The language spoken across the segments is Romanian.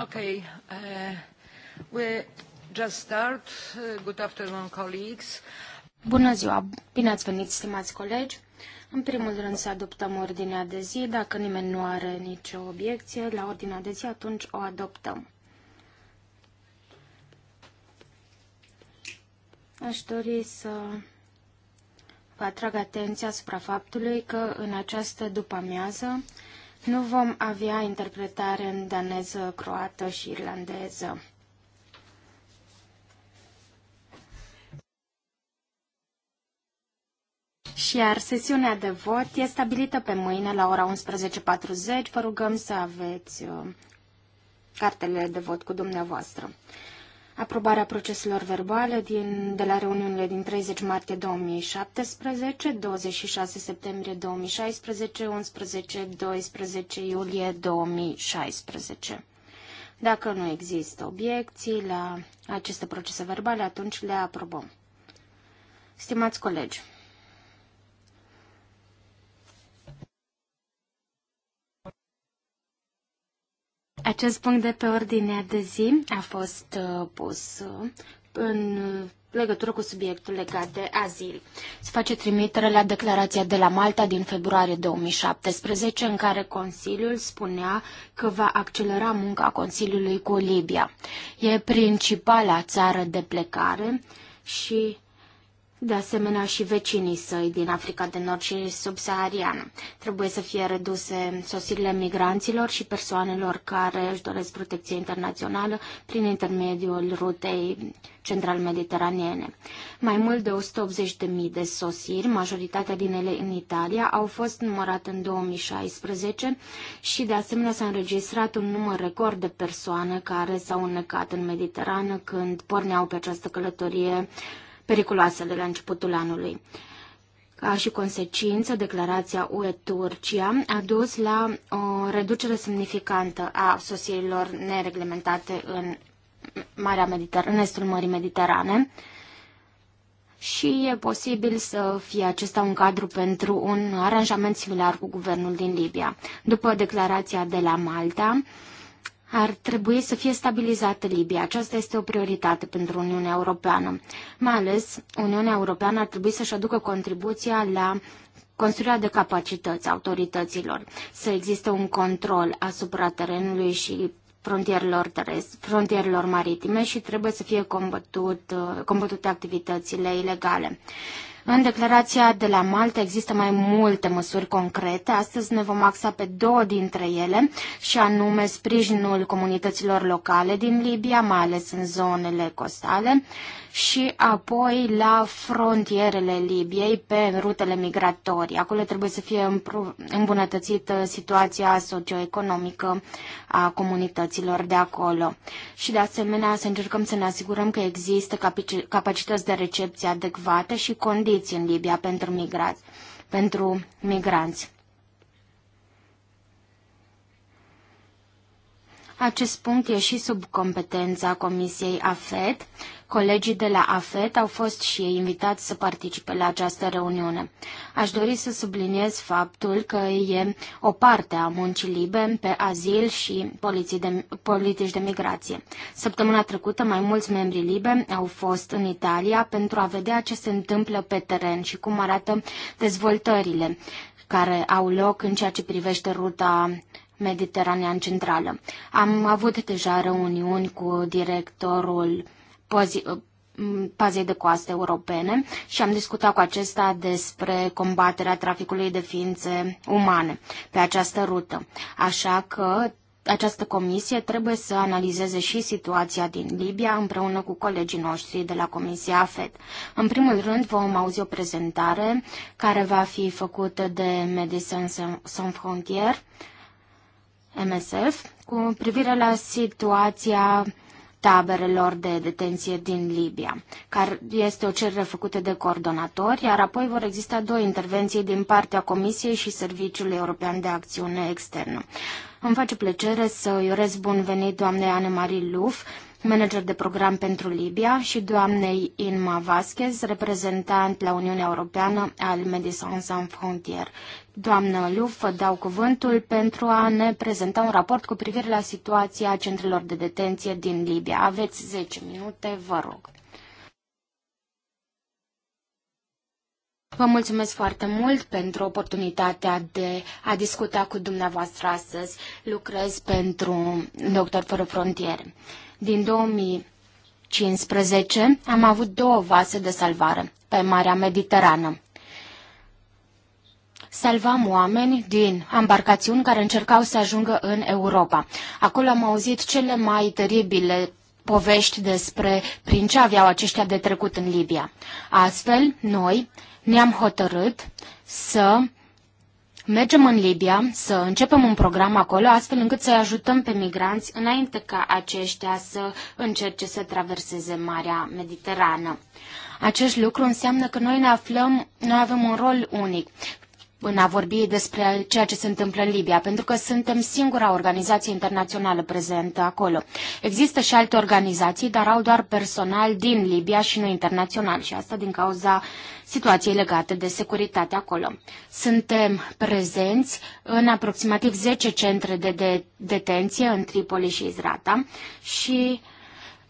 Okay, uh, we just start. Uh, good afternoon, colleagues. Bună ziua, bine ați venit, stimați colegi. În primul rând să adoptăm ordinea de zi. Dacă nimeni nu are nicio obiecție la ordinea de zi, atunci o adoptăm. Aș dori să vă atrag atenția asupra faptului că în această după-amiază nu vom avea interpretare în daneză, croată și irlandeză. Și iar sesiunea de vot este stabilită pe mâine la ora 11.40. Vă rugăm să aveți uh, cartele de vot cu dumneavoastră aprobarea proceselor verbale din, de la reuniunile din 30 martie 2017, 26 septembrie 2016, 11, 12 iulie 2016. Dacă nu există obiecții la aceste procese verbale, atunci le aprobăm. Stimați colegi, Acest punct de pe ordinea de zi a fost uh, pus uh, în legătură cu subiectul legat de azil. Se face trimitere la declarația de la Malta din februarie 2017, în care Consiliul spunea că va accelera munca Consiliului cu Libia. E principala țară de plecare și de asemenea și vecinii săi din Africa de Nord și subsahariană. Trebuie să fie reduse sosirile migranților și persoanelor care își doresc protecție internațională prin intermediul rutei central-mediteraniene. Mai mult de 180.000 de sosiri, majoritatea din ele în Italia, au fost numărate în 2016 și de asemenea s-a înregistrat un număr record de persoane care s-au înnecat în Mediterană când porneau pe această călătorie de la începutul anului. Ca și consecință, declarația UE-Turcia a dus la o reducere semnificantă a sosirilor nereglementate în, Marea Mediter- în estul Mării Mediterane și e posibil să fie acesta un cadru pentru un aranjament similar cu guvernul din Libia. După declarația de la Malta, ar trebui să fie stabilizată Libia. Aceasta este o prioritate pentru Uniunea Europeană. Mai ales, Uniunea Europeană ar trebui să-și aducă contribuția la construirea de capacități autorităților, să existe un control asupra terenului și frontierelor, terest, frontierelor maritime și trebuie să fie combătut, combătute activitățile ilegale. În declarația de la Malta există mai multe măsuri concrete. Astăzi ne vom axa pe două dintre ele, și anume sprijinul comunităților locale din Libia, mai ales în zonele costale, și apoi la frontierele Libiei pe rutele migratorii. Acolo trebuie să fie îmbunătățită situația socioeconomică a comunităților de acolo. Și de asemenea să încercăm să ne asigurăm că există capacități de recepție adecvate și condiții în Libia pentru migrați, pentru migranți. Acest punct e și sub competența Comisiei AFED. Colegii de la AFET au fost și ei invitați să participe la această reuniune. Aș dori să subliniez faptul că e o parte a muncii libe pe azil și de, politici de migrație. Săptămâna trecută, mai mulți membri libe au fost în Italia pentru a vedea ce se întâmplă pe teren și cum arată dezvoltările care au loc în ceea ce privește ruta mediteranean centrală. Am avut deja reuniuni cu directorul pazei de coaste europene și am discutat cu acesta despre combaterea traficului de ființe umane pe această rută. Așa că această comisie trebuie să analizeze și situația din Libia împreună cu colegii noștri de la Comisia AFET. În primul rând vom auzi o prezentare care va fi făcută de Medicine Sans Frontières, MSF, cu privire la situația taberelor de detenție din Libia, care este o cerere făcută de coordonatori, iar apoi vor exista două intervenții din partea Comisiei și Serviciului European de Acțiune Externă. Îmi face plăcere să îi urez bun venit doamnei Anne-Marie Luf, manager de program pentru Libia, și doamnei Inma Vasquez, reprezentant la Uniunea Europeană al Medicine Sans Frontières, Doamnă Luf, dau cuvântul pentru a ne prezenta un raport cu privire la situația centrelor de detenție din Libia. Aveți 10 minute, vă rog. Vă mulțumesc foarte mult pentru oportunitatea de a discuta cu dumneavoastră astăzi. Lucrez pentru Doctor Fără Frontiere. Din 2015 am avut două vase de salvare pe Marea Mediterană. Salvam oameni din embarcațiuni care încercau să ajungă în Europa. Acolo am auzit cele mai teribile povești despre prin ce aveau aceștia de trecut în Libia. Astfel, noi ne-am hotărât să mergem în Libia, să începem un program acolo, astfel încât să-i ajutăm pe migranți înainte ca aceștia să încerce să traverseze Marea Mediterană. Acest lucru înseamnă că noi ne aflăm, noi avem un rol unic în a vorbi despre ceea ce se întâmplă în Libia, pentru că suntem singura organizație internațională prezentă acolo. Există și alte organizații, dar au doar personal din Libia și nu internațional și asta din cauza situației legate de securitate acolo. Suntem prezenți în aproximativ 10 centre de, de detenție în Tripoli și Izrata și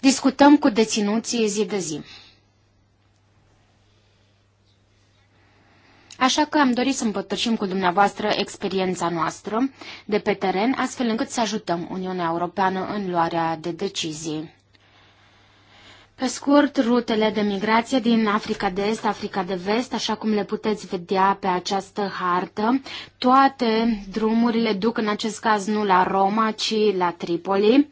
discutăm cu deținuții zi de zi. Așa că am dorit să împărtășim cu dumneavoastră experiența noastră de pe teren, astfel încât să ajutăm Uniunea Europeană în luarea de decizii. Pe scurt, rutele de migrație din Africa de Est, Africa de Vest, așa cum le puteți vedea pe această hartă, toate drumurile duc în acest caz nu la Roma, ci la Tripoli.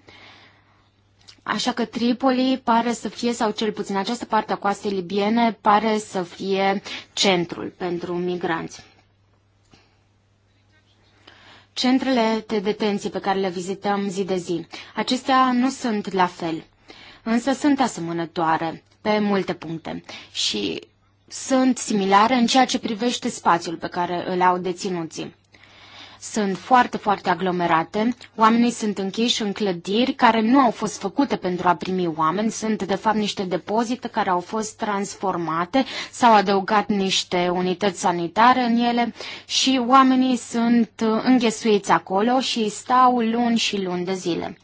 Așa că Tripoli pare să fie, sau cel puțin această parte a coastei libiene, pare să fie centrul pentru migranți. Centrele de detenție pe care le vizităm zi de zi, acestea nu sunt la fel, însă sunt asemănătoare pe multe puncte și sunt similare în ceea ce privește spațiul pe care îl au deținuții sunt foarte, foarte aglomerate. Oamenii sunt închiși în clădiri care nu au fost făcute pentru a primi oameni. Sunt, de fapt, niște depozite care au fost transformate, s-au adăugat niște unități sanitare în ele și oamenii sunt înghesuiți acolo și stau luni și luni de zile.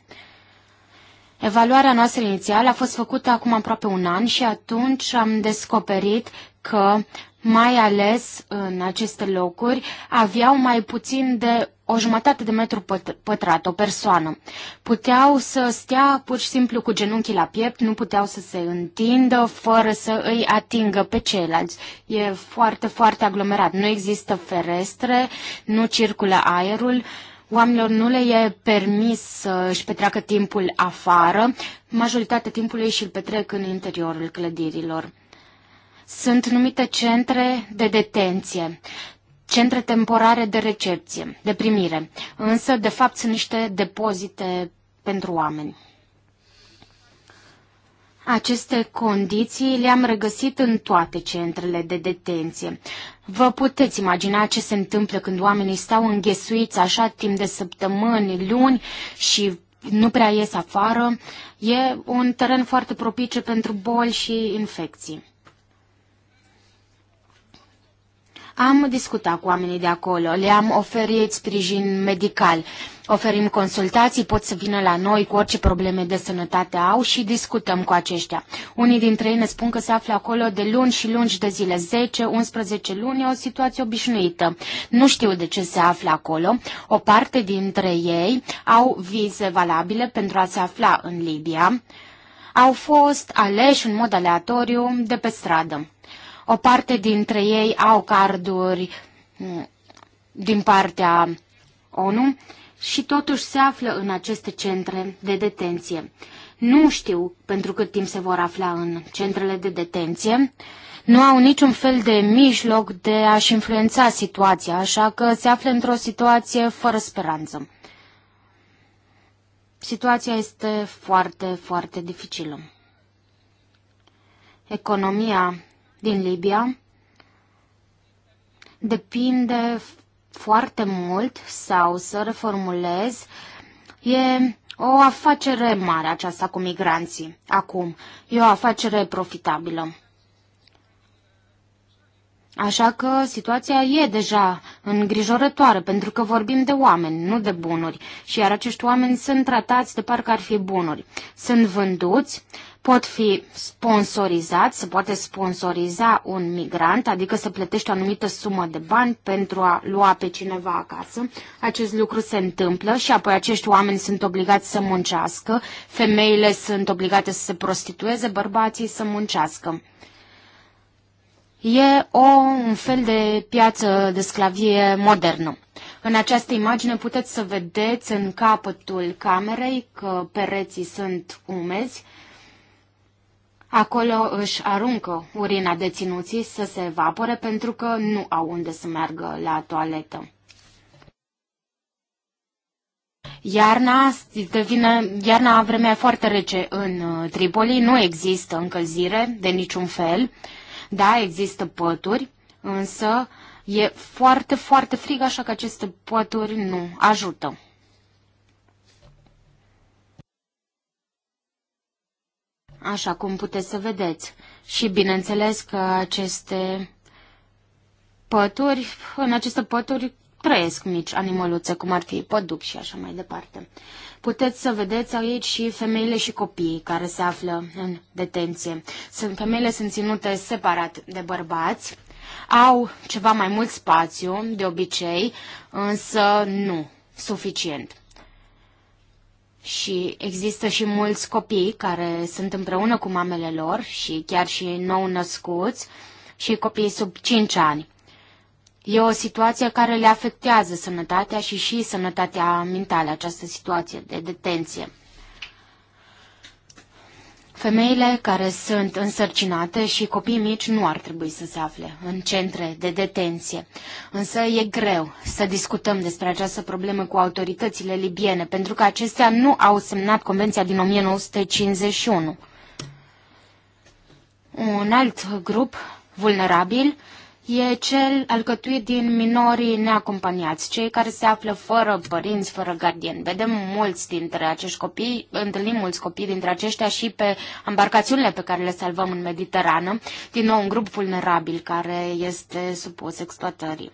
Evaluarea noastră inițială a fost făcută acum aproape un an și atunci am descoperit că mai ales în aceste locuri, aveau mai puțin de o jumătate de metru pătrat, o persoană. Puteau să stea pur și simplu cu genunchii la piept, nu puteau să se întindă fără să îi atingă pe ceilalți. E foarte, foarte aglomerat. Nu există ferestre, nu circulă aerul. Oamenilor nu le e permis să își petreacă timpul afară, majoritatea timpului și îl petrec în interiorul clădirilor sunt numite centre de detenție, centre temporare de recepție, de primire, însă de fapt sunt niște depozite pentru oameni. Aceste condiții le-am regăsit în toate centrele de detenție. Vă puteți imagina ce se întâmplă când oamenii stau înghesuiți așa timp de săptămâni, luni și nu prea ies afară. E un teren foarte propice pentru boli și infecții. Am discutat cu oamenii de acolo, le-am oferit sprijin medical, oferim consultații, pot să vină la noi cu orice probleme de sănătate au și discutăm cu aceștia. Unii dintre ei ne spun că se află acolo de luni și lungi de zile, 10-11 luni, e o situație obișnuită. Nu știu de ce se află acolo. O parte dintre ei au vize valabile pentru a se afla în Libia. Au fost aleși în mod aleatoriu de pe stradă. O parte dintre ei au carduri mm, din partea ONU și totuși se află în aceste centre de detenție. Nu știu pentru cât timp se vor afla în centrele de detenție. Nu au niciun fel de mijloc de a-și influența situația, așa că se află într-o situație fără speranță. Situația este foarte, foarte dificilă. Economia din Libia depinde foarte mult sau să reformulez. E o afacere mare aceasta cu migranții. Acum, e o afacere profitabilă. Așa că situația e deja îngrijorătoare, pentru că vorbim de oameni, nu de bunuri, și iar acești oameni sunt tratați de parcă ar fi bunuri. Sunt vânduți, pot fi sponsorizați, se poate sponsoriza un migrant, adică se plătește o anumită sumă de bani pentru a lua pe cineva acasă. Acest lucru se întâmplă și apoi acești oameni sunt obligați să muncească, femeile sunt obligate să se prostitueze, bărbații să muncească. E o, un fel de piață de sclavie modernă. În această imagine puteți să vedeți în capătul camerei că pereții sunt umezi, Acolo își aruncă urina deținuții să se evapore pentru că nu au unde să meargă la toaletă. Iarna, devine, iarna vremea e foarte rece în uh, Tripoli, nu există încălzire de niciun fel. Da, există pături, însă e foarte, foarte frig, așa că aceste pături nu ajută. așa cum puteți să vedeți. Și bineînțeles că aceste pături, în aceste pături trăiesc mici animăluțe, cum ar fi păduc și așa mai departe. Puteți să vedeți aici și femeile și copiii care se află în detenție. Sunt, femeile sunt ținute separat de bărbați, au ceva mai mult spațiu, de obicei, însă nu suficient și există și mulți copii care sunt împreună cu mamele lor și chiar și nou-născuți și copii sub 5 ani. E o situație care le afectează sănătatea și și sănătatea mentală, această situație de detenție. Femeile care sunt însărcinate și copii mici nu ar trebui să se afle în centre de detenție. Însă e greu să discutăm despre această problemă cu autoritățile libiene, pentru că acestea nu au semnat Convenția din 1951. Un alt grup vulnerabil e cel alcătuit din minorii neacompaniați, cei care se află fără părinți, fără gardieni. Vedem mulți dintre acești copii, întâlnim mulți copii dintre aceștia și pe embarcațiunile pe care le salvăm în Mediterană, din nou un grup vulnerabil care este supus exploatării.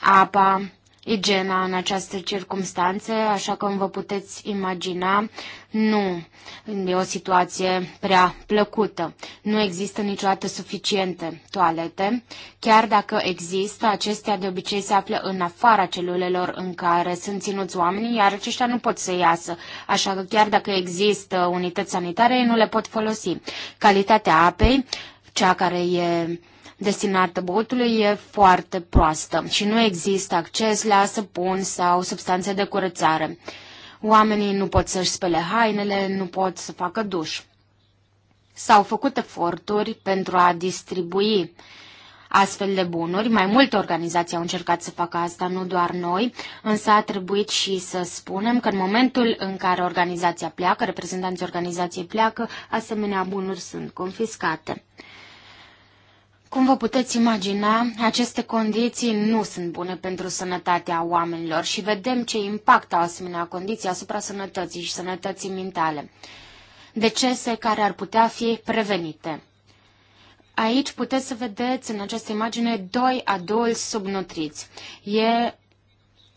Apa igiena în această circunstanță, așa că vă puteți imagina, nu e o situație prea plăcută. Nu există niciodată suficiente toalete. Chiar dacă există, acestea de obicei se află în afara celulelor în care sunt ținuți oamenii, iar aceștia nu pot să iasă. Așa că chiar dacă există unități sanitare, ei nu le pot folosi. Calitatea apei, cea care e destinată băutului e foarte proastă și nu există acces la săpun sau substanțe de curățare. Oamenii nu pot să-și spele hainele, nu pot să facă duș. S-au făcut eforturi pentru a distribui astfel de bunuri. Mai multe organizații au încercat să facă asta, nu doar noi, însă a trebuit și să spunem că în momentul în care organizația pleacă, reprezentanții organizației pleacă, asemenea bunuri sunt confiscate. Cum vă puteți imagina, aceste condiții nu sunt bune pentru sănătatea oamenilor și vedem ce impact au asemenea condiții asupra sănătății și sănătății mentale. Decese care ar putea fi prevenite. Aici puteți să vedeți în această imagine doi adulți subnutriți. E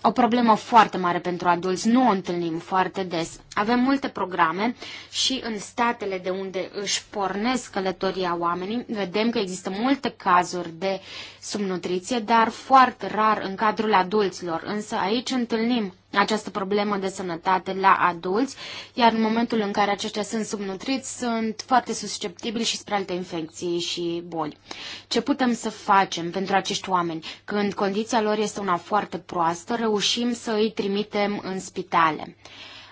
o problemă foarte mare pentru adulți, nu o întâlnim foarte des. Avem multe programe și în statele de unde își pornesc călătoria oamenii, vedem că există multe cazuri de subnutriție, dar foarte rar în cadrul adulților. Însă aici întâlnim această problemă de sănătate la adulți, iar în momentul în care aceștia sunt subnutriți, sunt foarte susceptibili și spre alte infecții și boli. Ce putem să facem pentru acești oameni? Când condiția lor este una foarte proastă, reușim să îi trimitem în spitale.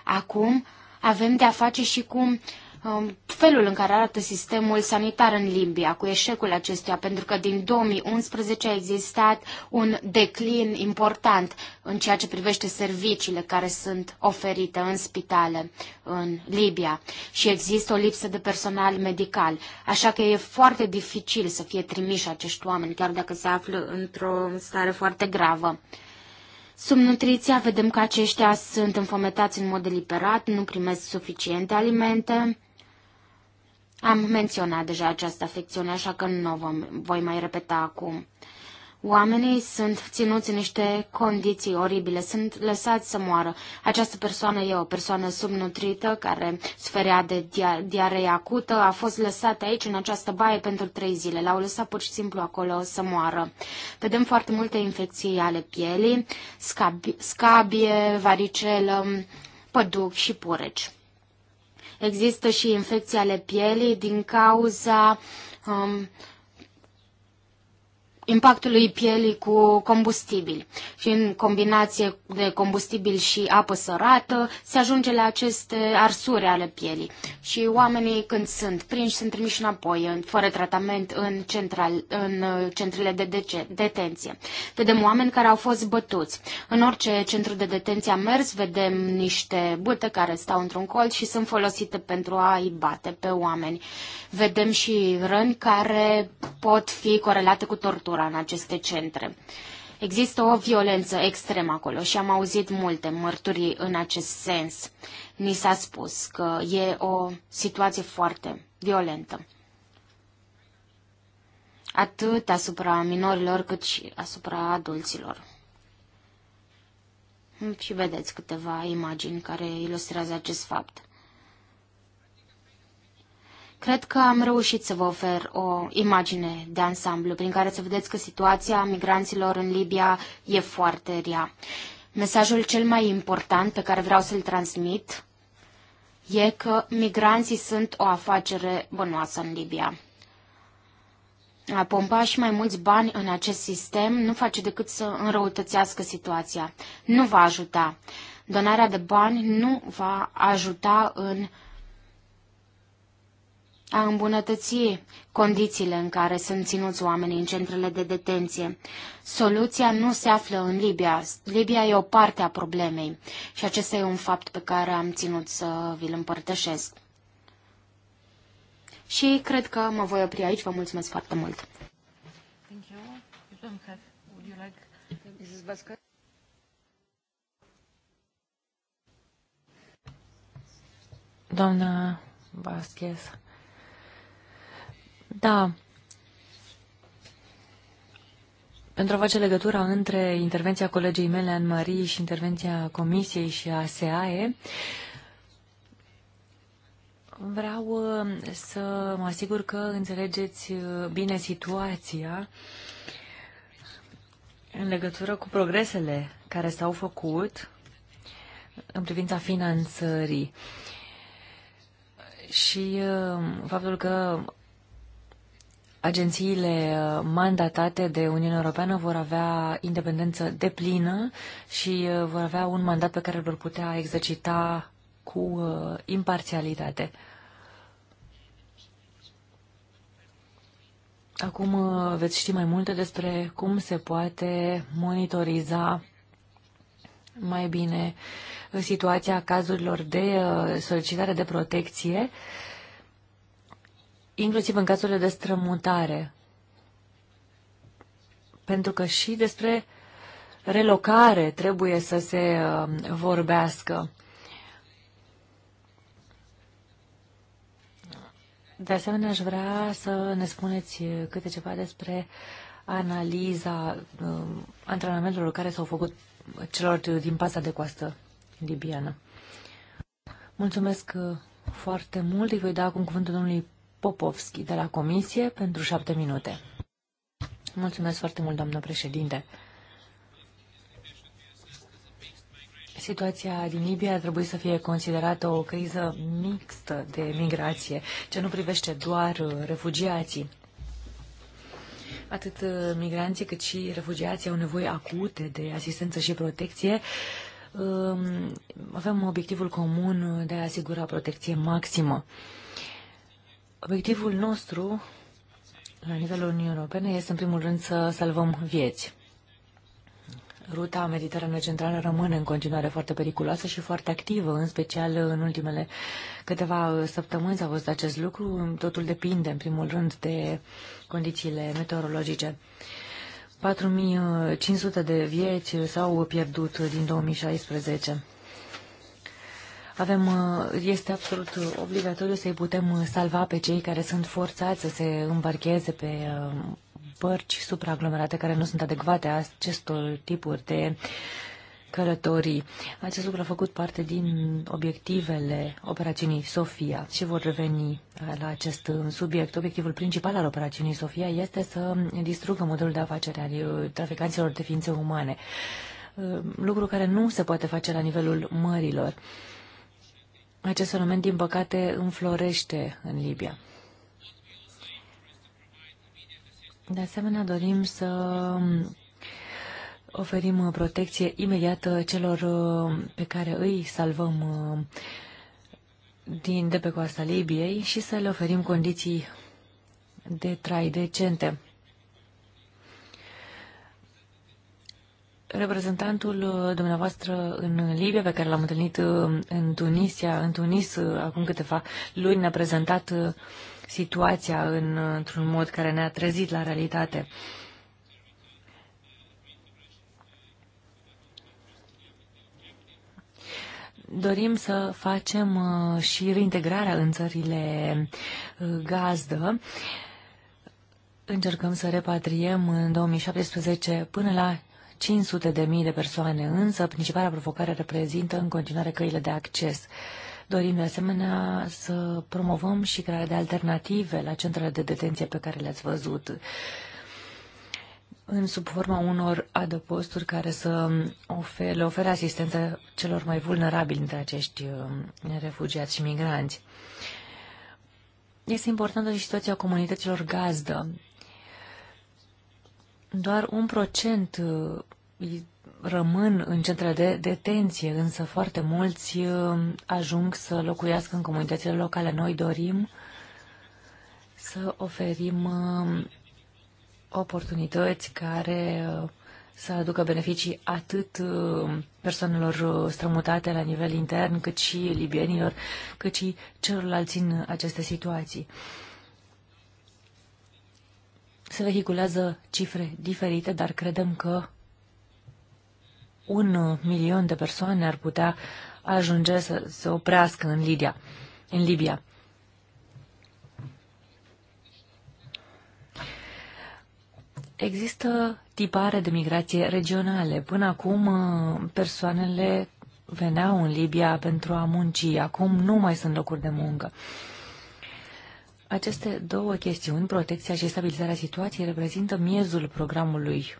Acum avem de a face și cu Um, felul în care arată sistemul sanitar în Libia, cu eșecul acestuia, pentru că din 2011 a existat un declin important în ceea ce privește serviciile care sunt oferite în spitale în Libia și există o lipsă de personal medical, așa că e foarte dificil să fie trimiși acești oameni, chiar dacă se află într-o stare foarte gravă. Sub nutriția vedem că aceștia sunt înfometați în mod deliberat, nu primesc suficiente alimente, am menționat deja această afecțiune, așa că nu o vom, voi mai repeta acum. Oamenii sunt ținuți în niște condiții oribile, sunt lăsați să moară. Această persoană e o persoană subnutrită care suferea de dia- diaree acută, a fost lăsată aici în această baie pentru trei zile. L-au lăsat pur și simplu acolo să moară. Vedem foarte multe infecții ale pielii, scabie, scabie varicelă, păduc și pureci. Există și infecții ale pielii din cauza um, impactului pielii cu combustibil. Și în combinație de combustibil și apă sărată se ajunge la aceste arsuri ale pielii. Și oamenii când sunt prinși sunt trimiși înapoi, fără tratament, în, central, în uh, centrele de dece- detenție. Vedem oameni care au fost bătuți. În orice centru de detenție a mers, vedem niște bute care stau într-un colț și sunt folosite pentru a-i bate pe oameni. Vedem și răni care pot fi corelate cu tortură natura în aceste centre. Există o violență extremă acolo și am auzit multe mărturii în acest sens. Ni s-a spus că e o situație foarte violentă. Atât asupra minorilor cât și asupra adulților. Și vedeți câteva imagini care ilustrează acest fapt. Cred că am reușit să vă ofer o imagine de ansamblu prin care să vedeți că situația migranților în Libia e foarte rea. Mesajul cel mai important pe care vreau să-l transmit e că migranții sunt o afacere bănoasă în Libia. A pompa și mai mulți bani în acest sistem nu face decât să înrăutățească situația. Nu va ajuta. Donarea de bani nu va ajuta în a îmbunătăți condițiile în care sunt ținuți oamenii în centrele de detenție. Soluția nu se află în Libia. Libia e o parte a problemei și acesta e un fapt pe care am ținut să vi-l împărtășesc. Și cred că mă voi opri aici. Vă mulțumesc foarte mult. Doamna Vasquez. Da. Pentru a face legătura între intervenția colegii mele, în Marie, și intervenția Comisiei și a SAE, vreau uh, să mă asigur că înțelegeți uh, bine situația în legătură cu progresele care s-au făcut în privința finanțării și uh, faptul că agențiile uh, mandatate de Uniunea Europeană vor avea independență deplină și uh, vor avea un mandat pe care îl vor putea exercita cu uh, imparțialitate. Acum veți ști mai multe despre cum se poate monitoriza mai bine situația cazurilor de solicitare de protecție inclusiv în cazurile de strămutare. Pentru că și despre relocare trebuie să se um, vorbească. De asemenea, aș vrea să ne spuneți câte ceva despre analiza um, antrenamentelor care s-au făcut celor din pasa de coastă libiană. Mulțumesc uh, foarte mult. Îi voi da acum cuvântul domnului Popovski de la Comisie pentru șapte minute. Mulțumesc foarte mult, doamnă președinte. Situația din Libia trebuie să fie considerată o criză mixtă de migrație, ce nu privește doar uh, refugiații. Atât uh, migranții cât și refugiații au nevoie acute de asistență și protecție. Um, avem obiectivul comun de a asigura protecție maximă. Obiectivul nostru la nivelul Uniunii Europene este în primul rând să salvăm vieți. Ruta mediterană centrală rămâne în continuare foarte periculoasă și foarte activă, în special în ultimele câteva săptămâni s-a văzut acest lucru. Totul depinde, în primul rând, de condițiile meteorologice. 4500 de vieți s-au pierdut din 2016. Avem, uh, este absolut uh, obligatoriu să-i putem uh, salva pe cei care sunt forțați să se îmbarcheze pe bărci supraaglomerate care nu sunt adecvate acestor tipuri de călătorii. Acest lucru a făcut parte din obiectivele operațiunii Sofia și vor reveni la acest subiect. Obiectivul principal al operațiunii Sofia este să distrugă modelul de afacere al traficanților de ființe umane, lucru care nu se poate face la nivelul mărilor. Acest fenomen, din păcate, înflorește în Libia. De asemenea, dorim să oferim protecție imediată celor uh, pe care îi salvăm uh, din, de pe coasta Libiei și să le oferim condiții de trai decente. Reprezentantul uh, dumneavoastră în Libia, pe care l-am întâlnit uh, în Tunisia, în Tunis, uh, acum câteva luni, ne-a prezentat situația în, într-un mod care ne-a trezit la realitate. Dorim să facem și reintegrarea în țările gazdă. Încercăm să repatriem în 2017 până la 500 de mii de persoane, însă principala provocare reprezintă în continuare căile de acces. Dorim de asemenea să promovăm și crearea de alternative la centrele de detenție pe care le-ați văzut în sub forma unor adăposturi care să ofer, le ofere asistență celor mai vulnerabili dintre acești uh, refugiați și migranți. Este importantă și situația comunităților gazdă doar un procent uh, rămân în centrele de detenție, însă foarte mulți uh, ajung să locuiască în comunitățile locale. Noi dorim să oferim uh, oportunități care să aducă beneficii atât persoanelor strămutate la nivel intern, cât și libienilor, cât și celorlalți în aceste situații. Se vehiculează cifre diferite, dar credem că un milion de persoane ar putea ajunge să se oprească în, Lidia, în Libia. Există tipare de migrație regionale. Până acum persoanele veneau în Libia pentru a munci. Acum nu mai sunt locuri de muncă. Aceste două chestiuni, protecția și stabilizarea situației, reprezintă miezul programului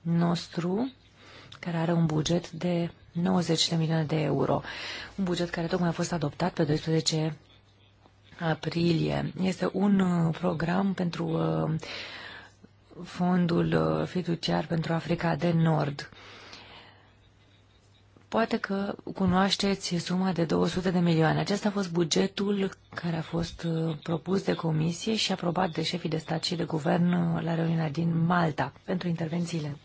nostru, care are un buget de 90 de milioane de euro. Un buget care tocmai a fost adoptat pe 12 aprilie. Este un uh, program pentru uh, fondul uh, fiduciar pentru Africa de Nord. Poate că cunoașteți suma de 200 de milioane. Acesta a fost bugetul care a fost uh, propus de comisie și aprobat de șefii de stat și de guvern uh, la reuniunea din Malta pentru intervențiile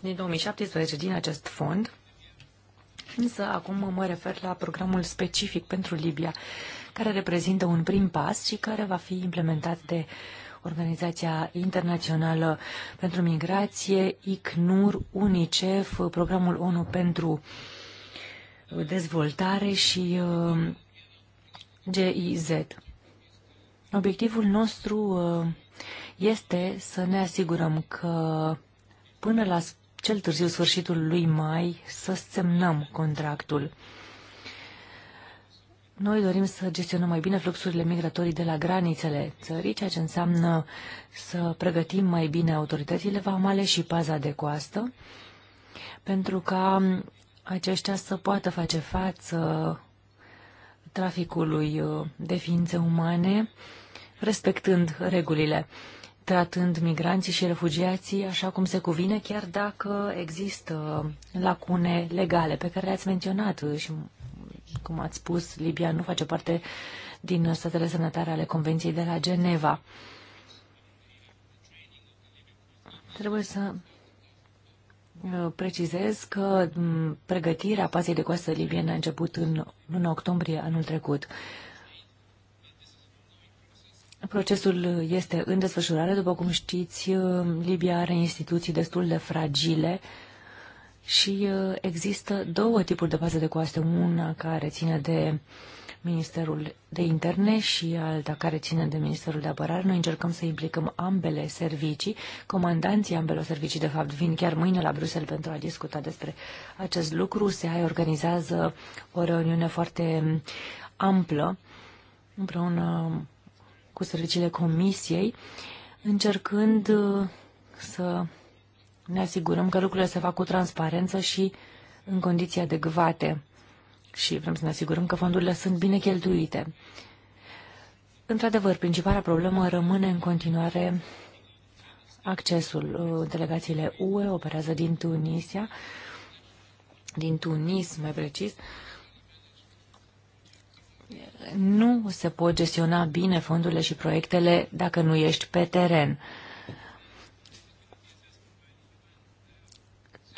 din 2017 din acest fond. Însă acum mă refer la programul specific pentru Libia, care reprezintă un prim pas și care va fi implementat de Organizația Internațională pentru Migrație, ICNUR, UNICEF, programul ONU pentru uh, dezvoltare și uh, GIZ. Obiectivul nostru uh, este să ne asigurăm că până la cel târziu sfârșitul lui mai să semnăm contractul. Noi dorim să gestionăm mai bine fluxurile migratorii de la granițele țării, ceea ce înseamnă să pregătim mai bine autoritățile vamale și paza de coastă, pentru ca aceștia să poată face față traficului uh, de ființe umane, respectând regulile, tratând migranții și refugiații așa cum se cuvine, chiar dacă există lacune legale pe care le-ați menționat uh, și, uh, cum ați spus, Libia nu face parte din statele semnătare ale Convenției de la Geneva. Trebuie să Precizez că pregătirea pasei de coastă libiene a început în luna octombrie anul trecut. Procesul este în desfășurare. După cum știți, uh, Libia are instituții destul de fragile și uh, există două tipuri de pasă de coastă. Una care ține de uh, Ministerul de Interne și alta care ține de Ministerul de Apărare. Noi încercăm să implicăm ambele servicii. Comandanții ambelor servicii, de fapt, vin chiar mâine la Bruxelles pentru a discuta despre acest lucru. SEAI organizează o reuniune foarte amplă împreună cu serviciile Comisiei, încercând uh, să ne asigurăm că lucrurile se fac cu transparență și în condiții adecvate și vrem să ne asigurăm că fondurile sunt bine cheltuite. Într-adevăr, principala problemă rămâne în continuare accesul. Delegațiile UE operează din Tunisia, din Tunis mai precis. Nu se pot gestiona bine fondurile și proiectele dacă nu ești pe teren. Uh,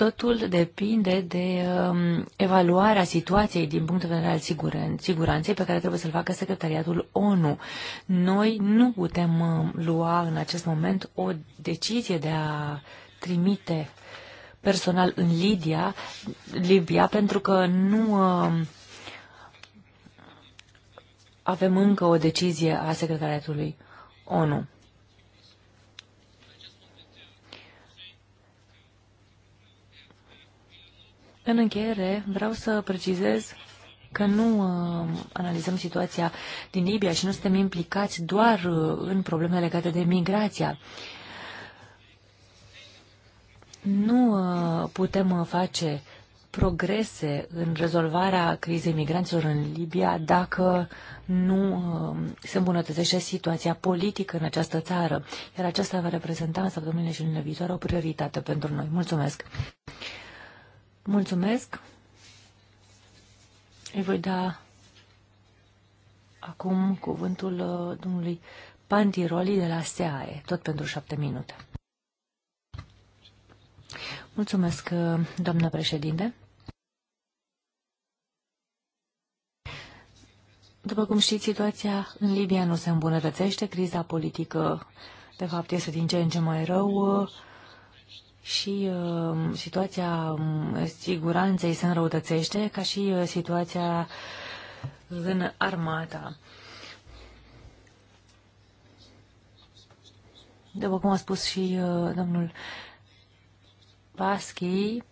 Totul depinde de um, evaluarea situației din punct de vedere al siguran siguranței pe care trebuie să-l facă Secretariatul ONU. Noi nu putem um, lua în acest moment o decizie de a trimite personal în Libia, Libia pentru că nu um, avem încă o decizie a Secretariatului ONU. În încheiere, vreau să precizez că nu uh, analizăm situația din Libia și nu suntem implicați doar uh, în probleme legate de migrația. Nu uh, putem uh, face progrese în rezolvarea crizei migranților în Libia dacă nu uh, se îmbunătățește situația politică în această țară, iar aceasta va reprezenta în săptămâna și în viitoare o prioritate pentru noi. Mulțumesc! Mulțumesc. Îi voi da acum cuvântul uh, domnului Pantiroli de la SEAE, tot pentru șapte minute. Mulțumesc, uh, doamnă președinte. După cum știți, situația în Libia nu se îmbunătățește, criza politică, de fapt, este din ce în ce mai rău și uh, situația um, siguranței se înrăutățește, ca și uh, situația în armata. După cum a spus și uh, domnul Paschi,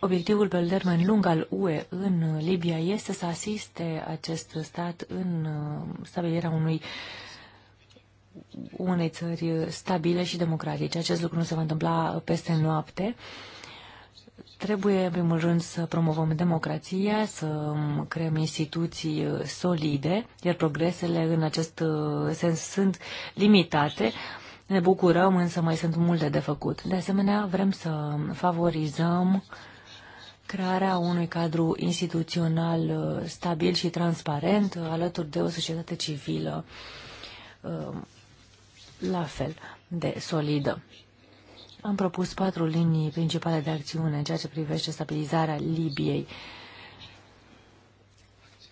obiectivul pe termen lung al UE în uh, Libia este să asiste acest stat în uh, stabilirea unui uh, unei țări stabile și democratice. Acest lucru nu se va întâmpla peste noapte. Trebuie, în primul rând, să promovăm democrația, să creăm instituții solide, iar progresele în acest uh, sens sunt limitate. Ne bucurăm, însă mai sunt multe de făcut. De asemenea, vrem să favorizăm crearea unui cadru instituțional uh, stabil și transparent alături de o societate civilă uh, la fel de solidă. Am propus patru linii principale de acțiune în ceea ce privește stabilizarea Libiei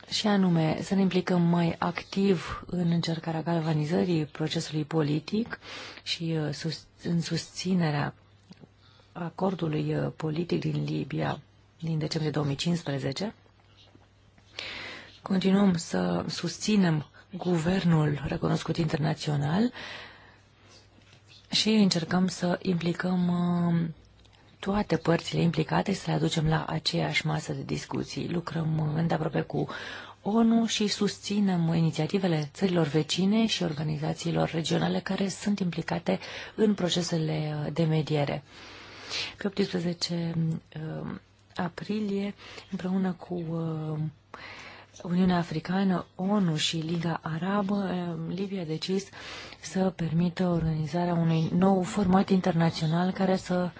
și anume să ne implicăm mai activ în încercarea galvanizării procesului politic și uh, în susținerea acordului uh, politic din Libia din decembrie 2015. Continuăm să susținem guvernul recunoscut internațional și încercăm să implicăm uh, toate părțile implicate și să le aducem la aceeași masă de discuții. Lucrăm îndeaproape cu ONU și susținem inițiativele țărilor vecine și organizațiilor regionale care sunt implicate în procesele uh, de mediere. Pe 18 uh, aprilie, împreună cu Uniunea Africană, ONU și Liga Arabă, eh, Libia a decis să permită organizarea unui nou format internațional care să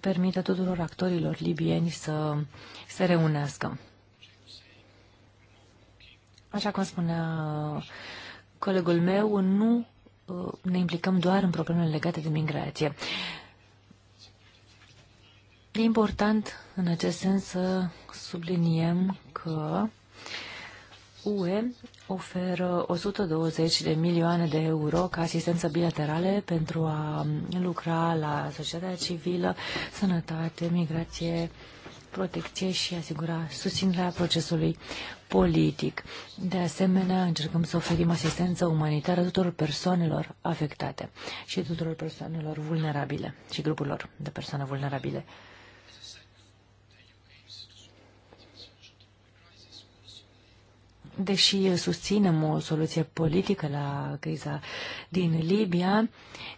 permită tuturor actorilor libieni să se reunească. Așa cum spunea colegul meu, nu eh, ne implicăm doar în problemele legate de migrație. E important în acest sens să subliniem că UE oferă 120 de milioane de euro ca asistență bilaterale pentru a lucra la societatea civilă, sănătate, migrație, protecție și asigura susținerea procesului politic. De asemenea, încercăm să oferim asistență umanitară tuturor persoanelor afectate și tuturor persoanelor vulnerabile și grupurilor de persoane vulnerabile. deși susținem o soluție politică la criza din Libia,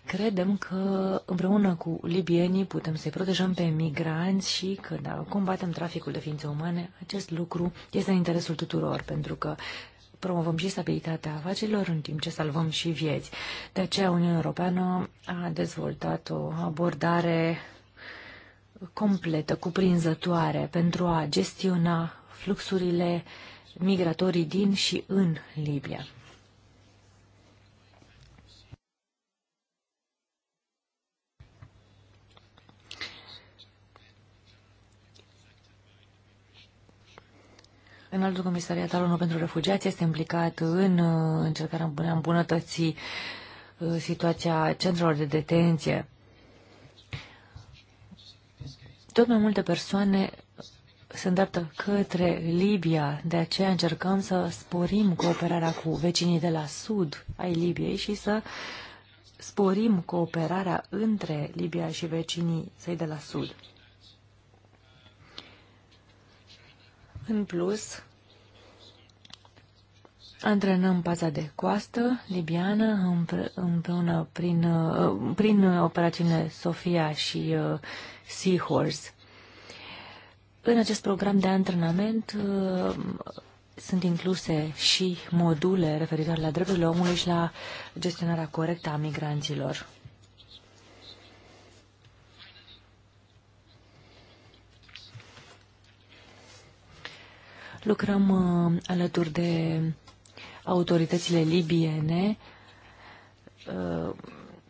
credem că împreună cu libienii putem să-i protejăm pe migranți și că dacă combatem traficul de ființe umane, acest lucru este în interesul tuturor, pentru că promovăm și stabilitatea afacerilor în timp ce salvăm și vieți. De aceea Uniunea Europeană a dezvoltat o abordare completă, cuprinzătoare pentru a gestiona fluxurile uh, migratorii din și în Libia. altul Comisariat al ONU pentru Refugiați este implicat în uh, încercarea de a îmbunătăți uh, situația centrelor de detenție. Tot mai multe persoane se îndreaptă către Libia, de aceea încercăm să sporim cooperarea cu vecinii de la sud ai Libiei și să sporim cooperarea între Libia și vecinii săi de la sud. În plus, antrenăm paza de coastă libiană împreună prin, uh, prin operațiunile Sofia și uh, Seahorse. În acest program de antrenament uh, sunt incluse și module referitoare la drepturile omului și la gestionarea corectă a migranților. Lucrăm uh, alături de autoritățile libiene. Uh,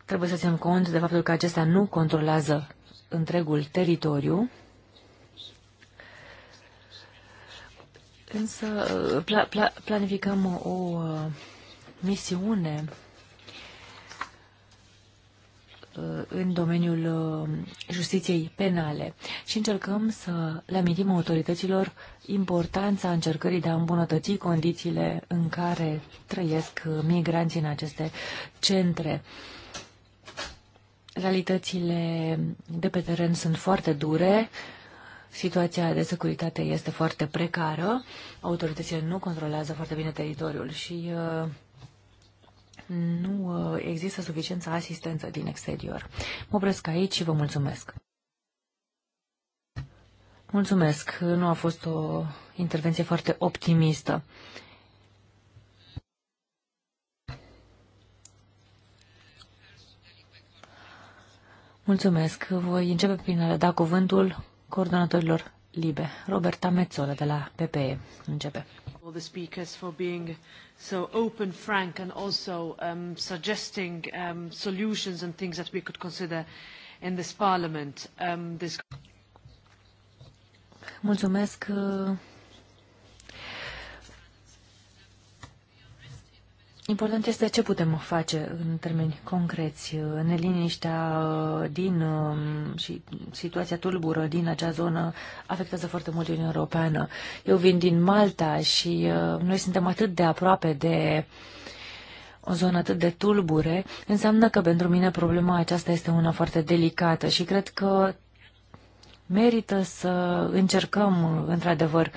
trebuie să ținem cont de faptul că acestea nu controlează întregul teritoriu, Însă uh, pla, pla, planificăm o, o uh, misiune uh, în domeniul justiției penale și încercăm să le amintim autorităților importanța încercării de a îmbunătăți condițiile în care trăiesc migranții în aceste centre. Realitățile de pe teren sunt foarte dure, uh, Situația de securitate este foarte precară, autoritățile nu controlează foarte bine teritoriul și uh, nu uh, există suficientă asistență din exterior. Mă opresc aici și vă mulțumesc. Mulțumesc. Nu a fost o intervenție foarte optimistă. Mulțumesc. Voi începe prin a da cuvântul coordonatorilor libe. Roberta Mezzola de la PPE începe. All the speakers for being so open, frank and also um, suggesting um, solutions and things that we could consider in this parliament. Um, this... Mulțumesc uh, Important este ce putem face în termeni concreți. Neliniștea uh, din um, și situația tulbură din acea zonă afectează foarte mult Uniunea Europeană. Eu vin din Malta și uh, noi suntem atât de aproape de o zonă atât de tulbure, înseamnă că pentru mine problema aceasta este una foarte delicată și cred că merită să încercăm, uh, într-adevăr,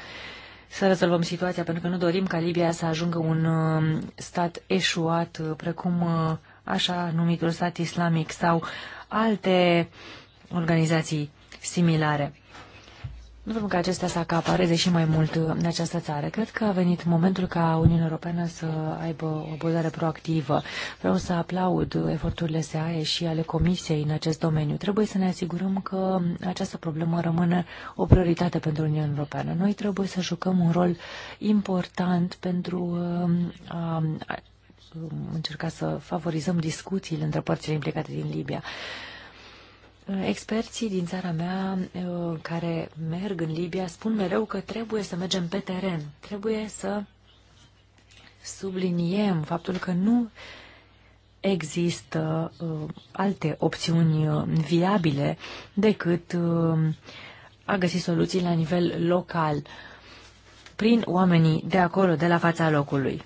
să rezolvăm situația, pentru că nu dorim ca Libia să ajungă un um, stat eșuat, uh, precum uh, așa numitul stat islamic sau alte organizații similare. Nu vrem ca acestea să acapareze și mai mult în uh, această țară. Cred că a venit momentul ca Uniunea Europeană să aibă o abordare proactivă. Vreau să aplaud eforturile SAE și ale Comisiei în acest domeniu. Trebuie să ne asigurăm că această problemă rămâne o prioritate pentru Uniunea Europeană. Noi trebuie să jucăm un rol important pentru um, a încerca să favorizăm discuțiile între părțile implicate din Libia. Experții din țara mea uh, care merg în Libia spun mereu că trebuie să mergem pe teren. Trebuie să subliniem faptul că nu există uh, alte opțiuni uh, viabile decât a găsi soluții la nivel local prin oamenii de acolo, de la fața locului.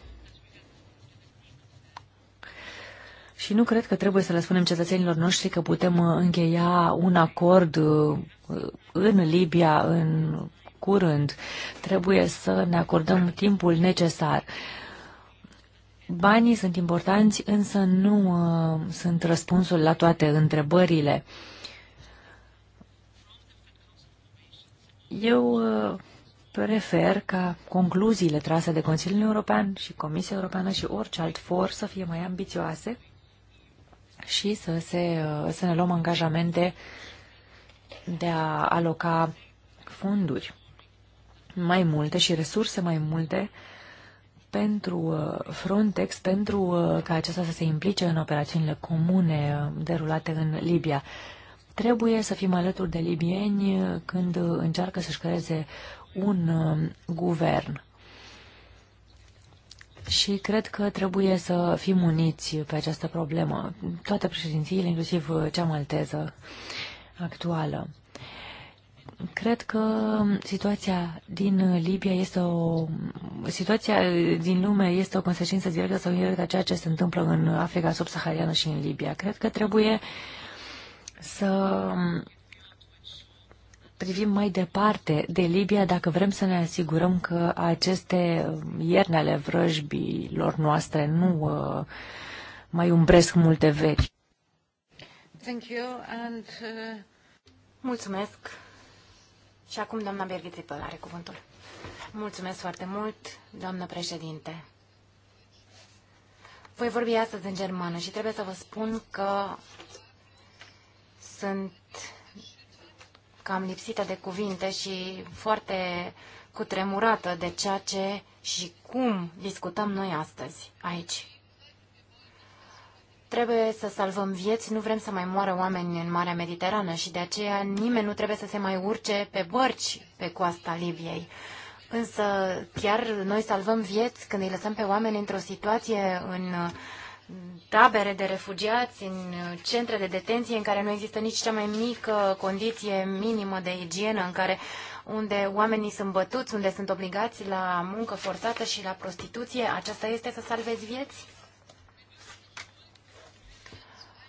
Și nu cred că trebuie să le spunem cetățenilor noștri că putem uh, încheia un acord uh, în Libia în curând. Trebuie să ne acordăm timpul necesar. Banii sunt importanți, însă nu uh, sunt răspunsul la toate întrebările. Eu uh, prefer ca concluziile trase de Consiliul European și Comisia Europeană și orice alt for să fie mai ambițioase și să, se, să ne luăm angajamente de a aloca fonduri mai multe și resurse mai multe pentru uh, Frontex, pentru uh, ca acesta să se implice în operațiunile comune uh, derulate în Libia. Trebuie să fim alături de libieni când încearcă să-și creeze un guvern. Și cred că trebuie să fim uniți pe această problemă, toate președințiile, inclusiv cea malteză actuală. Cred că situația din Libia este o... situația din lume este o consecință directă sau indirectă a ceea ce se întâmplă în Africa subsahariană și în Libia. Cred că trebuie să privim mai departe de Libia dacă vrem să ne asigurăm că aceste uh, ierne ale vrăjbilor noastre nu uh, mai umbresc multe veri. Thank you and, uh... Mulțumesc. Și acum doamna Birgit Zipăl are cuvântul. Mulțumesc foarte mult, doamnă președinte. Voi vorbi astăzi în germană și trebuie să vă spun că sunt cam lipsită de cuvinte și foarte cutremurată de ceea ce și cum discutăm noi astăzi aici. Trebuie să salvăm vieți, nu vrem să mai moară oameni în Marea Mediterană și de aceea nimeni nu trebuie să se mai urce pe bărci pe coasta Libiei. Însă chiar noi salvăm vieți când îi lăsăm pe oameni într-o situație în uh, tabere de refugiați, în centre de detenție în care nu există nici cea mai mică condiție minimă de igienă, în care unde oamenii sunt bătuți, unde sunt obligați la muncă forțată și la prostituție, aceasta este să salvezi vieți?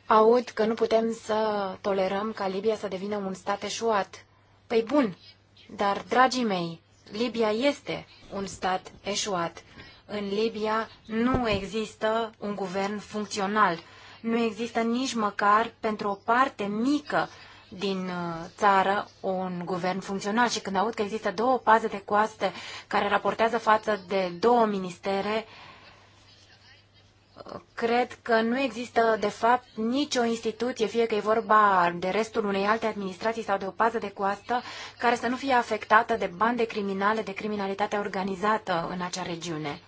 Aud că nu putem să tolerăm ca Libia să devină un stat eșuat. Păi bun, dar, dragii mei, Libia este un stat eșuat în Libia nu există un guvern funcțional. Nu există nici măcar pentru o parte mică din uh, țară un guvern funcțional și când aud că există două paze de coaste care raportează față de două ministere, cred că nu există, de fapt, nicio instituție, fie că e vorba de restul unei alte administrații sau de o pază de coastă, care să nu fie afectată de bande criminale, de criminalitate organizată în acea regiune.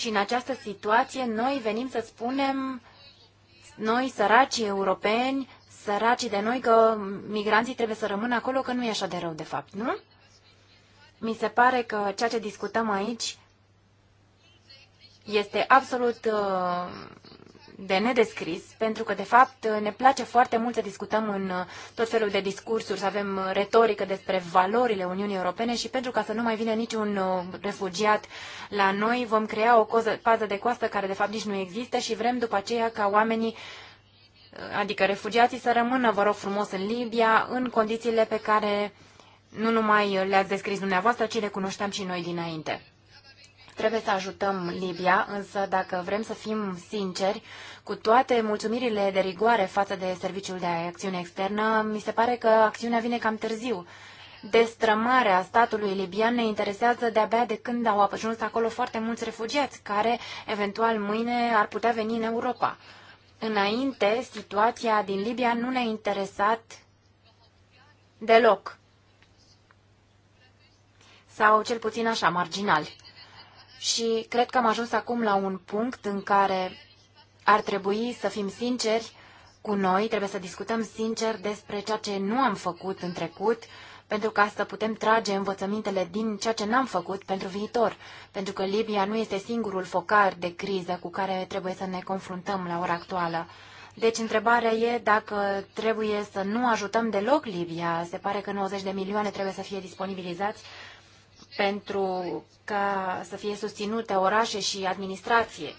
Și în această situație noi venim să spunem, noi săracii europeni, săracii de noi, că migranții trebuie să rămână acolo, că nu e așa de rău de fapt, nu? Mi se pare că ceea ce discutăm aici este absolut uh, de nedescris, pentru că, de fapt, ne place foarte mult să discutăm în uh, tot felul de discursuri, să avem uh, retorică despre valorile Uniunii Europene și pentru ca să nu mai vină niciun uh, refugiat la noi, vom crea o coză, pază de coastă care, de fapt, nici nu există și vrem după aceea ca oamenii adică refugiații să rămână, vă rog frumos, în Libia, în condițiile pe care nu numai le-ați descris dumneavoastră, ci le cunoșteam și noi dinainte. Trebuie să ajutăm Libia, însă dacă vrem să fim sinceri, cu toate mulțumirile de rigoare față de Serviciul de Acțiune Externă, mi se pare că acțiunea vine cam târziu. Destrămarea statului libian ne interesează de-abia de când au ajuns acolo foarte mulți refugiați, care eventual mâine ar putea veni în Europa. Înainte, situația din Libia nu ne-a interesat deloc. Sau cel puțin așa, marginal și cred că am ajuns acum la un punct în care ar trebui să fim sinceri cu noi, trebuie să discutăm sincer despre ceea ce nu am făcut în trecut, pentru ca să putem trage învățămintele din ceea ce n-am făcut pentru viitor, pentru că Libia nu este singurul focar de criză cu care trebuie să ne confruntăm la ora actuală. Deci întrebarea e dacă trebuie să nu ajutăm deloc Libia. Se pare că 90 de milioane trebuie să fie disponibilizați pentru ca să fie susținute orașe și administrație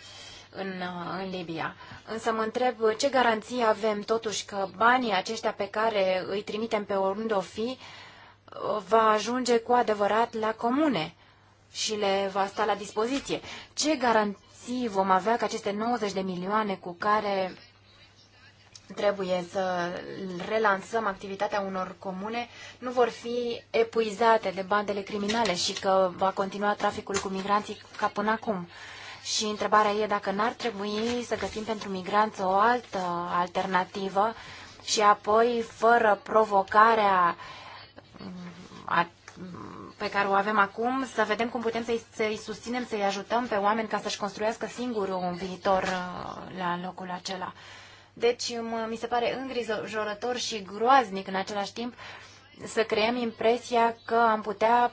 în, uh, în Libia. Însă mă întreb ce garanții avem totuși că banii aceștia pe care îi trimitem pe oriunde o fi uh, va ajunge cu adevărat la comune și le va sta la dispoziție. Ce garanții vom avea că aceste 90 de milioane cu care trebuie să relansăm activitatea unor comune, nu vor fi epuizate de bandele criminale și că va continua traficul cu migranții ca până acum. Și întrebarea e dacă n-ar trebui să găsim pentru migranți o altă alternativă și apoi, fără provocarea mm, pe care o avem acum, să vedem cum putem să-i, să susținem, să-i ajutăm pe oameni ca să-și construiască singur un viitor uh, la locul acela. Deci mi se pare îngrijorător și groaznic în același timp să creăm impresia că am putea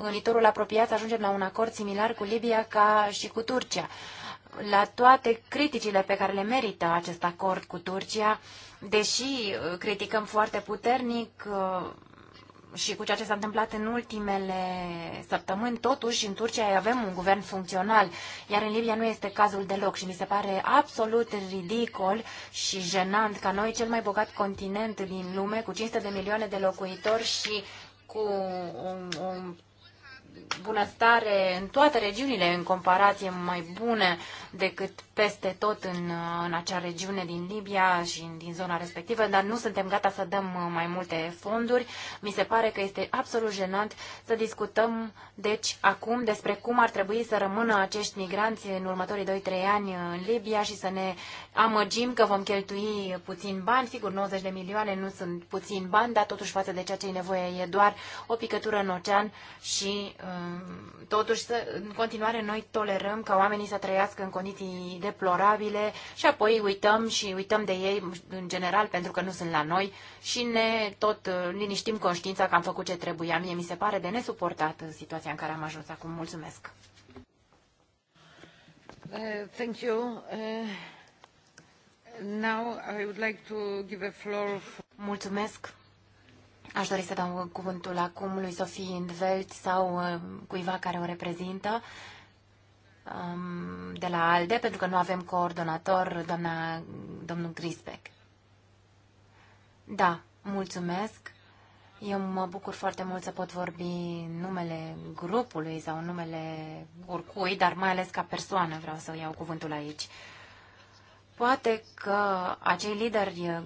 în viitorul apropiat să ajungem la un acord similar cu Libia ca și cu Turcia. La toate criticile pe care le merită acest acord cu Turcia, deși uh, criticăm foarte puternic uh, și cu ceea ce s-a întâmplat în ultimele săptămâni, totuși în Turcia avem un guvern funcțional, iar în Libia nu este cazul deloc și mi se pare absolut ridicol și jenant ca noi, cel mai bogat continent din lume, cu 500 de milioane de locuitori și cu un, un bunăstare în toate regiunile, în comparație mai bune decât peste tot în, în acea regiune din Libia și în din zona respectivă, dar nu suntem gata să dăm mai multe fonduri. Mi se pare că este absolut jenant să discutăm, deci, acum despre cum ar trebui să rămână acești migranți în următorii 2-3 ani în Libia și să ne amăgim că vom cheltui puțin bani. Sigur, 90 de milioane nu sunt puțin bani, dar totuși față de ceea ce e nevoie e doar o picătură în ocean și totuși să, în continuare noi tolerăm ca oamenii să trăiască în condiții deplorabile și apoi uităm și uităm de ei în general pentru că nu sunt la noi și ne tot uh, liniștim conștiința că am făcut ce trebuia. Mie mi se pare de nesuportat uh, situația în care am ajuns acum. Mulțumesc! Uh, thank you. Uh, now I would like to give a floor for... Mulțumesc! Aș dori să dau cuvântul acum lui Sofie Indveld sau uh, cuiva care o reprezintă um, de la ALDE, pentru că nu avem coordonator, doamna, domnul Grisbeck. Da, mulțumesc. Eu mă bucur foarte mult să pot vorbi numele grupului sau numele oricui, dar mai ales ca persoană vreau să iau cuvântul aici. Poate că acei lideri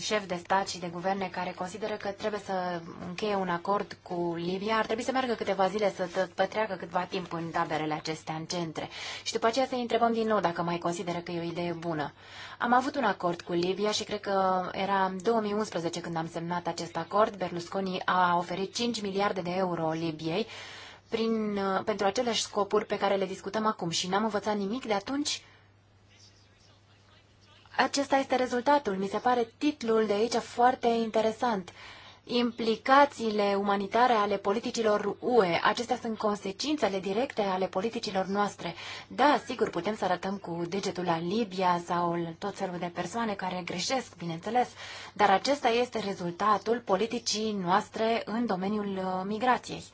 șefi de stat și de guverne care consideră că trebuie să încheie un acord cu Libia, ar trebui să meargă câteva zile să petreacă câtva timp în taberele acestea, în centre. Și după aceea să-i întrebăm din nou dacă mai consideră că e o idee bună. Am avut un acord cu Libia și cred că era 2011 când am semnat acest acord. Berlusconi a oferit 5 miliarde de euro Libiei prin, uh, pentru aceleași scopuri pe care le discutăm acum și n-am învățat nimic de atunci acesta este rezultatul. Mi se pare titlul de aici foarte interesant. Implicațiile umanitare ale politicilor UE, acestea sunt consecințele directe ale politicilor noastre. Da, sigur, putem să arătăm cu degetul la Libia sau tot felul de persoane care greșesc, bineînțeles, dar acesta este rezultatul politicii noastre în domeniul uh, migrației.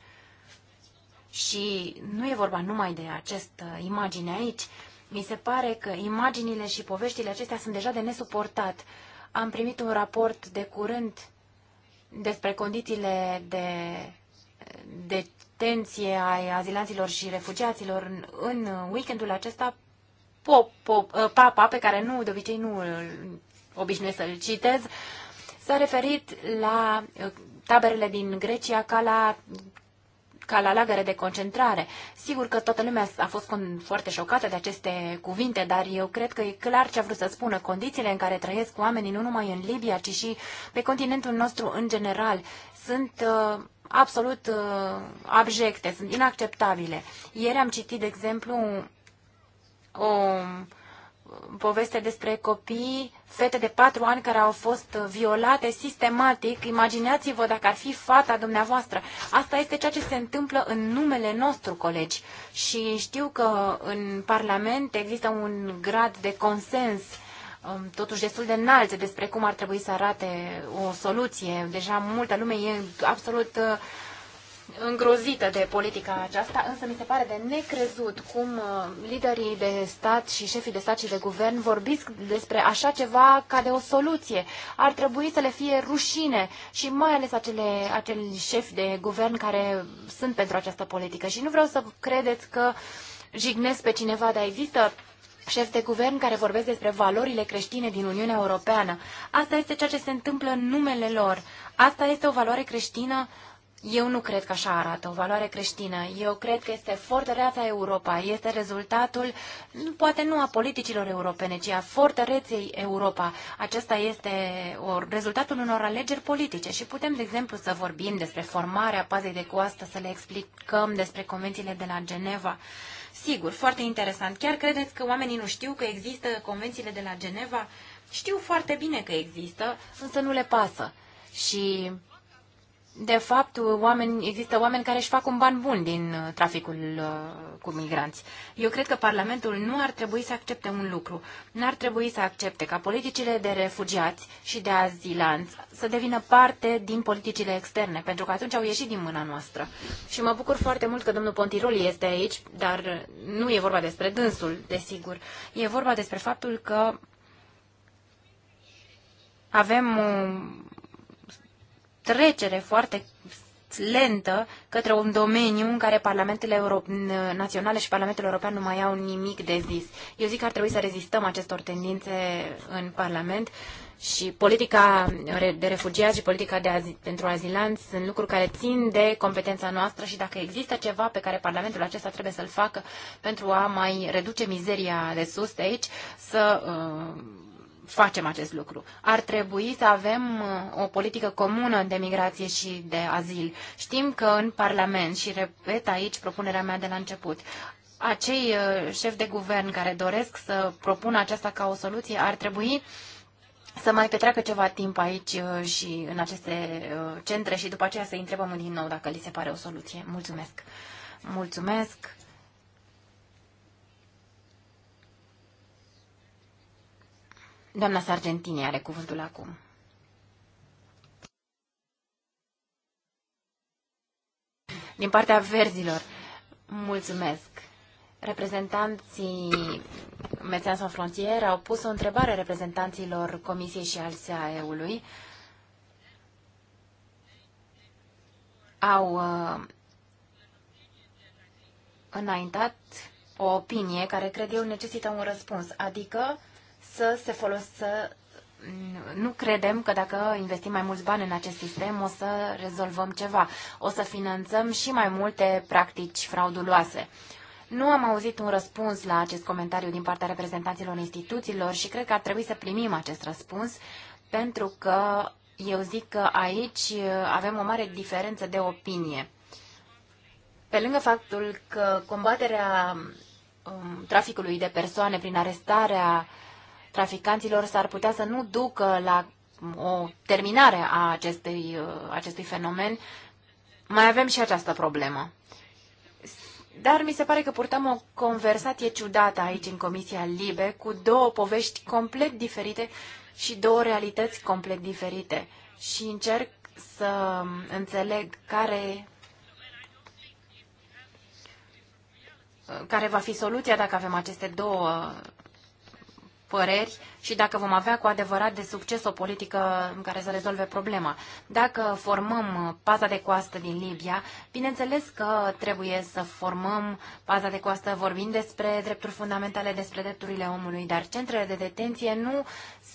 Și nu e vorba numai de această imagine aici, mi se pare că imaginile și poveștile acestea sunt deja de nesuportat. Am primit un raport de curând despre condițiile de detenție ai azilanților și refugiaților în weekendul acesta. Pop, pop, ă, papa, pe care nu, de obicei nu obișnuiesc să-l citez, s-a referit la ă, taberele din Grecia ca la ca la lagăre de concentrare. Sigur că toată lumea a fost foarte șocată de aceste cuvinte, dar eu cred că e clar ce a vrut să spună. Condițiile în care trăiesc oamenii, nu numai în Libia, ci și pe continentul nostru în general, sunt uh, absolut uh, abjecte, sunt inacceptabile. Ieri am citit, de exemplu, o poveste despre copii, fete de patru ani care au fost violate sistematic. Imaginați-vă dacă ar fi fata dumneavoastră. Asta este ceea ce se întâmplă în numele nostru, colegi. Și știu că în Parlament există un grad de consens um, totuși destul de înalt despre cum ar trebui să arate o soluție. Deja multă lume e absolut uh, îngrozită de politica aceasta, însă mi se pare de necrezut cum uh, liderii de stat și șefii de stat și de guvern vorbesc despre așa ceva ca de o soluție. Ar trebui să le fie rușine și mai ales acele, acel șefi de guvern care sunt pentru această politică. Și nu vreau să credeți că jignesc pe cineva, dar există șef de guvern care vorbesc despre valorile creștine din Uniunea Europeană. Asta este ceea ce se întâmplă în numele lor. Asta este o valoare creștină uh, eu nu cred că așa arată o valoare creștină. Eu cred că este fortăreața Europa, este rezultatul, poate nu a politicilor europene, ci a fortăreței Europa. Acesta este o, rezultatul unor alegeri politice și putem, de exemplu, să vorbim despre formarea pazei de coastă, să le explicăm despre convențiile de la Geneva. Sigur, foarte interesant. Chiar credeți că oamenii nu știu că există convențiile de la Geneva? Știu foarte bine că există, însă nu le pasă. Și de fapt, oameni, există oameni care își fac un ban bun din uh, traficul uh, cu migranți. Eu cred că Parlamentul nu ar trebui să accepte un lucru. Nu ar trebui să accepte ca politicile de refugiați și de azilanți să devină parte din politicile externe, pentru că atunci au ieșit din mâna noastră. Și mă bucur foarte mult că domnul Pontiroli este aici, dar nu e vorba despre dânsul, desigur. E vorba despre faptul că avem uh, trecere foarte lentă către un domeniu în care parlamentele Euro- naționale și Parlamentul European nu mai au nimic de zis. Eu zic că ar trebui să rezistăm acestor tendințe în Parlament și politica de refugiați și politica de azi, pentru azilanți sunt lucruri care țin de competența noastră și dacă există ceva pe care Parlamentul acesta trebuie să-l facă pentru a mai reduce mizeria de sus de aici, să uh, facem acest lucru. Ar trebui să avem uh, o politică comună de migrație și de azil. Știm că în Parlament, și repet aici propunerea mea de la început, acei uh, șefi de guvern care doresc să propună aceasta ca o soluție ar trebui să mai petreacă ceva timp aici uh, și în aceste centre și după aceea să întrebăm din nou dacă li se pare o soluție. Mulțumesc! Mulțumesc! Doamna Sargentini are cuvântul acum. Din partea verzilor, mulțumesc. Reprezentanții Mețean sau Frontier au pus o întrebare reprezentanților Comisiei și al SAE-ului. Au uh, înaintat o opinie care, cred eu, necesită un răspuns, adică să se folosească nu credem că dacă investim mai mulți bani în acest sistem o să rezolvăm ceva. O să finanțăm și mai multe practici frauduloase. Nu am auzit un răspuns la acest comentariu din partea reprezentanților instituțiilor și cred că ar trebui să primim acest răspuns pentru că eu zic că aici avem o mare diferență de opinie. Pe lângă faptul că combaterea um, traficului de persoane prin arestarea uh, traficanților s-ar putea să nu ducă la o terminare a acestei, uh, acestui fenomen, mai avem și această problemă. Dar mi se pare că purtăm o conversație ciudată aici în Comisia Libe cu două povești complet diferite și două realități complet diferite. Și încerc să înțeleg care, care va fi soluția dacă avem aceste două păreri și dacă vom avea cu adevărat de succes o politică în care să rezolve problema. Dacă formăm uh, paza de coastă din Libia, bineînțeles că trebuie să formăm paza de coastă vorbind despre drepturi fundamentale, despre drepturile omului, dar centrele de detenție nu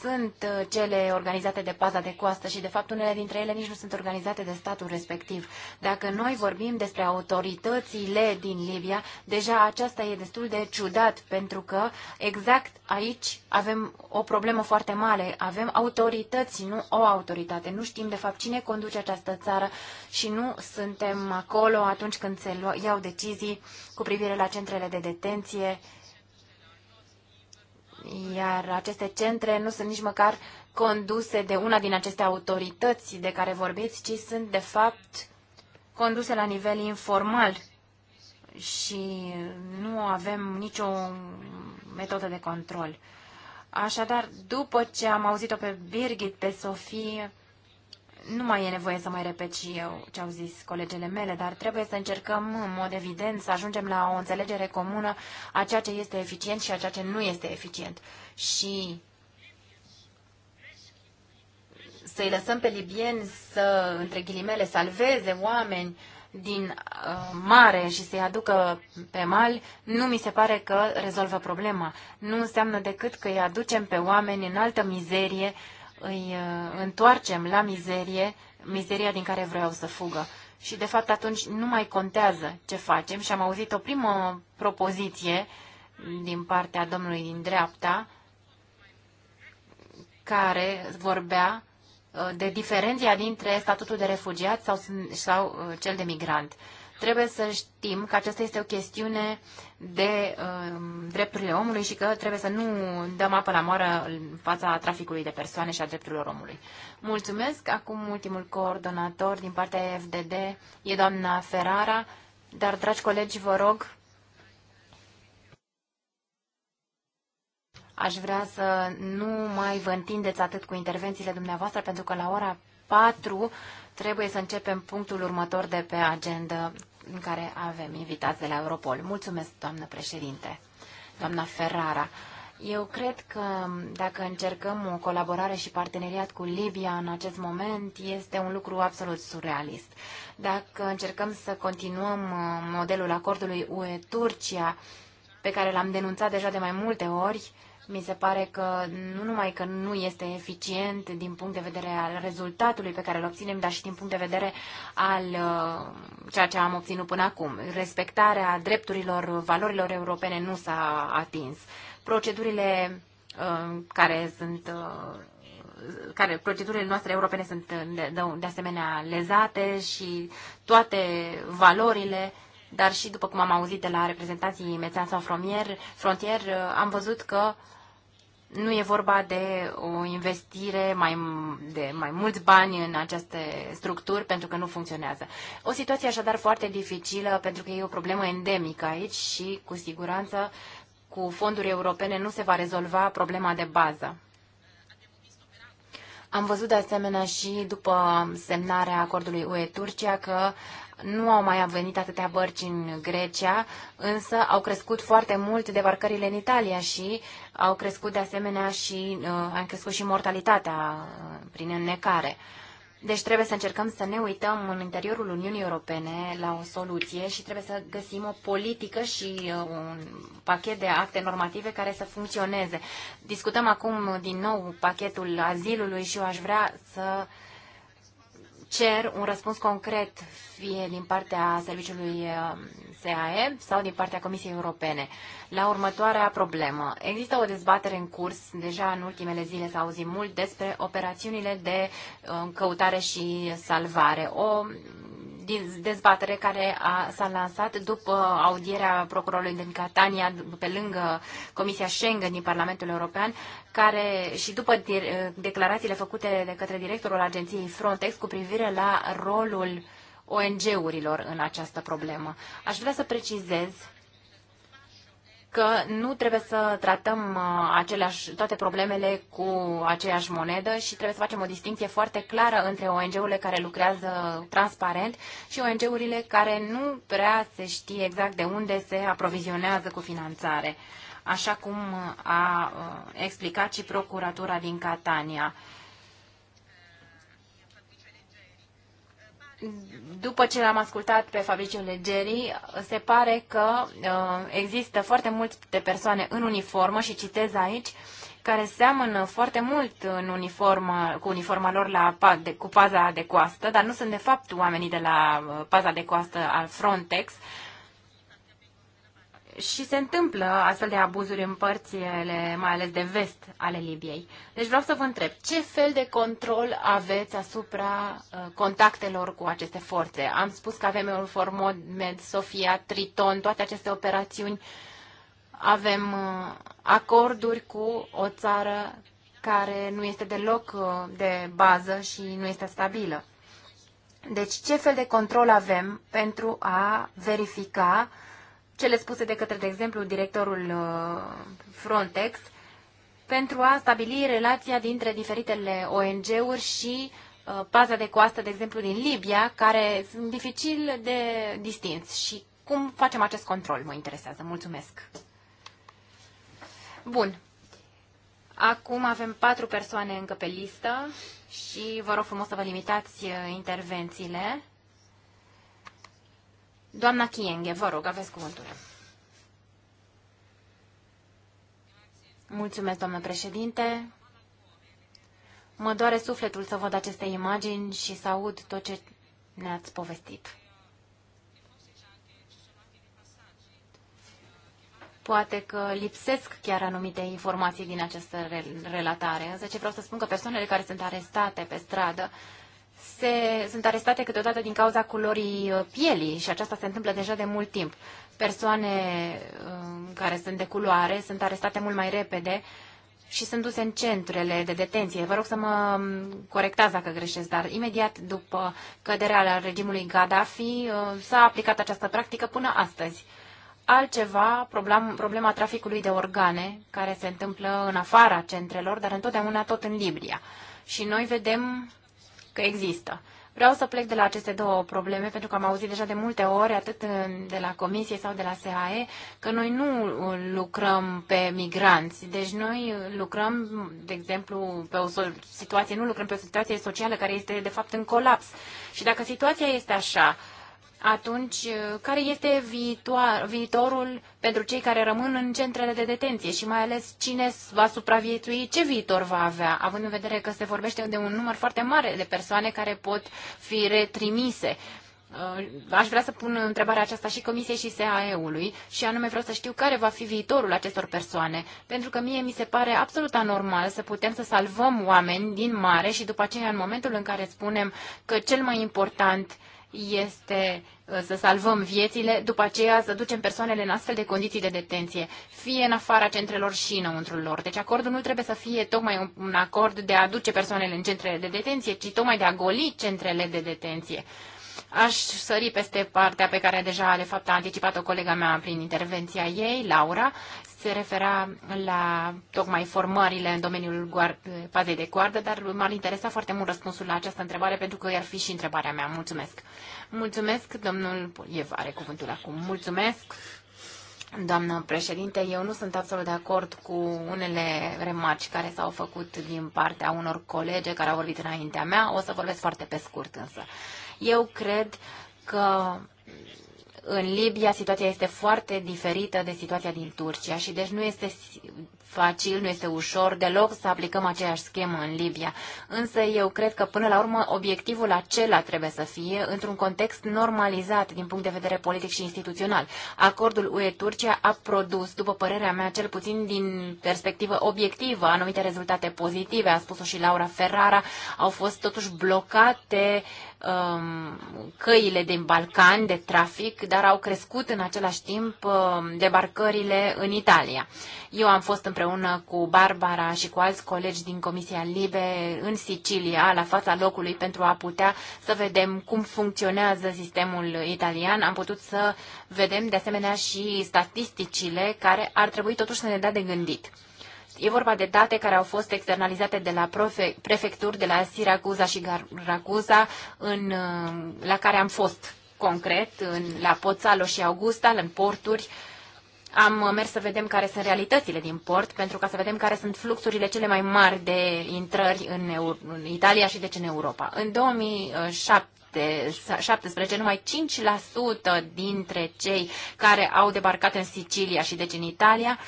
sunt uh, cele organizate de paza de coastă și, de fapt, unele dintre ele nici nu sunt organizate de statul respectiv. Dacă noi vorbim despre autoritățile din Libia, deja aceasta e destul de ciudat, pentru că exact aici avem o problemă foarte mare. Avem autorități, nu o autoritate. Nu știm, de fapt, cine conduce această țară și nu suntem acolo atunci când se iau decizii cu privire la centrele de detenție. Iar aceste centre nu sunt nici măcar conduse de una din aceste autorități de care vorbiți, ci sunt, de fapt, conduse la nivel informal și nu avem nicio metodă de control. Așadar, după ce am auzit-o pe Birgit, pe Sofie, nu mai e nevoie să mai repet și eu ce au zis colegele mele, dar trebuie să încercăm, în mod evident, să ajungem la o înțelegere comună a ceea ce este eficient și a ceea ce nu este eficient. Și să-i lăsăm pe libieni să, între ghilimele, salveze oameni din uh, mare și să-i aducă pe mal, nu mi se pare că rezolvă problema. Nu înseamnă decât că îi aducem pe oameni în altă mizerie, îi uh, întoarcem la mizerie, mizeria din care vreau să fugă. Și, de fapt, atunci nu mai contează ce facem. Și am auzit o primă propoziție din partea domnului din dreapta, care vorbea Uh, de diferenția dintre statutul de refugiat sau, sau uh, cel de migrant. Trebuie să știm că aceasta este o chestiune de uh, drepturile omului și că trebuie să nu dăm apă la moară în fața traficului de persoane și a drepturilor omului. Mulțumesc. Acum ultimul coordonator din partea FDD e doamna Ferrara, dar, dragi colegi, vă rog Aș vrea să nu mai vă întindeți atât cu intervențiile dumneavoastră, pentru că la ora 4 trebuie să începem punctul următor de pe agenda în care avem invitați de la Europol. Mulțumesc, doamnă președinte, doamna Ferrara. Eu cred că dacă încercăm o colaborare și parteneriat cu Libia în acest moment, este un lucru absolut surrealist. Dacă încercăm să continuăm uh, modelul acordului UE-Turcia, pe care l-am denunțat deja de mai multe ori, mi se pare că nu numai că nu este eficient din punct de vedere al rezultatului pe care îl obținem, dar și din punct de vedere al uh, ceea ce am obținut până acum. Respectarea drepturilor, valorilor europene nu s-a atins. Procedurile uh, care sunt uh, care procedurile noastre europene sunt de, de, de asemenea lezate și toate valorile, dar și după cum am auzit de la reprezentanții Mețean sau Frontier, Frontier am văzut că uh, nu e vorba de o investire mai, de mai mulți bani în aceste structuri pentru că nu funcționează. O situație așadar foarte dificilă pentru că e o problemă endemică aici și cu siguranță cu fonduri europene nu se va rezolva problema de bază. Am văzut de asemenea și după semnarea acordului UE-Turcia că nu au mai venit atâtea bărci în Grecia, însă au crescut foarte mult debarcările în Italia și au crescut de asemenea și, uh, a crescut și mortalitatea uh, prin înnecare. Uh, deci trebuie să încercăm să ne uităm în interiorul Uniunii Europene la o soluție și trebuie să găsim o politică și uh, un pachet de acte normative care să funcționeze. Discutăm acum din nou pachetul azilului și eu aș vrea să uh, cer un răspuns concret fie din partea serviciului um, SAE sau din partea Comisiei Europene la următoarea problemă. Există o dezbatere în curs, deja în ultimele zile s-a auzit mult despre operațiunile de um, căutare și salvare, o dezbatere care a, s-a lansat după audierea procurorului din Catania, pe lângă Comisia Schengen din Parlamentul European, care și după declarațiile făcute de către directorul agenției Frontex cu privire la rolul ONG-urilor în această problemă. Aș vrea să precizez că nu trebuie să tratăm uh, aceleași, toate problemele cu aceeași monedă și trebuie să facem o distinție foarte clară între ONG-urile care lucrează transparent și ONG-urile care nu prea se știe exact de unde se aprovizionează cu finanțare, așa cum a uh, explicat și Procuratura din Catania. după ce l-am ascultat pe Fabriciu Legeri, se pare că uh, există foarte multe persoane în uniformă și citez aici care seamănă foarte mult în uniformă, cu uniforma lor la, de, cu paza de coastă, dar nu sunt de fapt oamenii de la uh, paza de coastă al Frontex, uh, și se întâmplă astfel de abuzuri în părțile, mai ales de vest, ale Libiei. Deci vreau să vă întreb, ce fel de control aveți asupra uh, contactelor cu aceste forțe? Am spus că avem Eufor Med, Sofia, Triton, toate aceste operațiuni. Avem uh, acorduri cu o țară care nu este deloc uh, de bază și nu este stabilă. Deci ce fel de control avem pentru a verifica uh, cele spuse de către, de exemplu, directorul uh, Frontex, pentru a stabili relația dintre diferitele ONG-uri și uh, paza de coastă, de exemplu, din Libia, care sunt dificil de distins. Și cum facem acest control, mă interesează. Mulțumesc. Bun. Acum avem patru persoane încă pe listă și vă rog frumos să vă limitați uh, intervențiile. Doamna Chienghe, vă rog, aveți cuvântul. Mulțumesc, doamnă președinte. Mă doare sufletul să văd aceste imagini și să aud tot ce ne-ați povestit. Poate că lipsesc chiar anumite informații din această relatare, însă ce vreau să spun că persoanele care sunt arestate pe stradă se, sunt arestate câteodată din cauza culorii uh, pielii și aceasta se întâmplă deja de mult timp. Persoane um, care sunt de culoare sunt arestate mult mai repede și sunt duse în centrele de detenție. Vă rog să mă um, corectați dacă greșesc, dar imediat după căderea regimului Gaddafi uh, s-a aplicat această practică până astăzi. Altceva, problem, problema traficului de organe, care se întâmplă în afara centrelor, dar întotdeauna tot în Libia. Și noi vedem că există. Vreau să plec de la aceste două probleme, pentru că am auzit deja de multe ori, atât de la Comisie sau de la SAE, că noi nu lucrăm pe migranți. Deci noi lucrăm, de exemplu, pe o situație, nu lucrăm pe o situație socială care este, de fapt, în colaps. Și dacă situația este așa, atunci uh, care este viitorul pentru cei care rămân în centrele de detenție și mai ales cine va supraviețui, ce viitor va avea, având în vedere că se vorbește de un număr foarte mare de persoane care pot fi retrimise. Uh, aș vrea să pun întrebarea aceasta și Comisiei și SAE-ului și anume vreau să știu care va fi viitorul acestor persoane, pentru că mie mi se pare absolut anormal să putem să salvăm oameni din mare și după aceea în momentul în care spunem că cel mai important uh, este uh, să salvăm viețile, după aceea să ducem persoanele în astfel de condiții de detenție, fie în afara centrelor și înăuntrul lor. Deci acordul nu trebuie să fie tocmai un acord de a duce persoanele în centrele de detenție, ci tocmai de a goli centrele de detenție. Aș sări peste partea pe care deja, de fapt, a anticipat-o colega mea prin intervenția ei, Laura. Se refera la tocmai formările în domeniul pazei de coardă, dar m-ar interesa foarte mult răspunsul la această întrebare, pentru că ar fi și întrebarea mea. Mulțumesc. Mulțumesc, domnul Poliev are cuvântul acum. Mulțumesc. Doamnă președinte, eu nu sunt absolut de acord cu unele remarci care s-au făcut din partea unor colege care au vorbit înaintea mea. O să vorbesc foarte pe scurt însă. Eu cred că în Libia situația este foarte diferită de situația din Turcia și deci nu este facil, nu este ușor deloc să aplicăm aceeași schemă în Libia. Însă eu cred că până la urmă obiectivul acela trebuie să fie într-un context normalizat din punct de vedere politic și instituțional. Acordul UE-Turcia a produs, după părerea mea, cel puțin din perspectivă obiectivă, anumite rezultate pozitive, a spus-o și Laura Ferrara, au fost totuși blocate um, căile din Balcan de trafic, dar au crescut în același timp um, debarcările în Italia. Eu am fost împreună cu Barbara și cu alți colegi din Comisia Libe în Sicilia, la fața locului, pentru a putea să vedem cum funcționează sistemul italian. Am putut să vedem, de asemenea, și statisticile care ar trebui totuși să ne dea de gândit. E vorba de date care au fost externalizate de la profe, prefecturi, de la Siracuza și Garacuza, în, la care am fost concret, în, la Pozzalo și Augusta, în porturi, uh, am uh, mers să vedem care sunt realitățile din port, pentru ca să vedem care sunt fluxurile cele mai mari de intrări în, Eu- în Italia și de ce în Europa. În 2007 17, numai 5% dintre cei care au debarcat în Sicilia și deci în Italia uh,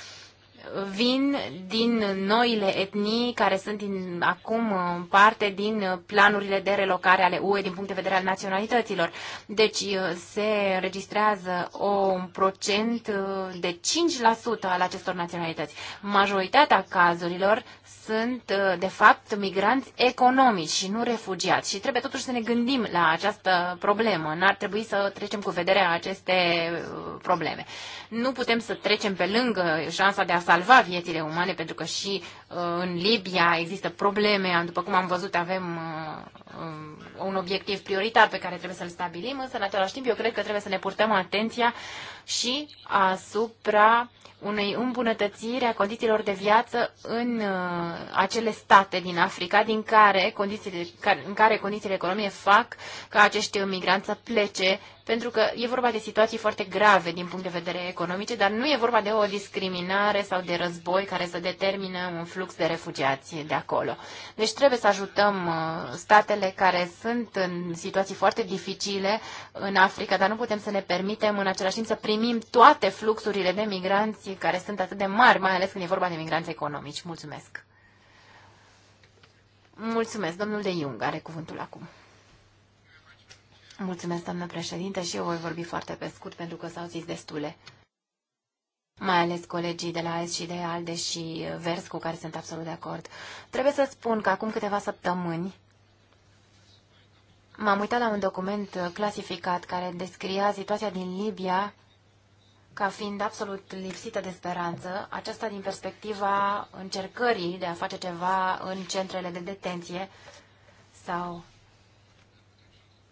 vin din noile etnii care sunt din, acum uh, parte din uh, planurile de relocare ale UE din punct de vedere al naționalităților. Deci uh, se registrează un procent de 5% al acestor naționalități. Majoritatea cazurilor sunt, uh, de fapt, migranți economici și nu refugiați. Și trebuie totuși să ne gândim la această problemă. N-ar trebui să trecem cu vederea aceste uh, probleme. Nu putem să trecem pe lângă șansa de a salva viețile umane, pentru că și uh, în Libia există probleme. După cum am văzut, avem um, un obiectiv prioritar pe care trebuie să-l stabilim, însă, în același timp, eu cred că trebuie să ne purtăm atenția și asupra unei îmbunătățiri a condițiilor de viață în uh, acele state din Africa din care condițiile, în care condițiile economice fac ca acești migranți să plece pentru că e vorba de situații foarte grave din punct de vedere economice, dar nu e vorba de o discriminare sau de război care să determină un flux de refugiați de acolo. Deci trebuie să ajutăm uh, statele care sunt în situații foarte dificile în Africa, dar nu putem să ne permitem în același timp să primim toate fluxurile de migranți care sunt atât de mari, mai ales când e vorba de migranți economici. Mulțumesc! Mulțumesc, domnul de Jung are cuvântul acum. Mulțumesc, doamnă președinte, și eu voi vorbi foarte pe scurt pentru că s-au zis destule. Mai ales colegii de la S și de ALDE și uh, Vers cu care sunt absolut de acord. Trebuie să spun că acum câteva săptămâni m-am uitat la un document uh, clasificat care descria situația din Libia ca fiind absolut lipsită de speranță, aceasta din perspectiva încercării de a face ceva în centrele de detenție sau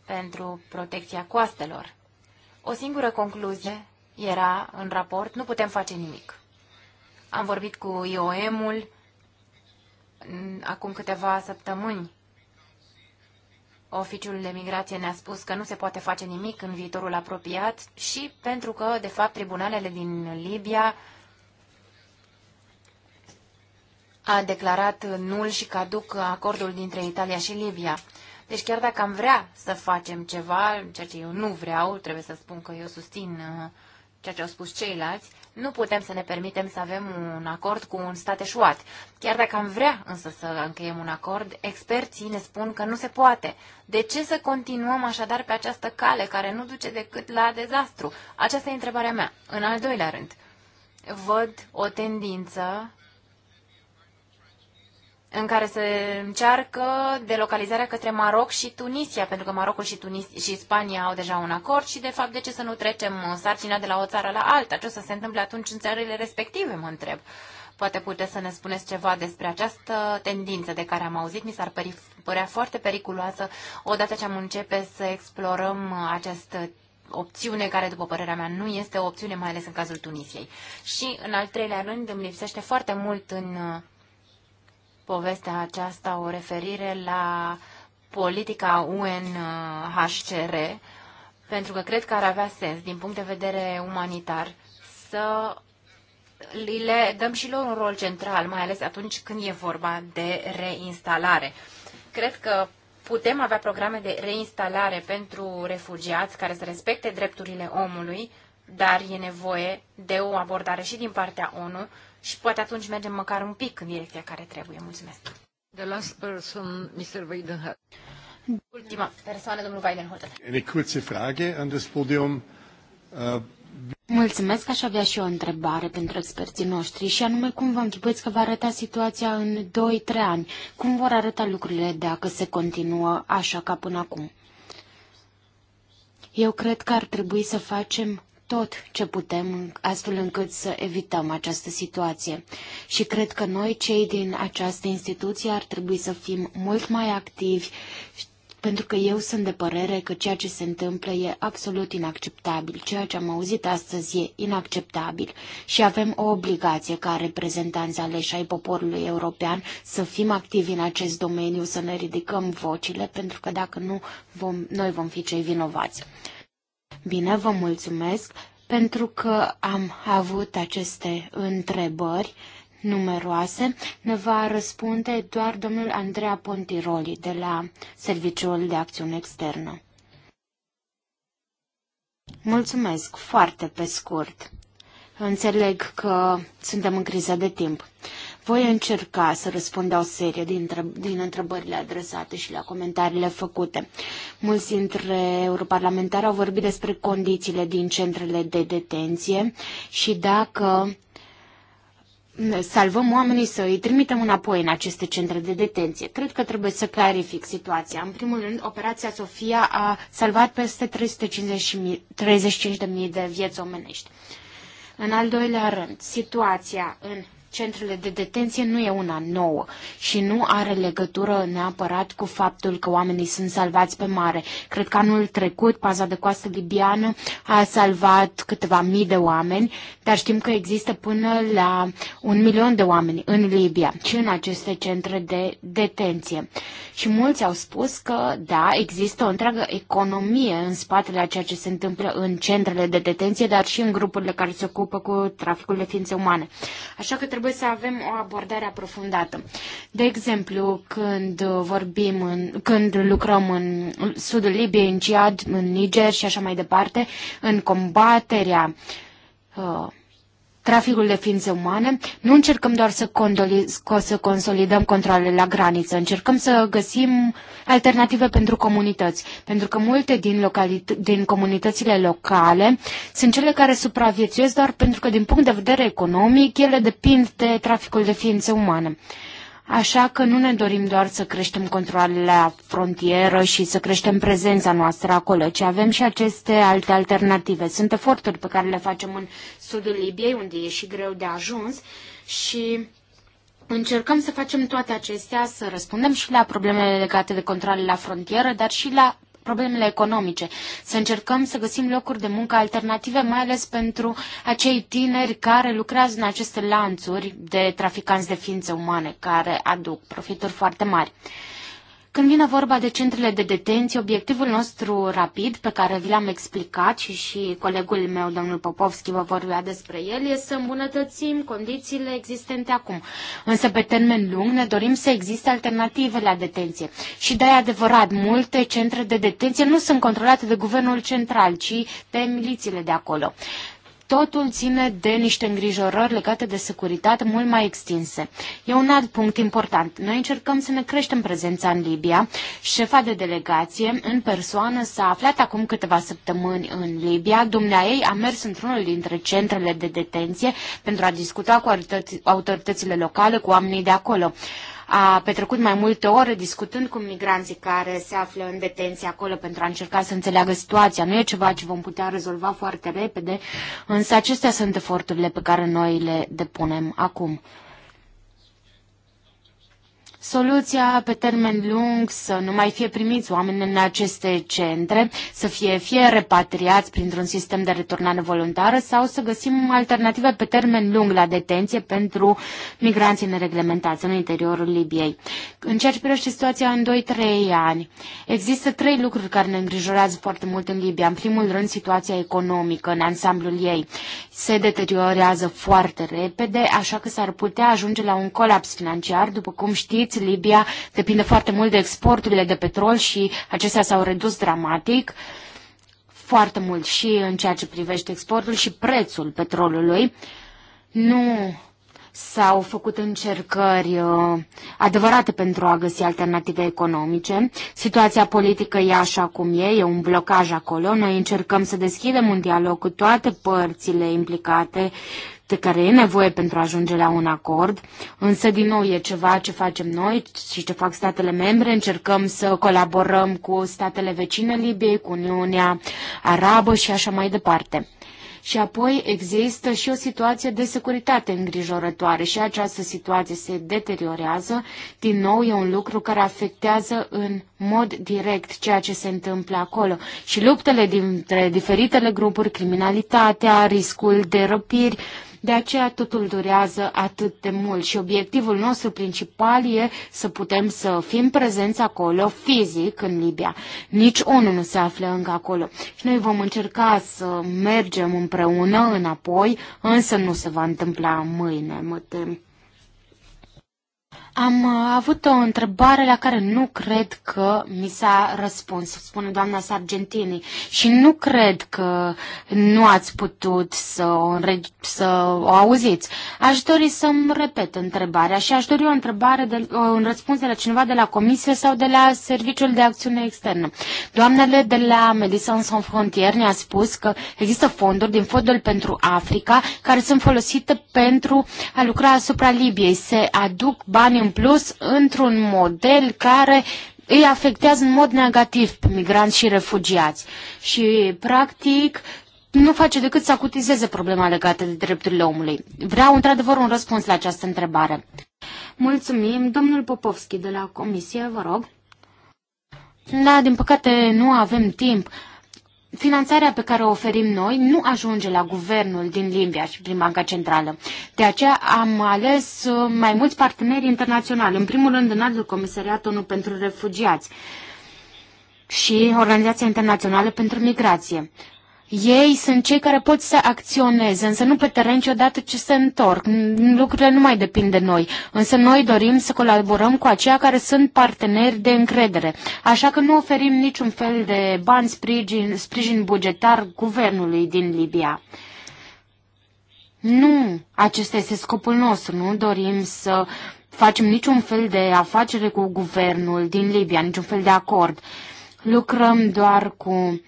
pentru protecția coastelor. O singură concluzie era în raport, nu putem face nimic. Am vorbit cu IOM-ul acum câteva săptămâni. Oficiul de migrație ne-a spus că nu se poate face nimic în viitorul apropiat și pentru că, de fapt, tribunalele din Libia a declarat nul și caduc acordul dintre Italia și Libia. Deci chiar dacă am vrea să facem ceva, ceea ce eu nu vreau, trebuie să spun că eu susțin uh, ceea ce au spus ceilalți, nu putem să ne permitem să avem un acord cu un stat eșuat. Chiar dacă am vrea însă să încheiem un acord, experții ne spun că nu se poate. De ce să continuăm așadar pe această cale care nu duce decât la dezastru? Aceasta e întrebarea mea. În al doilea rând, văd o tendință în care se încearcă delocalizarea către Maroc și Tunisia, pentru că Marocul și, Tunis- și Spania au deja un acord și, de fapt, de ce să nu trecem sarcina de la o țară la alta? Ce o să se întâmple atunci în țările respective, mă întreb. Poate puteți să ne spuneți ceva despre această tendință de care am auzit. Mi s-ar părea foarte periculoasă odată ce am începe să explorăm această opțiune care, după părerea mea, nu este o opțiune, mai ales în cazul Tunisiei. Și, în al treilea rând, îmi lipsește foarte mult în povestea aceasta o referire la politica UNHCR, pentru că cred că ar avea sens, din punct de vedere umanitar, să le dăm și lor un rol central, mai ales atunci când e vorba de reinstalare. Cred că putem avea programe de reinstalare pentru refugiați care să respecte drepturile omului, dar e nevoie de o abordare și din partea ONU și poate atunci mergem măcar un pic în direcția care trebuie. Mulțumesc. The last person, Mr. Ultima persoană, domnul Weidenhotter. Eine kurze Frage an das Podium. Äh, Mulțumesc, aș avea și o întrebare pentru experții noștri și anume cum vă închipuiți că va arăta situația în 2-3 ani? Cum vor arăta lucrurile dacă se continuă așa ca până acum? Eu cred că ar trebui să facem tot ce putem astfel încât să evităm această situație. Și cred că noi, cei din această instituție, ar trebui să fim mult mai activi, pentru că eu sunt de părere că ceea ce se întâmplă e absolut inacceptabil. Ceea ce am auzit astăzi e inacceptabil și avem o obligație ca reprezentanți aleși ai poporului european să fim activi în acest domeniu, să ne ridicăm vocile, pentru că dacă nu, vom, noi vom fi cei vinovați. Bine, vă mulțumesc pentru că am avut aceste întrebări numeroase. Ne va răspunde doar domnul Andrea Pontiroli de la Serviciul de Acțiune Externă. Mulțumesc, foarte pe scurt. Înțeleg că suntem în criză de timp. Voi încerca să răspund la o serie din, din întrebările adresate și la comentariile făcute. Mulți dintre europarlamentari au vorbit despre condițiile din centrele de detenție și dacă salvăm oamenii să îi trimitem înapoi în aceste centre de detenție. Cred că trebuie să clarific situația. În primul rând, operația Sofia a salvat peste 350.000 de vieți omenești. În al doilea rând, situația în centrele de detenție nu e una nouă și nu are legătură neapărat cu faptul că oamenii sunt salvați pe mare. Cred că anul trecut paza de coastă libiană a salvat câteva mii de oameni, dar știm că există până la un milion de oameni în Libia și în aceste centre de detenție. Și mulți au spus că, da, există o întreagă economie în spatele a ceea ce se întâmplă în centrele de detenție, dar și în grupurile care se ocupă cu traficul de ființe umane. Așa că trebuie să avem o abordare aprofundată. De exemplu, când vorbim, în, când lucrăm în sudul Libiei, în Ciad, în Niger și așa mai departe, în combaterea uh, traficul de ființe umane, nu încercăm doar să, să consolidăm controlele la graniță, încercăm să găsim alternative pentru comunități, pentru că multe din, din comunitățile locale sunt cele care supraviețuiesc doar pentru că, din punct de vedere economic, ele depind de traficul de ființe umane. Așa că nu ne dorim doar să creștem controlele la frontieră și să creștem prezența noastră acolo, ci avem și aceste alte alternative. Sunt eforturi pe care le facem în sudul Libiei, unde e și greu de ajuns și încercăm să facem toate acestea, să răspundem și la problemele legate de controlele la frontieră, dar și la problemele economice, să încercăm să găsim locuri de muncă alternative, mai ales pentru acei tineri care lucrează în aceste lanțuri de traficanți de ființe umane, care aduc profituri foarte mari. Când vine vorba de centrele de detenție, obiectivul nostru rapid, pe care vi l-am explicat și și colegul meu, domnul Popovski, vă vorbea despre el, este să îmbunătățim condițiile existente acum. Însă, pe termen lung, ne dorim să existe alternative la detenție. Și de adevărat, multe centre de detenție nu sunt controlate de guvernul central, ci de milițiile de acolo. Totul ține de niște îngrijorări legate de securitate mult mai extinse. E un alt punct important. Noi încercăm să ne creștem prezența în Libia. Șefa de delegație în persoană s-a aflat acum câteva săptămâni în Libia. Dumnea ei a mers într-unul dintre centrele de detenție pentru a discuta cu autoritățile locale, cu oamenii de acolo. Uh, a petrecut mai multe ore discutând cu migranții care se află în detenție acolo pentru a încerca să înțeleagă situația. Nu e ceva ce vom putea rezolva foarte repede, însă acestea sunt eforturile pe care noi le depunem acum. Soluția pe termen lung să nu mai fie primiți oameni în aceste centre, să fie fie repatriați printr-un sistem de returnare voluntară sau să găsim alternative pe termen lung la detenție pentru migranții nereglementați în interiorul Libiei. În ceea ce privește situația în 2-3 ani, există trei lucruri care ne îngrijorează foarte mult în Libia. În primul rând, situația economică în ansamblul ei se deteriorează foarte repede, așa că s-ar putea ajunge la un colaps financiar, după cum știți, știți, Libia depinde foarte mult de exporturile de petrol și acestea s-au redus dramatic foarte mult și în ceea ce privește exportul și prețul petrolului. Nu s-au făcut încercări uh, adevărate pentru a găsi alternative economice. Situația politică e așa cum e, e un blocaj acolo. Noi încercăm să deschidem un dialog cu toate părțile implicate de care e nevoie pentru a ajunge la un acord, însă din nou e ceva ce facem noi și ce fac statele membre, încercăm să colaborăm cu statele vecine Libiei, cu Uniunea Arabă și așa mai departe. Și apoi există și o situație de securitate îngrijorătoare și această situație se deteriorează. Din nou e un lucru care afectează în mod direct ceea ce se întâmplă acolo. Și luptele dintre diferitele grupuri, criminalitatea, riscul de răpiri, de aceea totul durează atât de mult și obiectivul nostru principal e să putem să fim prezenți acolo fizic în Libia. Nici unul nu se află încă acolo. Și noi vom încerca să mergem împreună înapoi, însă nu se va întâmpla mâine, mă tem. Am uh, avut o întrebare la care nu cred că mi s-a răspuns, spune doamna Sargentini, și nu cred că nu ați putut să o, să o auziți. Aș dori să-mi repet întrebarea și aș dori o întrebare, de, o, un răspuns de la cineva de la Comisie sau de la Serviciul de Acțiune Externă. Doamnele de la Medicine Sans Frontières ne-a spus că există fonduri din Fondul pentru Africa care sunt folosite pentru a lucra asupra Libiei. Se aduc bani în plus într-un model care îi afectează în mod negativ pe migranți și refugiați. Și, practic, nu face decât să acutizeze problema legată de drepturile omului. Vreau, într-adevăr, un răspuns la această întrebare. Mulțumim. Domnul Popovski de la Comisie, vă rog. Da, din păcate nu avem timp finanțarea pe care o oferim noi nu ajunge la guvernul din Libia și prin Banca Centrală. De aceea am ales uh, mai mulți parteneri internaționali, în primul rând în altul Comisariat ONU pentru Refugiați și Organizația Internațională pentru Migrație. Ei sunt cei care pot să acționeze, însă nu pe teren odată ce se întorc. Lucrurile nu mai depind de noi, însă noi dorim să colaborăm cu aceia care sunt parteneri de încredere. Așa că nu oferim niciun fel de bani sprijin, sprijin bugetar guvernului din Libia. Nu, acesta este scopul nostru. Nu dorim să facem niciun fel de afacere cu guvernul din Libia, niciun fel de acord. Lucrăm doar cu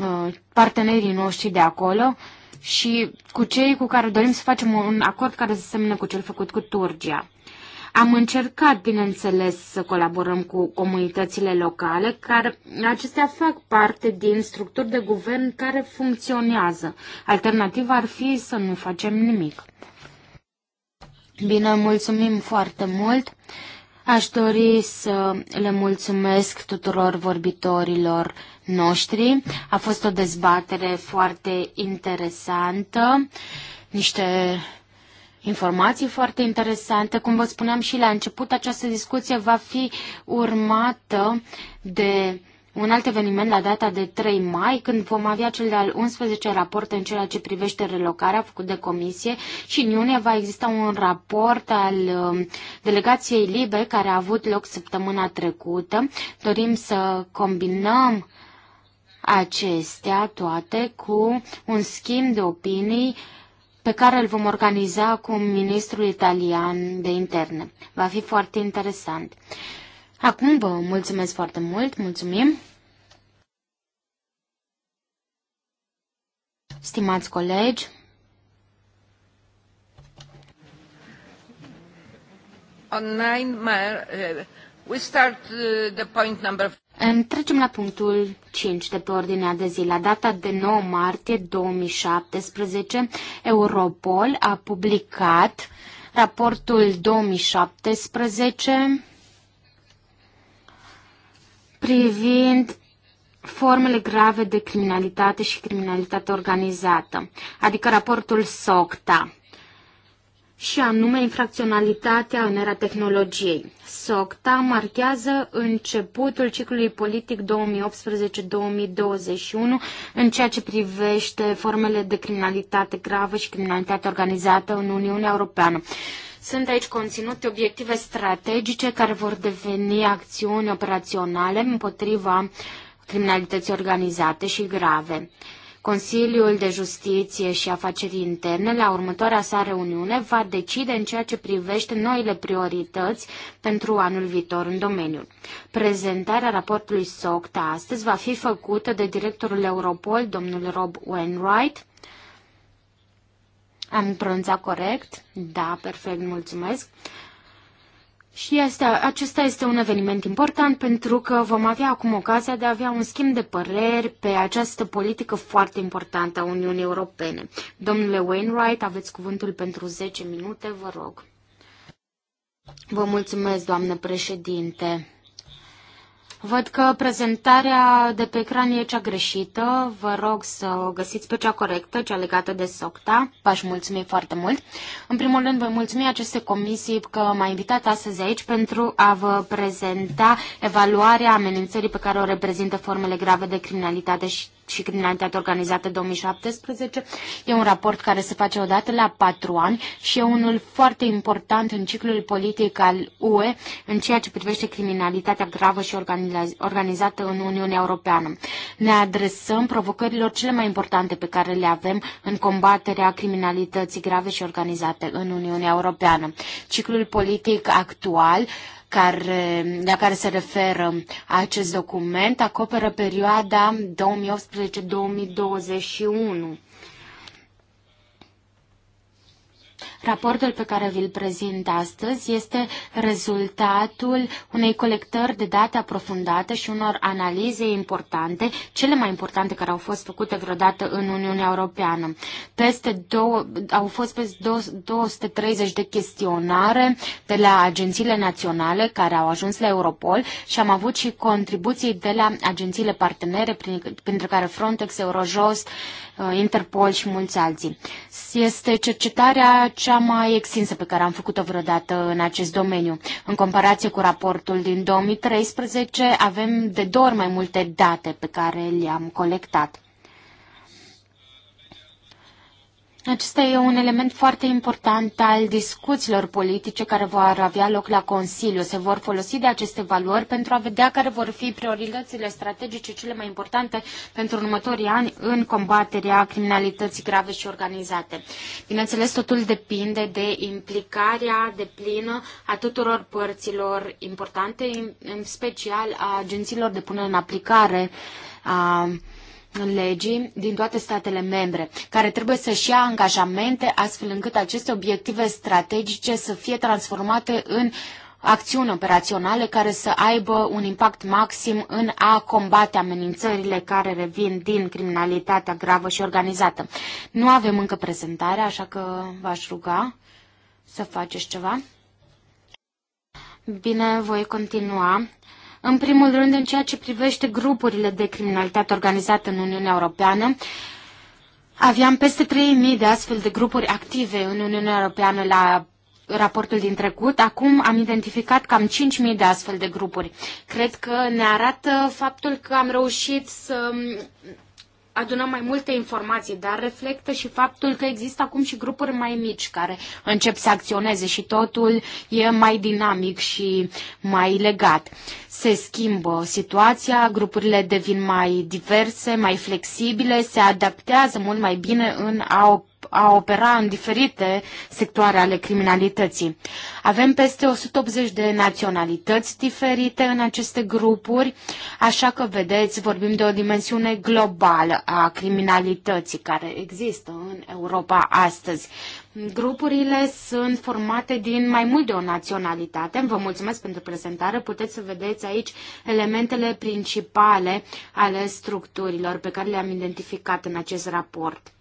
Uh, partenerii noștri de acolo și cu cei cu care dorim să facem un acord care să semne cu cel făcut cu Turgia. Am încercat, bineînțeles, să colaborăm cu comunitățile locale, care acestea fac parte din structuri de guvern care funcționează. Alternativa ar fi să nu facem nimic. Bine, mulțumim foarte mult. Aș dori să le mulțumesc tuturor vorbitorilor noștri. A fost o dezbatere foarte interesantă, niște informații foarte interesante. Cum vă spuneam și la început, această discuție va fi urmată de un alt eveniment la data de 3 mai, când vom avea cel de-al 11 raport în ceea ce privește relocarea făcut de comisie și în iunie va exista un raport al um, delegației LIBE care a avut loc săptămâna trecută. Dorim să combinăm acestea toate cu un schimb de opinii pe care îl vom organiza cu ministrul italian de interne. Va fi foarte interesant. Acum vă mulțumesc foarte mult, mulțumim! Stimați colegi, on eh, we start eh, the point number Trecem la punctul 5 de pe ordinea de zi. La data de 9 martie 2017, Europol a publicat raportul 2017 privind formele grave de criminalitate și criminalitate organizată, adică raportul SOCTA și anume infracționalitatea în era tehnologiei. SOCTA marchează începutul ciclului politic 2018-2021 în ceea ce privește formele de criminalitate gravă și criminalitate organizată în Uniunea Europeană. Sunt aici conținute obiective strategice care vor deveni acțiuni operaționale împotriva criminalității organizate și grave. Consiliul de Justiție și Afaceri Interne, la următoarea sa reuniune, va decide în ceea ce privește noile priorități pentru anul viitor în domeniu. Prezentarea raportului SOCTA astăzi va fi făcută de directorul Europol, domnul Rob Wainwright, am pronunțat corect? Da, perfect, mulțumesc. Și este, acesta este un eveniment important pentru că vom avea acum ocazia de a avea un schimb de păreri pe această politică foarte importantă a Uniunii Europene. Domnule Wainwright, aveți cuvântul pentru 10 minute, vă rog. Vă mulțumesc, doamnă președinte. Văd că prezentarea de pe ecran e cea greșită. Vă rog să o găsiți pe cea corectă, cea legată de SOCTA. V-aș mulțumi foarte mult. În primul rând, vă mulțumim aceste comisii că m-a invitat astăzi aici pentru a vă prezenta evaluarea amenințării pe care o reprezintă formele grave de criminalitate și și criminalitate organizată 2017. E un raport care se face odată la patru ani și e unul foarte important în ciclul politic al UE în ceea ce privește criminalitatea gravă și organizată în Uniunea Europeană. Ne adresăm provocărilor cele mai importante pe care le avem în combaterea criminalității grave și organizate în Uniunea Europeană. Ciclul politic actual uh, care, la care se referă acest document acoperă perioada 2018-2021. Raportul pe care vi-l prezint astăzi este rezultatul unei colectări de date aprofundate și unor analize importante, cele mai importante care au fost făcute vreodată în Uniunea Europeană. Peste două, au fost peste 230 de chestionare de la agențiile naționale care au ajuns la Europol și am avut și contribuții de la agențiile partenere, printre care Frontex, Eurojust, uh, Interpol și mulți alții. Este cercetarea cea cea mai extinsă pe care am făcut-o vreodată în acest domeniu. În comparație cu raportul din 2013, avem de două ori mai multe date pe care le-am colectat. Acesta e un element foarte important al discuțiilor politice care vor avea loc la Consiliu. Se vor folosi de aceste valori pentru a vedea care vor fi prioritățile strategice cele mai importante pentru următorii ani în combaterea criminalității grave și organizate. Bineînțeles, totul depinde de implicarea deplină a tuturor părților importante, în special a agențiilor de punere în aplicare a legii din toate statele membre, care trebuie să-și ia angajamente astfel încât aceste obiective strategice să fie transformate în acțiuni operaționale care să aibă un impact maxim în a combate amenințările care revin din criminalitatea gravă și organizată. Nu avem încă prezentarea, așa că v-aș ruga să faceți ceva. Bine, voi continua în primul rând, în ceea ce privește grupurile de criminalitate organizată în Uniunea Europeană, aveam peste 3.000 de astfel de grupuri active în Uniunea Europeană la raportul din trecut, acum am identificat cam 5.000 de astfel de grupuri. Cred că ne arată faptul că am reușit să adunăm mai multe informații, dar reflectă și faptul că există acum și grupuri mai mici care încep să acționeze și totul e mai dinamic și mai legat. Se schimbă situația, grupurile devin mai diverse, mai flexibile, se adaptează mult mai bine în a a opera în diferite sectoare ale criminalității. Avem peste 180 de naționalități diferite în aceste grupuri, așa că, vedeți, vorbim de o dimensiune globală a criminalității care există în Europa astăzi. Grupurile sunt formate din mai mult de o naționalitate. Vă mulțumesc pentru prezentare. Puteți să vedeți aici elementele principale ale structurilor pe care le-am identificat în acest raport.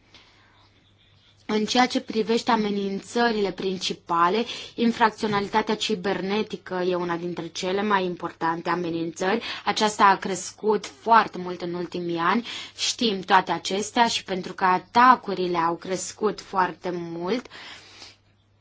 În ceea ce privește amenințările principale, infracționalitatea cibernetică e una dintre cele mai importante amenințări. Aceasta a crescut foarte mult în ultimii ani. Știm toate acestea și pentru că atacurile au crescut foarte mult, uh,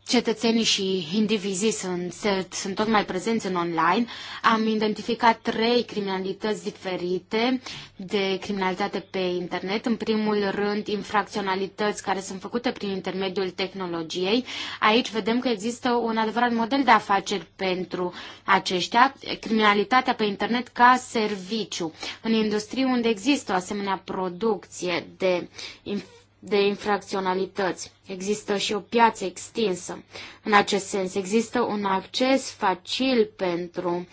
cetățenii și indivizii sunt, sunt tot mai prezenți în online. Am identificat trei criminalități diferite de criminalitate pe internet. În primul rând, infracționalități care sunt făcute prin intermediul tehnologiei. Aici vedem că există un adevărat model de afaceri pentru aceștia, criminalitatea pe internet ca serviciu. În industrie unde există o asemenea producție de infracționalități, de infracționalități. Există și o piață extinsă. În acest sens, există un acces facil pentru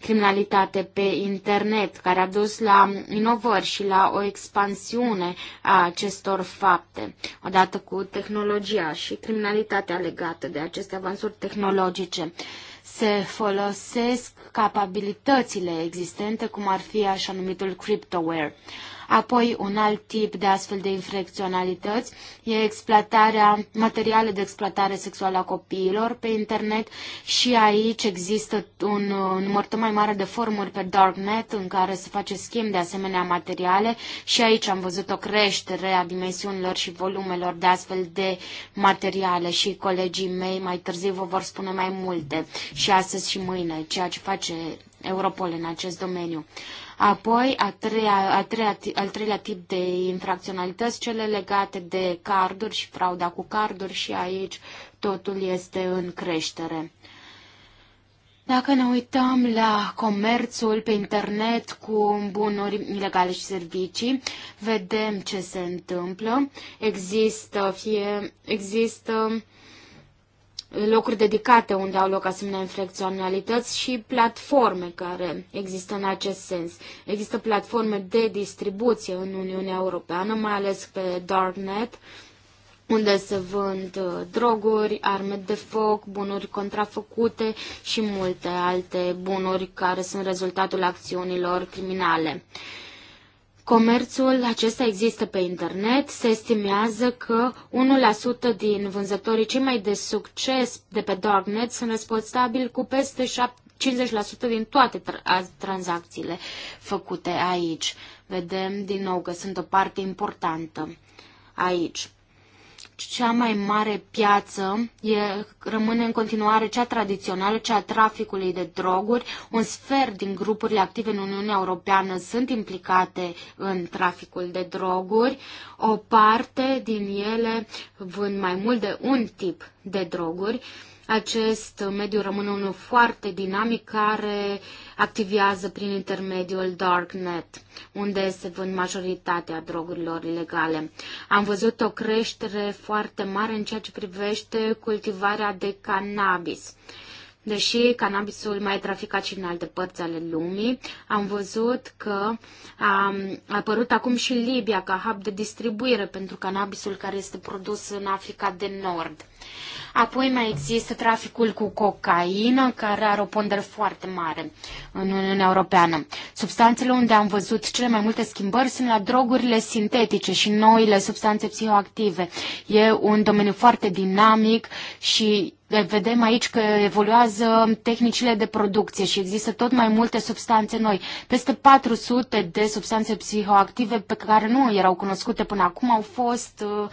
criminalitate pe internet, care a dus la inovări și la o expansiune a acestor fapte, odată cu tehnologia și criminalitatea legată de aceste avansuri tehnologice se folosesc capabilitățile existente, cum ar fi așa numitul cryptoware. Apoi, un alt tip de astfel de infracționalități e exploatarea, materiale de exploatare sexuală a copiilor pe internet și aici există un număr tot mai mare de formuri pe Darknet în care se face schimb de asemenea materiale și aici am văzut o creștere a dimensiunilor și volumelor de astfel de materiale și colegii mei mai târziu vă vor spune mai multe și astăzi și mâine, ceea ce face Europol în acest domeniu. Apoi, a treia, a treia, al treilea tip de infracționalități, cele legate de carduri și frauda cu carduri și aici totul este în creștere. Dacă ne uităm la comerțul pe internet cu bunuri ilegale și servicii, vedem ce se întâmplă. Există, fie, există locuri dedicate unde au loc asemenea infracționalități și platforme care există în acest sens. Există platforme de distribuție în Uniunea Europeană, mai ales pe Darknet, unde se vând uh, droguri, arme de foc, bunuri contrafăcute și multe alte bunuri care sunt rezultatul acțiunilor criminale. Comerțul acesta există pe internet. Se estimează că 1% din vânzătorii cei mai de succes de pe Darknet sunt responsabili cu peste 50% din toate tra- tranzacțiile făcute aici. Vedem din nou că sunt o parte importantă aici cea mai mare piață e, rămâne în continuare cea tradițională, cea a traficului de droguri. Un sfert din grupurile active în Uniunea Europeană sunt implicate în traficul de droguri. O parte din ele vând mai mult de un tip de droguri. Uh, acest mediu rămâne unul foarte dinamic care activează prin intermediul Darknet, unde se vând majoritatea drogurilor ilegale. Am văzut o creștere foarte mare în ceea ce privește cultivarea de cannabis. Deși cannabisul mai e traficat și în alte părți ale lumii, am văzut că a apărut acum și Libia ca hub de distribuire pentru cannabisul care este produs în Africa de Nord. Apoi mai există traficul cu cocaină, care are o pondere foarte mare în Uniunea Europeană. Substanțele unde am văzut cele mai multe schimbări sunt la drogurile sintetice și noile substanțe psihoactive. E un domeniu foarte dinamic și vedem aici că evoluează tehnicile de producție și există tot mai multe substanțe noi. Peste 400 de substanțe psihoactive pe care nu erau cunoscute până acum au fost uh,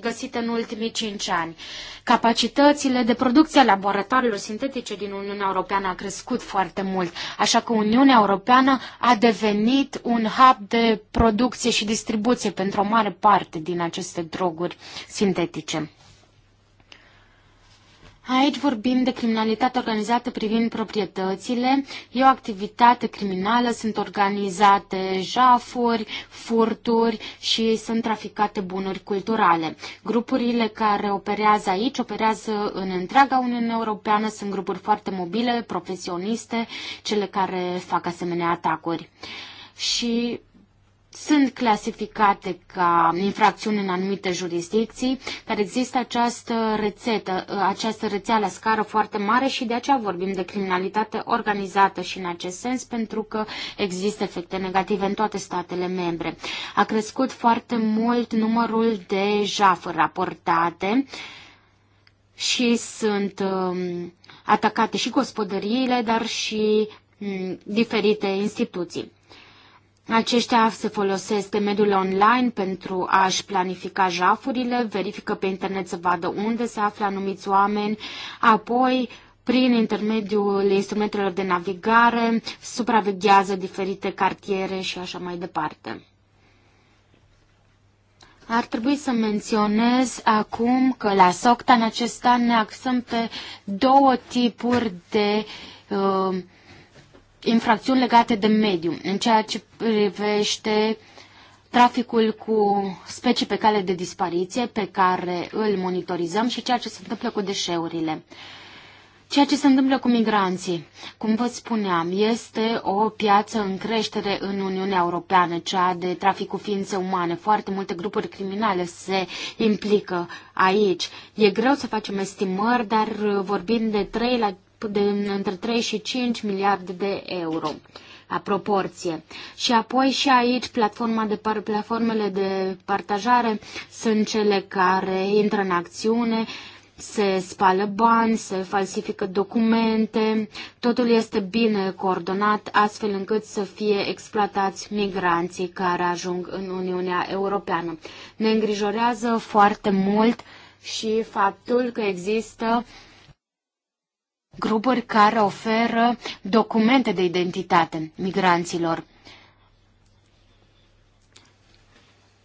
găsite în ultimii cinci ani. Capacitățile de producție a laboratoarelor sintetice din Uniunea Europeană a crescut foarte mult, așa că Uniunea Europeană a devenit un hub de producție și distribuție pentru o mare parte din aceste droguri sintetice. Aici vorbim de criminalitate organizată privind proprietățile, e o activitate criminală, sunt organizate jafuri, furturi și sunt traficate bunuri culturale. Grupurile care operează aici operează în întreaga Uniune Europeană, sunt grupuri foarte mobile, profesioniste, cele care fac asemenea atacuri. Și sunt clasificate ca infracțiuni în anumite jurisdicții, dar există această rețetă, această rețea la scară foarte mare și de aceea vorbim de criminalitate organizată și în acest sens, pentru că există efecte negative în toate statele membre. A crescut foarte mult numărul de jafuri raportate și sunt um, atacate și gospodăriile, dar și mm, diferite instituții. Aceștia se folosesc de mediul online pentru a-și planifica jafurile, verifică pe internet să vadă unde se află anumiți oameni, apoi prin intermediul instrumentelor de navigare, supraveghează diferite cartiere și așa mai departe. Ar trebui să menționez acum că la SOCTA în acest an ne axăm pe două tipuri de uh, infracțiuni legate de mediu, în ceea ce privește traficul cu specii pe cale de dispariție pe care îl monitorizăm și ceea ce se întâmplă cu deșeurile. Ceea ce se întâmplă cu migranții, cum vă spuneam, este o piață în creștere în Uniunea Europeană, cea de trafic cu ființe umane. Foarte multe grupuri criminale se implică aici. E greu să facem estimări, dar vorbim de 3 la de între 3 și 5 miliarde de euro a proporție. Și apoi și aici platforma de par, platformele de partajare sunt cele care intră în acțiune, se spală bani, se falsifică documente, totul este bine coordonat astfel încât să fie exploatați migranții care ajung în Uniunea Europeană. Ne îngrijorează foarte mult și faptul că există uh, grupuri care oferă documente de identitate migranților.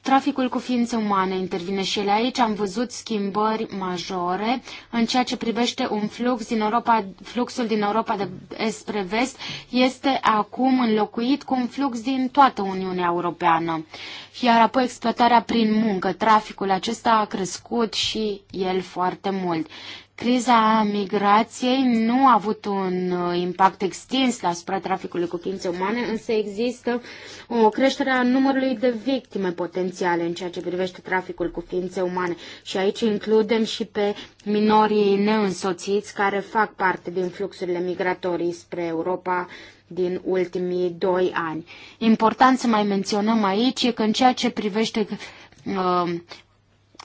Traficul cu ființe umane intervine și ele aici. Am văzut schimbări majore în ceea ce privește un flux din Europa, fluxul din Europa de est spre vest este acum înlocuit cu un flux din toată Uniunea Europeană. Iar apoi exploatarea prin muncă, traficul acesta a crescut și el foarte mult. Criza migrației nu a avut un uh, impact extins asupra traficului cu ființe umane, însă există o creștere a numărului de victime potențiale în ceea ce privește traficul cu ființe umane. Și aici includem și pe minorii neînsoțiți care fac parte din fluxurile migratorii spre Europa din ultimii doi ani. Important să mai menționăm aici e că în ceea ce privește uh,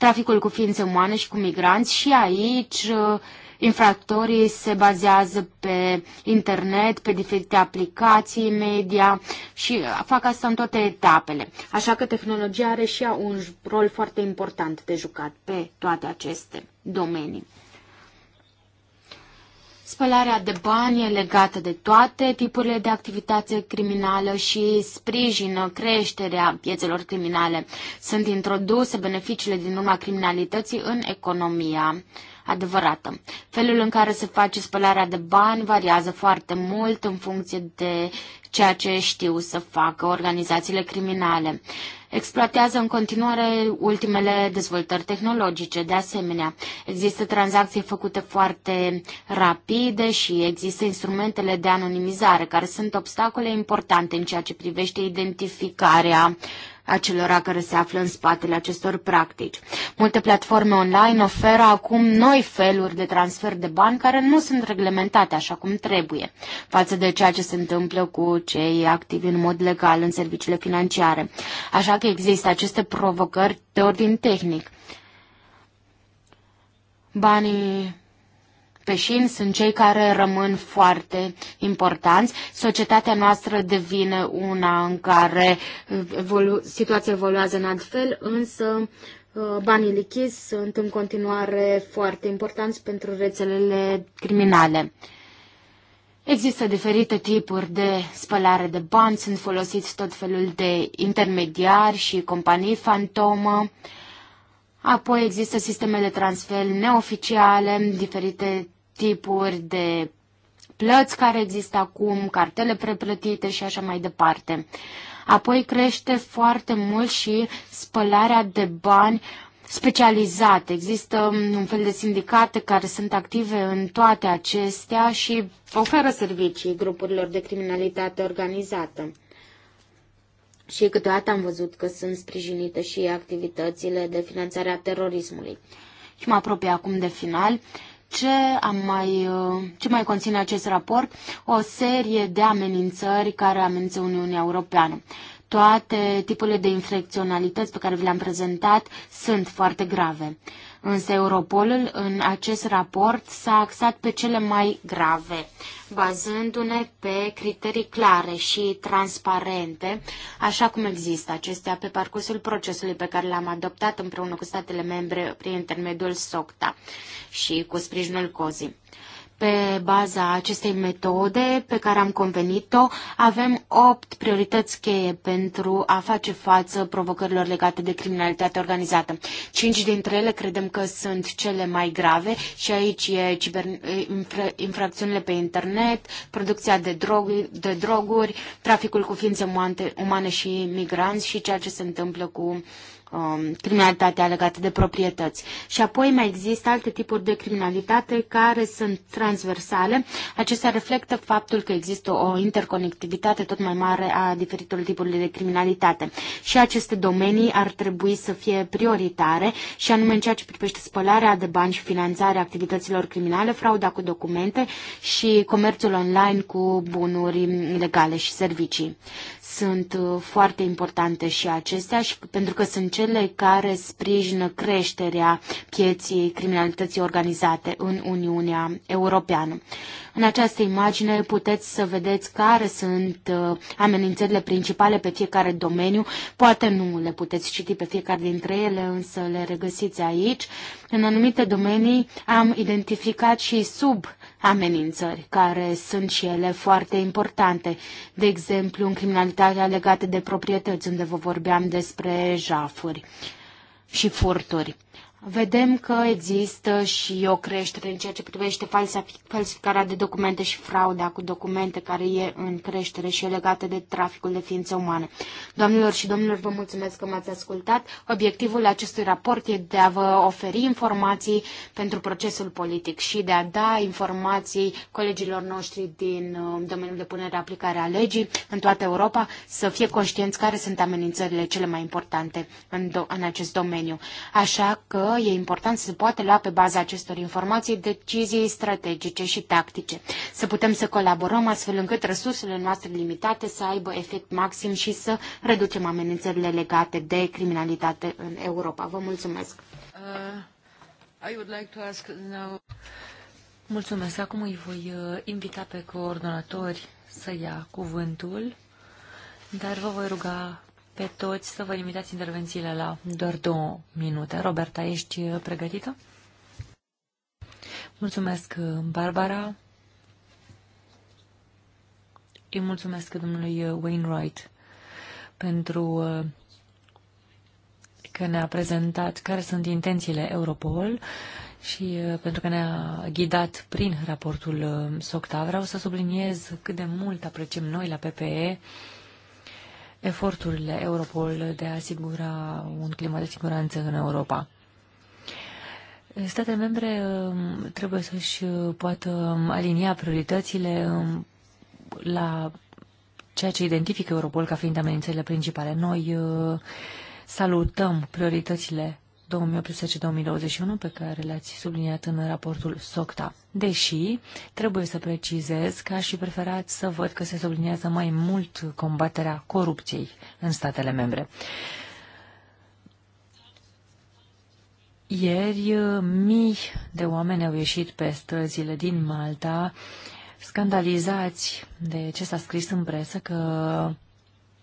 traficul cu ființe umane și cu migranți și aici uh, infractorii se bazează pe internet, pe diferite aplicații media și uh, fac asta în toate etapele. Așa că tehnologia are și ea un rol foarte important de jucat pe toate aceste domenii. Spălarea de bani e legată de toate tipurile de activitate criminală și sprijină creșterea piețelor criminale. Sunt introduse beneficiile din urma criminalității în economia adevărată. Felul în care se face spălarea de bani variază foarte mult în funcție de ceea ce știu să facă organizațiile criminale exploatează în continuare ultimele dezvoltări tehnologice. De asemenea, există tranzacții făcute foarte rapide și există instrumentele de anonimizare, care sunt obstacole importante în ceea ce privește identificarea uh, acelora care se află în spatele acestor practici. Multe platforme online oferă acum noi feluri de transfer de bani care nu sunt reglementate așa cum trebuie, față de ceea ce se întâmplă cu cei activi în mod legal în serviciile financiare. Așa că există aceste provocări de ordin tehnic. Banii peșini sunt cei care rămân foarte importanți. Societatea noastră devine una în care evolu- situația evoluează în alt fel, însă uh, banii lichizi sunt în continuare foarte importanți pentru rețelele criminale. Există diferite tipuri de spălare de bani, sunt folosiți tot felul de intermediari și companii fantomă. Apoi există sisteme de transfer neoficiale, diferite tipuri de plăți care există acum, cartele preplătite și așa mai departe. Apoi crește foarte mult și spălarea de bani specializate. Există un fel de sindicate care sunt active în toate acestea și oferă servicii grupurilor de criminalitate organizată. Și câteodată am văzut că sunt sprijinite și activitățile de finanțare a terorismului. Și mă apropie acum de final. Uh, ce, am mai, uh, ce mai conține acest raport? O serie de amenințări care amenință Uniunea Europeană. Toate tipurile de infracționalități pe care vi le-am prezentat sunt foarte grave însă Europolul în acest raport s-a axat pe cele mai grave, bazându-ne pe criterii clare și transparente, așa cum există acestea pe parcursul procesului pe care l-am adoptat împreună cu statele membre prin intermediul SOCTA și cu sprijinul COZI. Pe baza acestei metode pe care am convenit-o, avem opt priorități cheie pentru a face față provocărilor legate de criminalitate organizată. Cinci dintre ele credem că sunt cele mai grave și aici e ciber, infra, infracțiunile pe internet, producția de, drog, de droguri, traficul cu ființe umane, umane și migranți și ceea ce se întâmplă cu uh, um, criminalitatea legată de proprietăți. Și apoi mai există alte tipuri de criminalitate care sunt transversale. Acestea reflectă faptul că există o interconectivitate tot mai mare a diferitelor tipuri de criminalitate. Și aceste domenii ar trebui să fie prioritare și anume în ceea ce privește spălarea de bani și finanțarea activităților criminale, frauda cu documente și comerțul online cu bunuri legale și servicii. Sunt uh, foarte importante și acestea și pentru că sunt cele care sprijină creșterea pieții criminalității organizate în Uniunea Europeană. În această imagine puteți să vedeți care sunt uh, amenințările principale pe fiecare domeniu. Poate nu le puteți citi pe fiecare dintre ele, însă le regăsiți aici. În anumite domenii am identificat și sub amenințări, care sunt și ele foarte importante, de exemplu în criminalitatea legată de proprietăți, unde vă vorbeam despre jafuri și furturi vedem că există și o creștere în ceea ce privește falsificarea de documente și frauda cu documente care e în creștere și e legată de traficul de ființe umane. Doamnelor și domnilor, vă mulțumesc că m-ați ascultat. Obiectivul acestui raport e de a vă oferi informații pentru procesul politic și de a da informații colegilor noștri din uh, domeniul de punere aplicare a legii în toată Europa să fie conștienți care sunt amenințările cele mai importante în, do- în acest domeniu. Așa că e important să se poată lua pe baza acestor informații decizii strategice și tactice, să putem să colaborăm astfel încât resursele noastre limitate să aibă efect maxim și să reducem amenințările legate de criminalitate în Europa. Vă mulțumesc! Uh, I would like to ask now... Mulțumesc. Acum îi voi uh, invita pe coordonatori să ia cuvântul, dar vă voi ruga pe toți să vă limitați intervențiile la doar două minute. Roberta, ești uh, pregătită? Mulțumesc, uh, Barbara. Îi mulțumesc domnului uh, Wainwright pentru că ne-a prezentat care sunt intențiile Europol și pentru că ne-a ghidat prin raportul SOCTA. Vreau să subliniez cât de mult apreciem noi la PPE uh, eforturile Europol de a asigura un climat de siguranță în Europa. Statele membre um, trebuie să-și uh, poată um, alinia prioritățile um, la ceea ce identifică Europol ca fiind amenințările principale. Noi uh, salutăm prioritățile 2018-2021 pe care le-ați subliniat în raportul SOCTA. Deși, trebuie să precizez că aș fi preferat să văd că se subliniază mai mult combaterea corupției în statele membre. Ieri, mii de oameni au ieșit pe străzile din Malta, scandalizați de ce s-a scris în presă că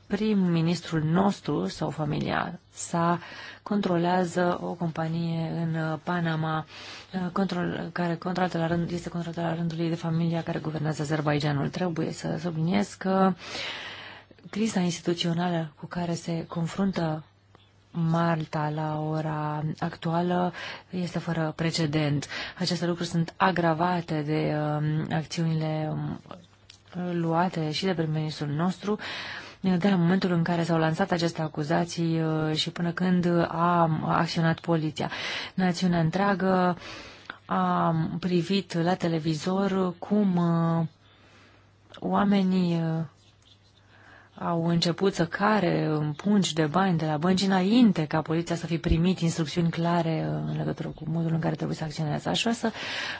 prim-ministrul nostru sau familia sa controlează o companie în Panama control, care contractă la rând, este controlată la rândul ei de familia care guvernează Azerbaijanul. Trebuie să subliniez că criza instituțională cu care se confruntă Malta la ora actuală este fără precedent. Aceste lucruri sunt agravate de uh, acțiunile um, luate și de prim-ministrul nostru. Uh, de la momentul în care s-au lansat aceste acuzații uh, și până când a acționat poliția. Națiunea întreagă a privit la televizor cum uh, oamenii uh, au început să care pungi de bani de la bănci înainte ca poliția să fi primit instrucțiuni clare uh, în legătură cu modul în care trebuie să acționeze. Aș vrea să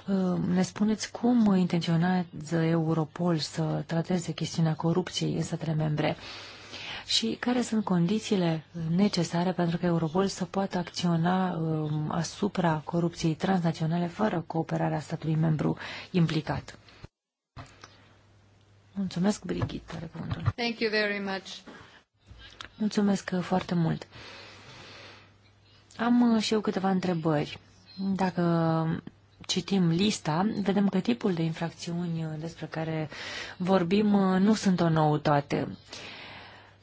uh, ne spuneți cum intenționează Europol să trateze chestiunea corupției în statele membre și care sunt condițiile necesare pentru că Europol să poată acționa um, asupra corupției transnaționale fără cooperarea statului membru implicat. Mulțumesc, Brigitte, are cuvântul. Thank you very much. Mulțumesc foarte mult. Am uh, și eu câteva întrebări. Dacă citim lista, vedem că tipul de infracțiuni uh, despre care vorbim uh, nu sunt o noutate.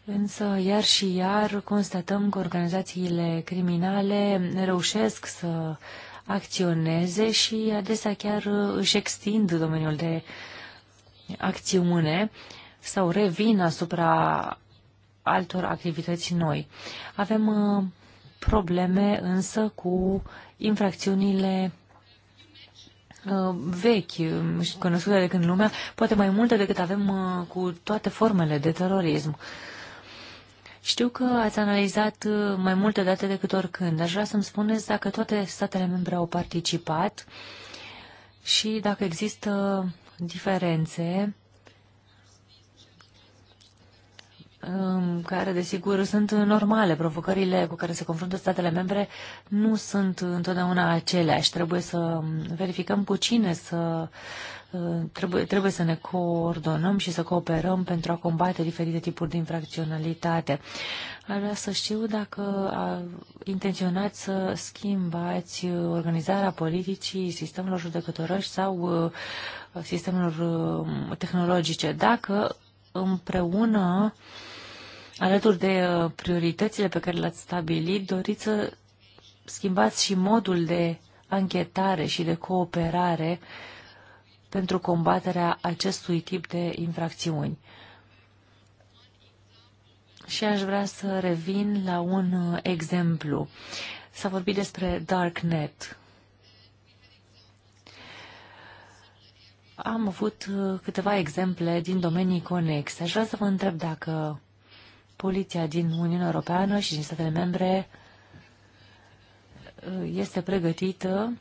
Însă, iar și iar, constatăm că organizațiile criminale reușesc să acționeze și adesea chiar își extind domeniul de uh, acțiune sau revin asupra altor activități noi. Avem uh, probleme însă cu infracțiunile uh, vechi um, cunoscute de când lumea, poate mai multe decât avem uh, cu toate formele de terorism. Știu că ați analizat mai multe date decât oricând. Aș vrea să-mi spuneți dacă toate statele membre au participat și dacă există diferențe um, care, desigur, sunt normale. Provocările cu care se confruntă statele membre nu sunt întotdeauna aceleași. Trebuie să verificăm cu cine să. Uh, trebuie, trebuie să ne coordonăm și să cooperăm pentru a combate diferite tipuri de infracționalitate. Ar vrea să știu dacă intenționați să schimbați organizarea politicii sistemelor judecătorăși sau uh, sistemelor um, tehnologice. Dacă împreună, alături de uh, prioritățile pe care le-ați stabilit, doriți să schimbați și modul de anchetare și de cooperare pentru combaterea acestui tip de infracțiuni. Și aș vrea să revin la un uh, exemplu. S-a vorbit despre Darknet. Am avut uh, câteva exemple din domenii conexe. Aș vrea să vă întreb dacă poliția din Uniunea Europeană și din statele membre uh, este pregătită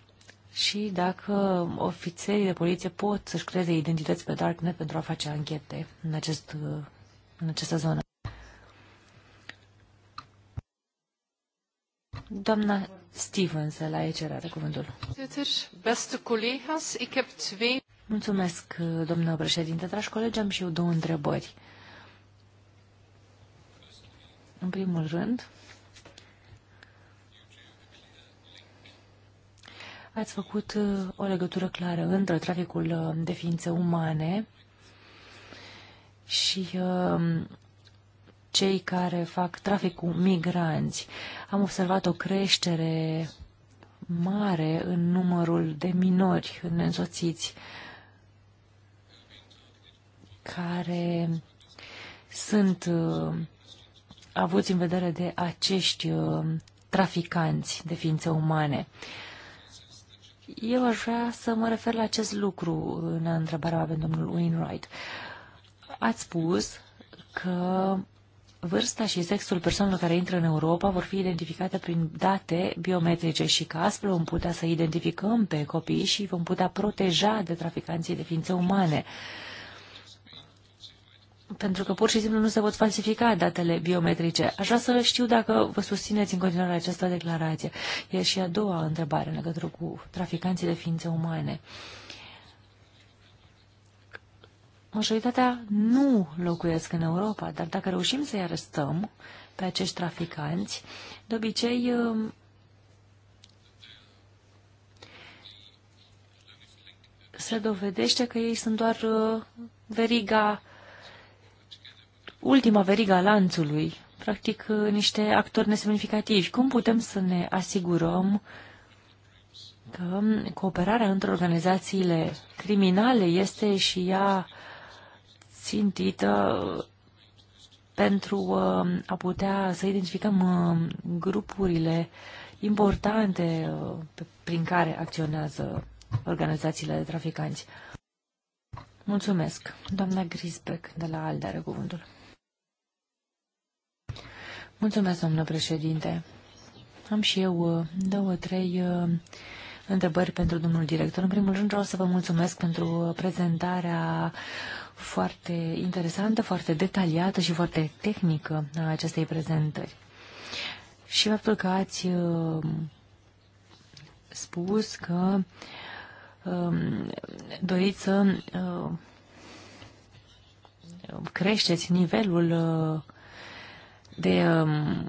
și dacă ofițerii de poliție pot să-și creeze identități pe darknet pentru a face anchete în, acest, uh, în această zonă. Doamna Stevens, la ECR, are cuvântul. Beste collega's, ik heb twee... Mulțumesc, domnule președinte. Dragi colegi, am și eu două întrebări. În primul rând, ați făcut uh, o legătură clară între traficul uh, de ființe umane și uh, cei care fac trafic cu migranți. Am observat o creștere mare în numărul de minori neînsoțiți care sunt uh, avuți în vedere de acești uh, traficanți de ființe umane. Eu aș vrea să mă refer la acest lucru în întrebarea mea pe domnul Wainwright. Ați spus că vârsta și sexul persoanelor care intră în Europa vor fi identificate prin date biometrice și că astfel vom putea să identificăm pe copii și vom putea proteja de traficanții de ființe umane. Uh, pentru că pur și simplu nu se pot falsifica datele biometrice. Aș vrea să știu dacă vă susțineți în continuare această declarație. E și a doua întrebare în legătură cu traficanții de ființe umane. Majoritatea nu locuiesc în Europa, dar dacă reușim să-i arestăm pe acești traficanți, de obicei um, se dovedește că ei sunt doar uh, veriga ultima veriga lanțului, practic uh, niște actori nesemnificativi. Cum putem să ne asigurăm că cooperarea între organizațiile criminale este și ea țintită pentru uh, a putea să identificăm uh, grupurile importante prin care acționează organizațiile de traficanți. Mulțumesc. Doamna Grisbeck de la ALDE are cuvântul. Mulțumesc, domnule președinte. Am și eu uh, două, trei uh, întrebări pentru domnul director. În primul rând vreau să vă mulțumesc pentru uh, prezentarea foarte interesantă, foarte detaliată și foarte tehnică a acestei prezentări. Și faptul că ați spus că um, doriți să creșteți nivelul de um,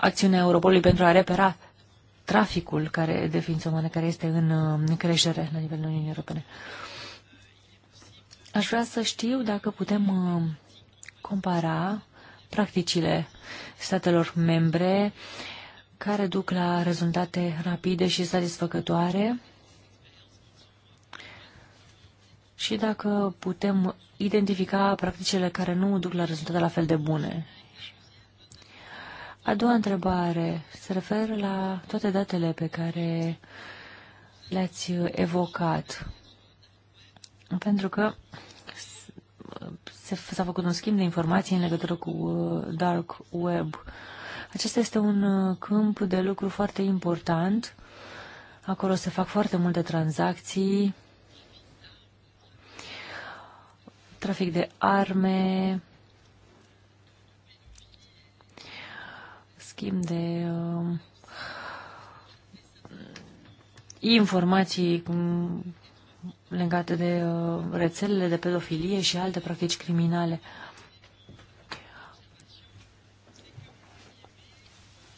acțiunea Europolului pentru a repera traficul care, de ființă umană care este în uh, creștere la nivelul Uniunii Europene. Aș vrea să știu dacă putem uh, compara practicile statelor membre care duc la rezultate rapide și satisfăcătoare și dacă putem identifica practicile care nu duc la rezultate la fel de bune a doua întrebare se referă la toate datele pe care le-ați evocat. Pentru că s-a făcut un schimb de informații în legătură cu uh, dark web. Acesta este un uh, câmp de lucru foarte important. Acolo se fac foarte multe tranzacții, trafic de arme, schimb de uh, informații legate de uh, rețelele de pedofilie și alte practici criminale.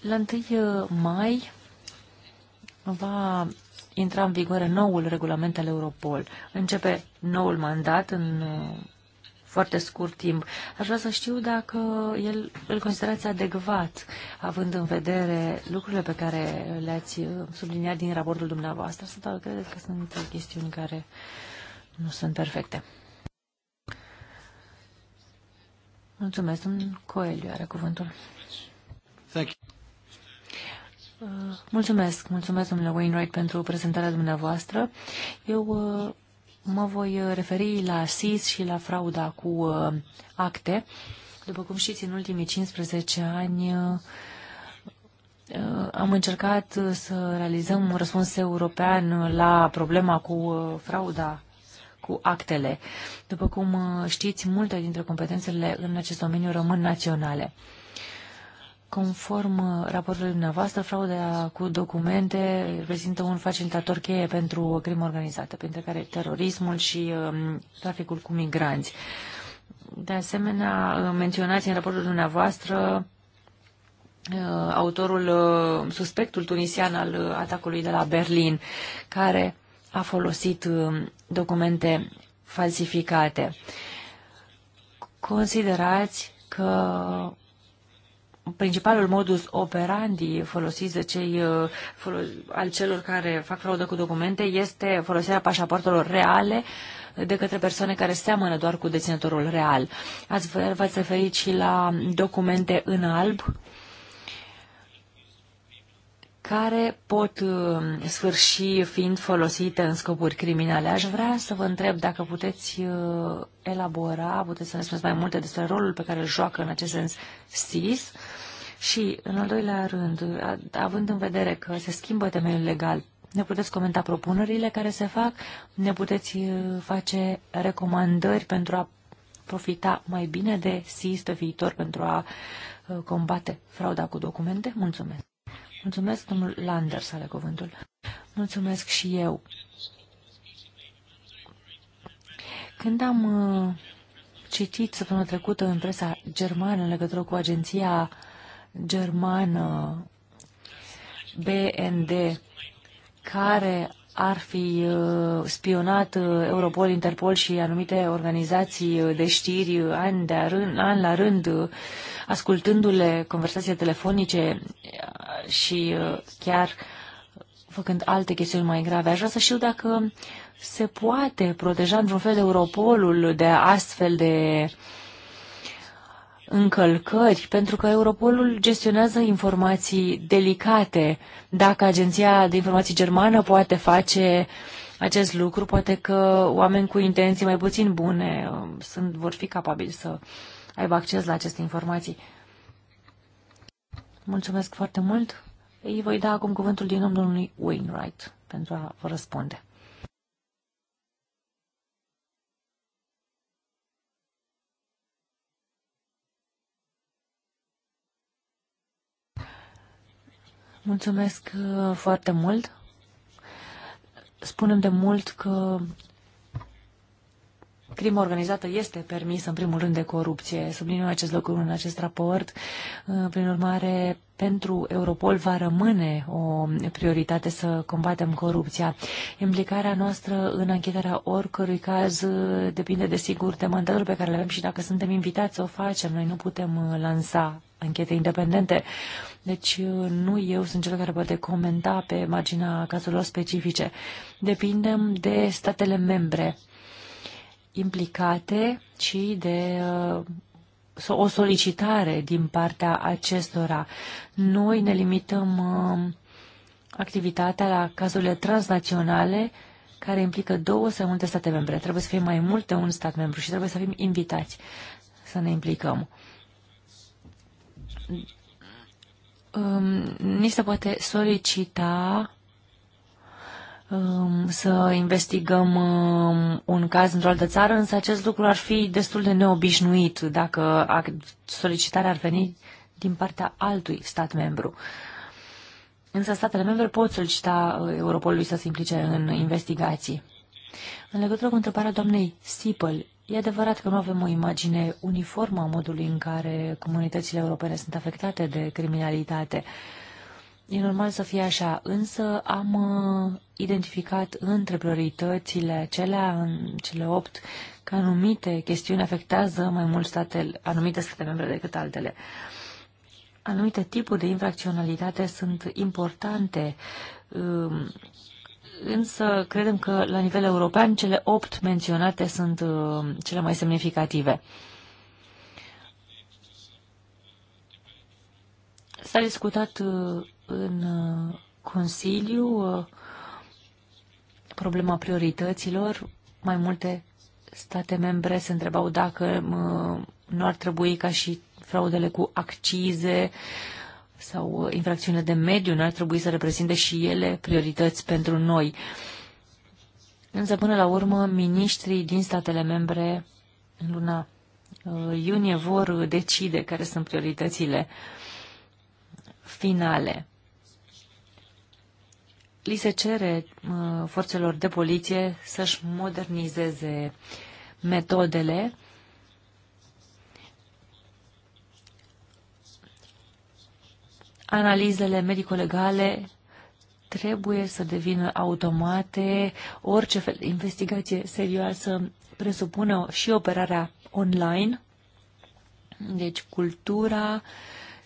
La 1 uh, mai va intra în vigoare noul regulament al Europol. Începe noul mandat în uh, foarte scurt timp. Aș vrea să știu dacă el, îl considerați adecvat, având în vedere lucrurile pe care le-ați uh, subliniat din raportul dumneavoastră, sau dacă uh, credeți că sunt chestiuni care nu sunt perfecte. Mulțumesc. Domnul Coeliu are cuvântul. Thank you. Uh, mulțumesc, mulțumesc, domnule Wainwright, pentru prezentarea dumneavoastră. Eu Mă voi uh, referi la SIS și la frauda cu uh, acte. După cum știți, în ultimii 15 ani uh, am încercat să realizăm un răspuns european la problema cu frauda cu actele. După cum știți, multe dintre competențele în acest domeniu rămân naționale. Conform uh, raportului dumneavoastră, frauda cu documente reprezintă un facilitator cheie pentru o crimă organizată, printre care terorismul și um, traficul cu migranți. De asemenea, uh, menționați în raportul dumneavoastră uh, autorul, suspectul tunisian al atacului de la Berlin, care a folosit documente falsificate. Considerați că principalul modus operandi folosit de cei, uh, al celor care fac fraudă cu documente este folosirea pașaportelor reale de către persoane care seamănă doar cu deținătorul real. Ați, v-ați referit și la documente în alb care pot uh, sfârși fiind folosite în scopuri criminale. Aș vrea să vă întreb dacă puteți uh, elabora, puteți să ne spuneți mai multe despre rolul pe care îl joacă în acest sens SIS și, în al doilea rând, având în vedere că se schimbă temeiul legal, ne puteți comenta propunerile care se fac, ne puteți uh, face recomandări pentru a profita mai bine de SIS viitor pentru a uh, combate frauda cu documente? Mulțumesc! Mulțumesc, domnul Landers, ale cuvântul. Mulțumesc și eu. Când am uh, citit săptămâna trecută în presa germană în legătură cu agenția uh, germană BND care ar fi uh, spionat uh, Europol, Interpol și anumite organizații uh, de știri ani, de rând, an la rând, ascultându-le conversații telefonice și chiar făcând alte chestiuni mai grave. Aș vrea să știu dacă se poate proteja într-un fel de Europolul de astfel de uh, încălcări, pentru că Europolul gestionează informații delicate. Dacă Agenția de Informații Germană poate face acest lucru, poate că oameni cu intenții mai puțin bune um, sunt, vor fi capabili să aibă acces la aceste informații. Mulțumesc foarte mult. Îi voi da acum cuvântul din nou domnului Wainwright pentru a vă răspunde. Mulțumesc uh, foarte mult. Spunem de mult că crimă organizată este permisă, în primul rând, de corupție. Subliniu acest lucru în acest raport. Uh, prin urmare, pentru Europol va rămâne o prioritate să combatem corupția. Implicarea noastră în anchetarea oricărui caz uh, depinde, desigur, de mandatul pe care le avem și dacă suntem invitați să o facem. Noi nu putem uh, lansa anchete independente. Deci nu eu sunt cel care poate comenta pe marginea cazurilor specifice. Depindem de statele membre implicate și de uh, o solicitare din partea acestora. Noi ne limităm uh, activitatea la cazurile transnaționale care implică două sau multe state membre. Trebuie să fie mai multe un stat membru și trebuie să fim invitați să ne implicăm. Um, ni se poate solicita Um, să investigăm um, un caz într-o altă țară, însă acest lucru ar fi destul de neobișnuit dacă solicitarea ar veni din partea altui stat membru. Însă statele membre pot solicita uh, Europolului să se implice în investigații. În legătură cu întrebarea doamnei Sipel, e adevărat că nu avem o imagine uniformă a modului în care comunitățile europene sunt afectate de criminalitate. Uh, E normal să fie așa, însă am uh, identificat între prioritățile acelea, în cele opt, că anumite chestiuni afectează mai mult statele, anumite state membre decât altele. Anumite tipuri de infracționalitate sunt importante, uh, însă credem că la nivel european cele opt menționate sunt uh, cele mai semnificative. S-a discutat uh, în uh, Consiliu uh, problema priorităților. Mai multe state membre se întrebau dacă uh, nu ar trebui ca și fraudele cu accize sau infracțiune de mediu nu ar trebui să reprezinte și ele priorități pentru noi. Însă, până la urmă, miniștrii din statele membre în luna iunie vor decide care sunt prioritățile finale li se cere uh, forțelor de poliție să-și modernizeze metodele analizele medico-legale trebuie să devină automate, orice fel de investigație serioasă presupune și operarea online, deci cultura uh,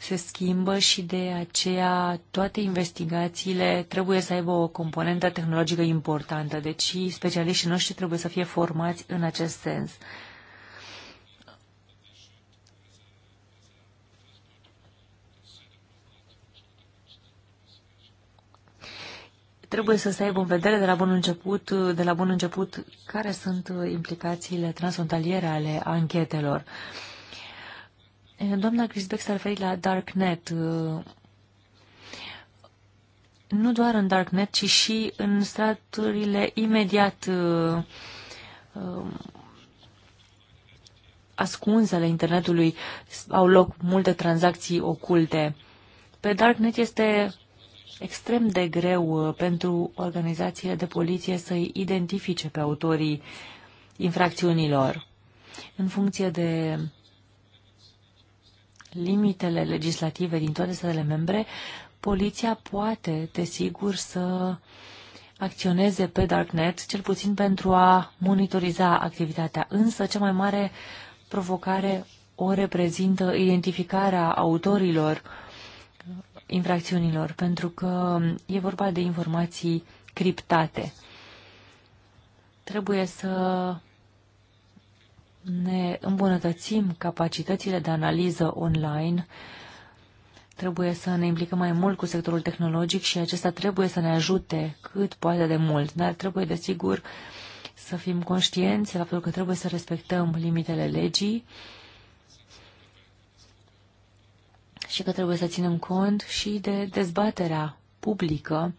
se schimbă și de aceea toate investigațiile trebuie să aibă o componentă tehnologică importantă, deci specialiștii noștri trebuie să fie formați în acest sens. trebuie să se aibă în vedere de la bun început, de la bun început care sunt implicațiile transfrontaliere ale anchetelor. Uh, Doamna Crisbeck s-a referit la Darknet. Uh, nu doar în Darknet, ci și în straturile imediat uh, um, ascunse ale internetului au loc multe tranzacții oculte. Pe Darknet este extrem de greu uh, pentru organizațiile de poliție să-i identifice pe autorii infracțiunilor. În funcție de limitele legislative din toate statele membre, poliția poate, desigur, să acționeze pe Darknet, cel puțin pentru a monitoriza activitatea. Însă, cea mai mare provocare o reprezintă identificarea autorilor infracțiunilor, pentru că e vorba de informații criptate. Trebuie să ne îmbunătățim capacitățile de analiză online. Trebuie să ne implicăm mai mult cu sectorul tehnologic și acesta trebuie să ne ajute cât poate de mult, dar trebuie, desigur, să fim conștienți la faptul că trebuie să respectăm limitele legii și că trebuie să ținem cont și de dezbaterea publică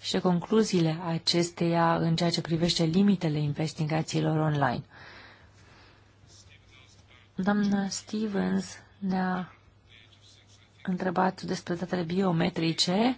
și de concluziile acesteia în ceea ce privește limitele investigațiilor online. Doamna Stevens ne-a întrebat despre datele biometrice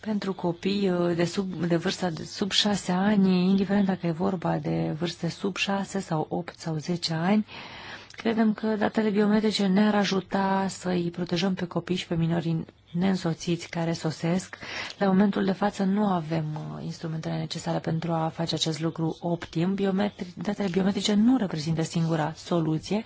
pentru copii uh, de, sub, de vârsta de sub 6 ani, indiferent dacă e vorba de vârste sub 6 sau 8 sau 10 ani. Uh, Credem că datele biometrice ne-ar ajuta să îi protejăm pe copii și pe minorii neînsoțiți care sosesc. La momentul de față nu avem uh, instrumentele necesare pentru a face acest lucru optim. Biometri, datele biometrice nu reprezintă singura soluție.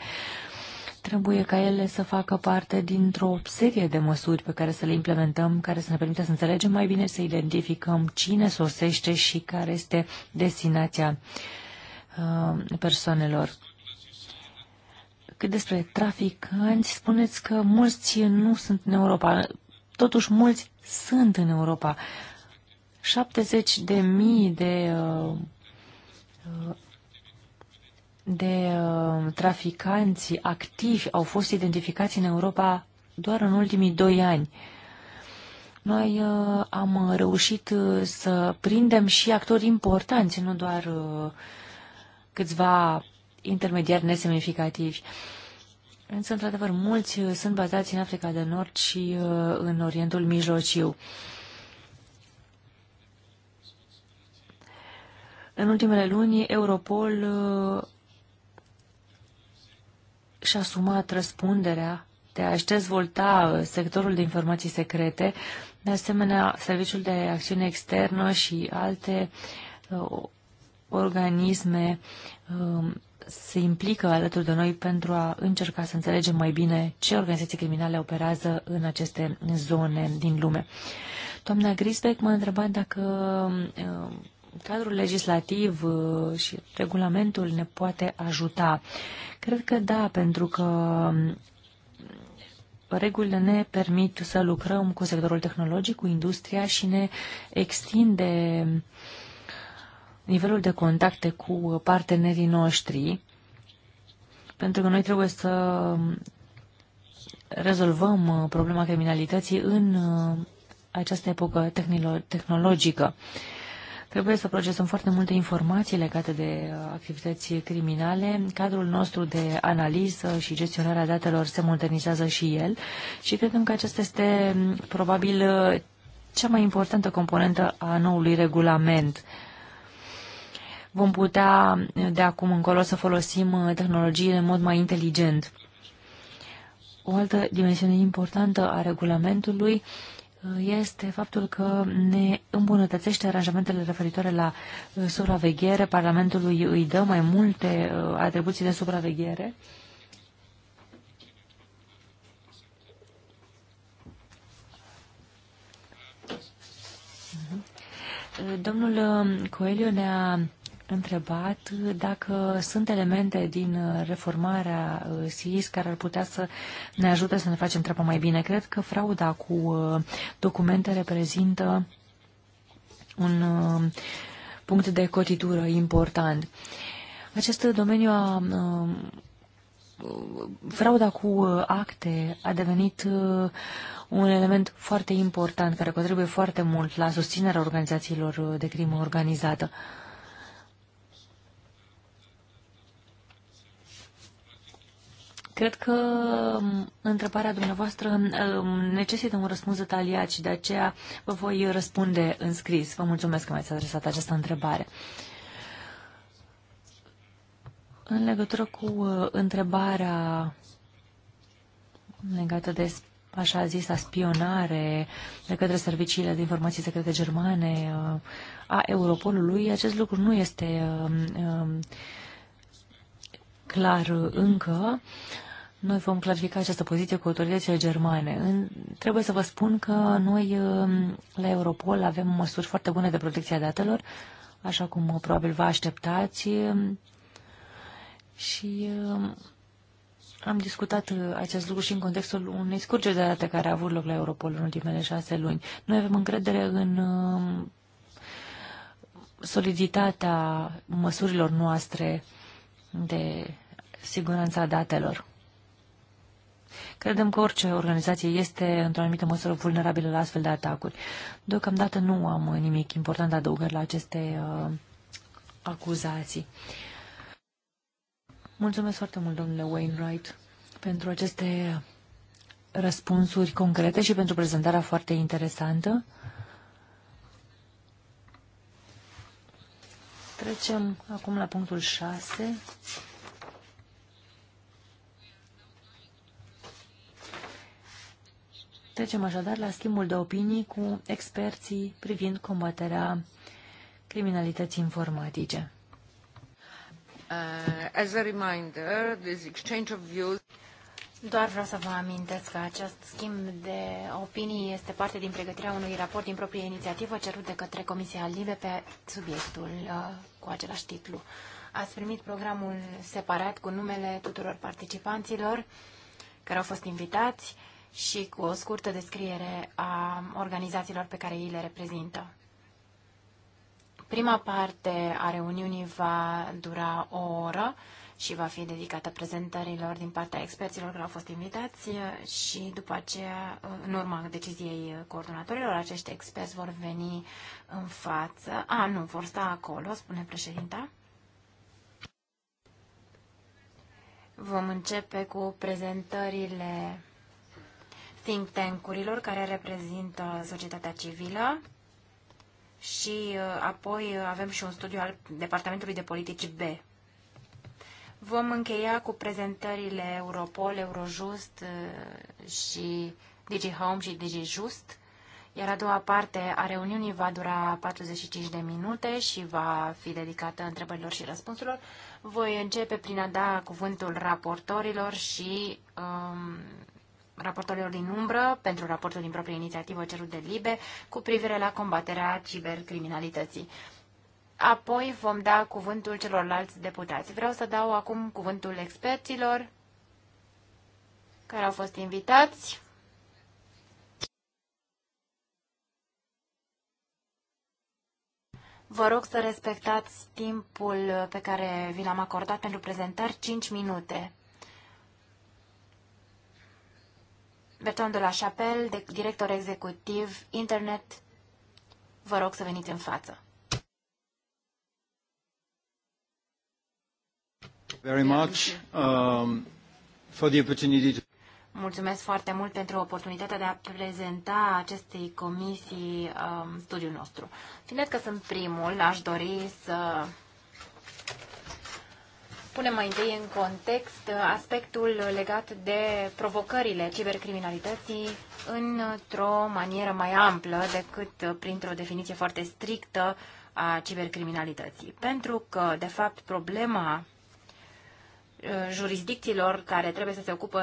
Trebuie ca ele să facă parte dintr-o serie de măsuri pe care să le implementăm, care să ne permită să înțelegem mai bine, să identificăm cine sosește și care este destinația uh, persoanelor cât despre traficanți, spuneți că mulți nu sunt în Europa. Totuși, mulți sunt în Europa. 70 de mii de, uh, de uh, traficanți activi au fost identificați în Europa doar în ultimii doi ani. Noi uh, am reușit uh, să prindem și actori importanți, nu doar uh, câțiva intermediari nesemnificativi. Însă, într-adevăr, mulți uh, sunt bazați în Africa de Nord și uh, în Orientul Mijlociu. În ultimele luni, Europol uh, și-a asumat răspunderea de a-și dezvolta sectorul de informații secrete, de asemenea, Serviciul de Acțiune Externă și alte organisme um, se implică alături de noi pentru a încerca să înțelegem mai bine ce organizații criminale operează în aceste zone din lume. Doamna Grisbeck m-a întrebat dacă uh, cadrul legislativ uh, și regulamentul ne poate ajuta. Cred că da, pentru că um, regulile ne permit să lucrăm cu sectorul tehnologic, cu industria și ne extinde uh, nivelul de contacte cu partenerii noștri, pentru că noi trebuie să rezolvăm problema criminalității în uh, această epocă tehnologică. Trebuie să procesăm foarte multe informații legate de uh, activități criminale. Cadrul nostru de analiză și gestionarea datelor se modernizează și el și credem că acesta este mm, probabil uh, cea mai importantă componentă a noului regulament vom putea eh, de acum încolo să folosim eh, tehnologiile în mod mai inteligent. O altă dimensiune importantă a regulamentului eh, este faptul că ne îmbunătățește aranjamentele referitoare la supraveghere. Parlamentului îi dă mai multe atribuții de supraveghere. Mhm. Domnul Coelho ne-a întrebat dacă sunt elemente din reformarea uh, SIS care ar putea să ne ajute să ne facem treaba mai bine. Cred că frauda cu uh, documente reprezintă un uh, punct de cotitură important. Acest domeniu a frauda cu acte a devenit un element foarte important care contribuie foarte mult la susținerea organizațiilor de crimă organizată. Cred că întrebarea dumneavoastră necesită un răspuns detaliat și de aceea vă voi răspunde în scris. Vă mulțumesc că mi-ați adresat această întrebare. În legătură cu uh, întrebarea legată de așa a spionare de către serviciile de informații secrete germane uh, a Europolului, acest lucru nu este uh, clar încă. Noi vom clarifica această poziție cu autoritățile germane. trebuie să vă spun că noi um, la Europol avem măsuri foarte bune de protecție a datelor, așa cum probabil vă așteptați. Um, și um, am discutat uh, acest lucru și în contextul unei scurgeri de date care a avut loc la Europol în ultimele șase luni. Noi avem încredere în soliditatea măsurilor noastre de siguranța datelor. Credem că orice organizație este, într-o anumită măsură, vulnerabilă la astfel de atacuri. Deocamdată nu am nimic important adăugări la aceste uh, acuzații. Mulțumesc foarte mult, domnule Wainwright, pentru aceste răspunsuri concrete și pentru prezentarea foarte interesantă. Trecem acum la punctul 6. Trecem așadar la schimbul de opinii cu experții privind combaterea criminalității informatice. Uh, as a reminder, this exchange of views doar vreau să vă amintesc că acest schimb de opinii este parte din pregătirea unui raport din proprie inițiativă cerut de către Comisia Libe pe subiectul uh, cu același titlu. Ați primit programul separat cu numele tuturor participanților care au fost invitați. Uh, și cu o scurtă descriere a organizațiilor pe care ei le reprezintă. Prima parte a reuniunii va dura o oră și va fi dedicată prezentărilor din partea experților care au fost invitați și după aceea, în urma deciziei coordonatorilor, acești experți vor veni în față. A, nu, vor sta acolo, spune președinta. Vom începe cu prezentările think tank-urilor care reprezintă societatea civilă și uh, apoi uh, avem și un studiu al Departamentului de Politici B. Vom încheia cu prezentările Europol, Eurojust uh, și DigiHome și DigiJust, iar a doua parte a reuniunii va dura 45 de minute și va fi dedicată întrebărilor și răspunsurilor. Voi începe prin a da cuvântul raportorilor și um, raportorilor din umbră pentru raportul din proprie inițiativă cerut de LIBE cu privire la combaterea cibercriminalității. Apoi vom da cuvântul celorlalți deputați. Vreau să dau acum cuvântul experților care au fost invitați. Vă rog să respectați timpul pe care vi l-am acordat pentru prezentări, 5 minute. Bertrand de la Chapelle, director executiv Internet. Vă rog să veniți în față. Very much um, for the opportunity to... Mulțumesc foarte mult pentru oportunitatea de a prezenta acestei comisii um, studiul nostru. Fiind că sunt primul, aș dori să punem mai întâi în context aspectul legat de provocările cibercriminalității într-o manieră mai amplă decât printr-o definiție foarte strictă a cibercriminalității. Pentru că, de fapt, problema uh, jurisdicțiilor care trebuie să se ocupă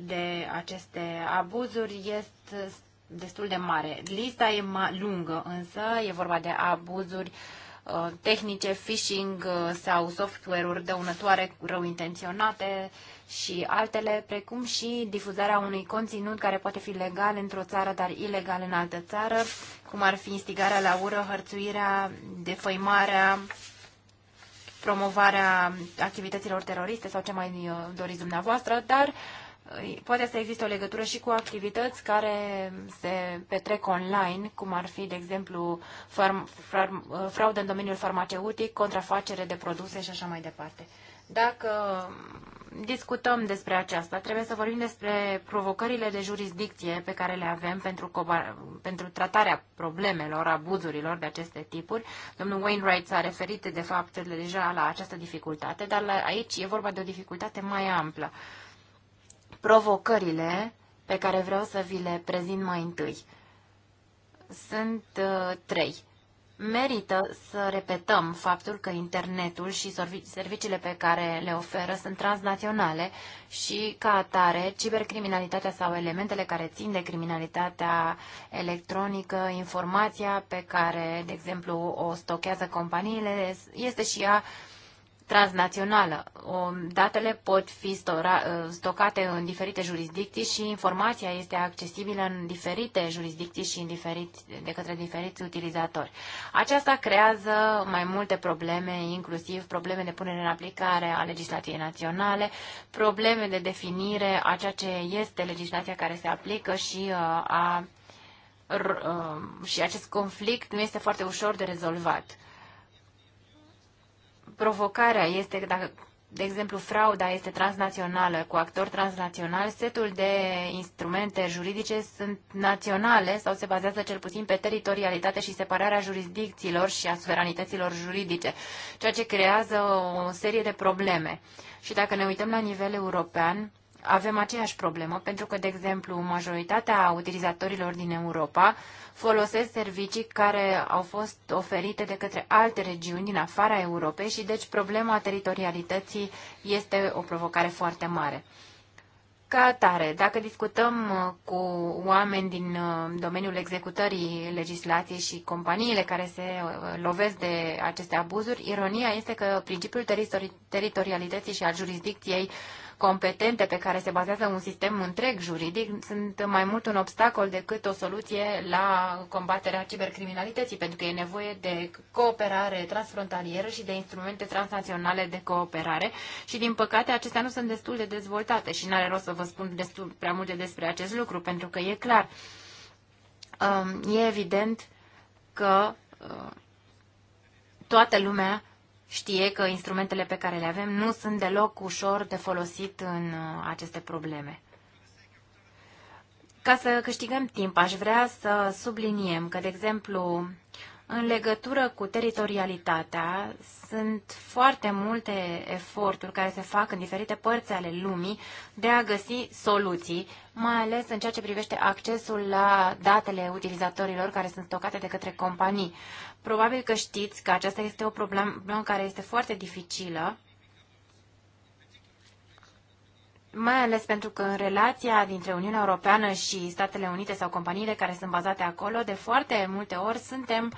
de aceste abuzuri este destul de mare. Lista e mai lungă, însă e vorba de abuzuri uh, Uh, tehnice, phishing uh, sau software-uri dăunătoare rău intenționate și altele, precum și difuzarea unui conținut care poate fi legal într-o țară, dar ilegal în altă țară, cum ar fi instigarea la ură, hărțuirea, defăimarea, promovarea activităților teroriste sau ce mai uh, doriți dumneavoastră, dar uh, poate să existe o legătură și cu activități care se petrec online, cum ar fi, de exemplu, farm, farm, uh, fraudă în domeniul farmaceutic, contrafacere de produse și așa mai departe. Dacă discutăm despre aceasta, trebuie să vorbim despre provocările de jurisdicție pe care le avem pentru, pentru tratarea problemelor, abuzurilor de aceste tipuri. Domnul Wainwright s-a referit, de fapt, deja la această dificultate, dar la, aici e vorba de o dificultate mai amplă. Uh, provocările pe care vreau să vi le prezint mai întâi. Sunt uh, trei. Merită să repetăm faptul că internetul și serviciile pe care le oferă sunt transnaționale și, ca atare, cibercriminalitatea sau elementele care țin de criminalitatea electronică, informația pe care, de exemplu, o stochează companiile, este și ea uh, transnațională. Datele pot fi ă, stocate în diferite jurisdicții și informația este accesibilă în diferite jurisdicții și în diferit, de către diferiți utilizatori. Aceasta creează mai multe probleme, inclusiv probleme de punere în aplicare a legislației naționale, probleme de definire a ceea ce este legislația care se aplică și ă, a, a ă, și acest conflict nu este foarte ușor de rezolvat provocarea este dacă, de exemplu, frauda este transnațională cu actor transnațional, setul de instrumente juridice sunt naționale sau se bazează cel puțin pe teritorialitate și separarea jurisdicțiilor și a suveranităților juridice, ceea ce creează o serie de probleme. Și dacă ne uităm la nivel european, avem aceeași problemă, pentru că, de exemplu, majoritatea utilizatorilor din Europa folosesc servicii care au fost oferite de către alte regiuni din afara Europei și, deci, problema teritorialității este o provocare foarte mare. Ca atare, dacă discutăm uh, cu oameni din uh, domeniul executării legislației și companiile care se uh, lovesc de aceste abuzuri, ironia este că principiul teritorialității și al jurisdicției competente pe care se bazează un sistem întreg juridic sunt mai mult un obstacol decât o soluție la combaterea cibercriminalității, pentru că e nevoie de cooperare transfrontalieră și de instrumente transnaționale de cooperare și, din păcate, acestea nu sunt destul de dezvoltate și n-are rost să vă spun destul prea multe despre acest lucru, pentru că e clar, um, e evident că uh, toată lumea știe că instrumentele pe care le avem nu sunt deloc ușor de folosit în uh, aceste probleme. Ca să câștigăm timp, aș vrea să subliniem că, de exemplu, în legătură cu teritorialitatea, sunt foarte multe eforturi care se fac în diferite părți ale lumii de a găsi soluții mai ales în ceea ce privește accesul la datele utilizatorilor care sunt stocate de către companii. Probabil că știți că aceasta este o problemă care este foarte dificilă, mai ales pentru că în relația dintre Uniunea Europeană și Statele Unite sau companiile care sunt bazate acolo, de foarte multe ori suntem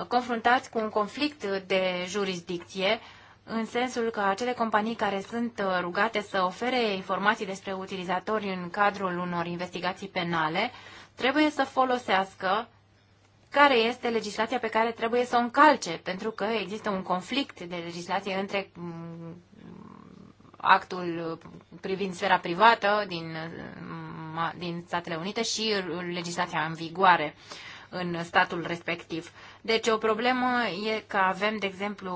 uh, confruntați cu un conflict de jurisdicție în sensul că acele companii care sunt uh, rugate să ofere informații despre utilizatori în cadrul unor investigații penale trebuie să folosească care este legislația pe care trebuie să o încalce, pentru că există un conflict de legislație între mm, actul privind sfera privată din, mm, din Statele Unite și uh, legislația în vigoare. Uh, în statul respectiv. Deci o problemă e că avem, de exemplu,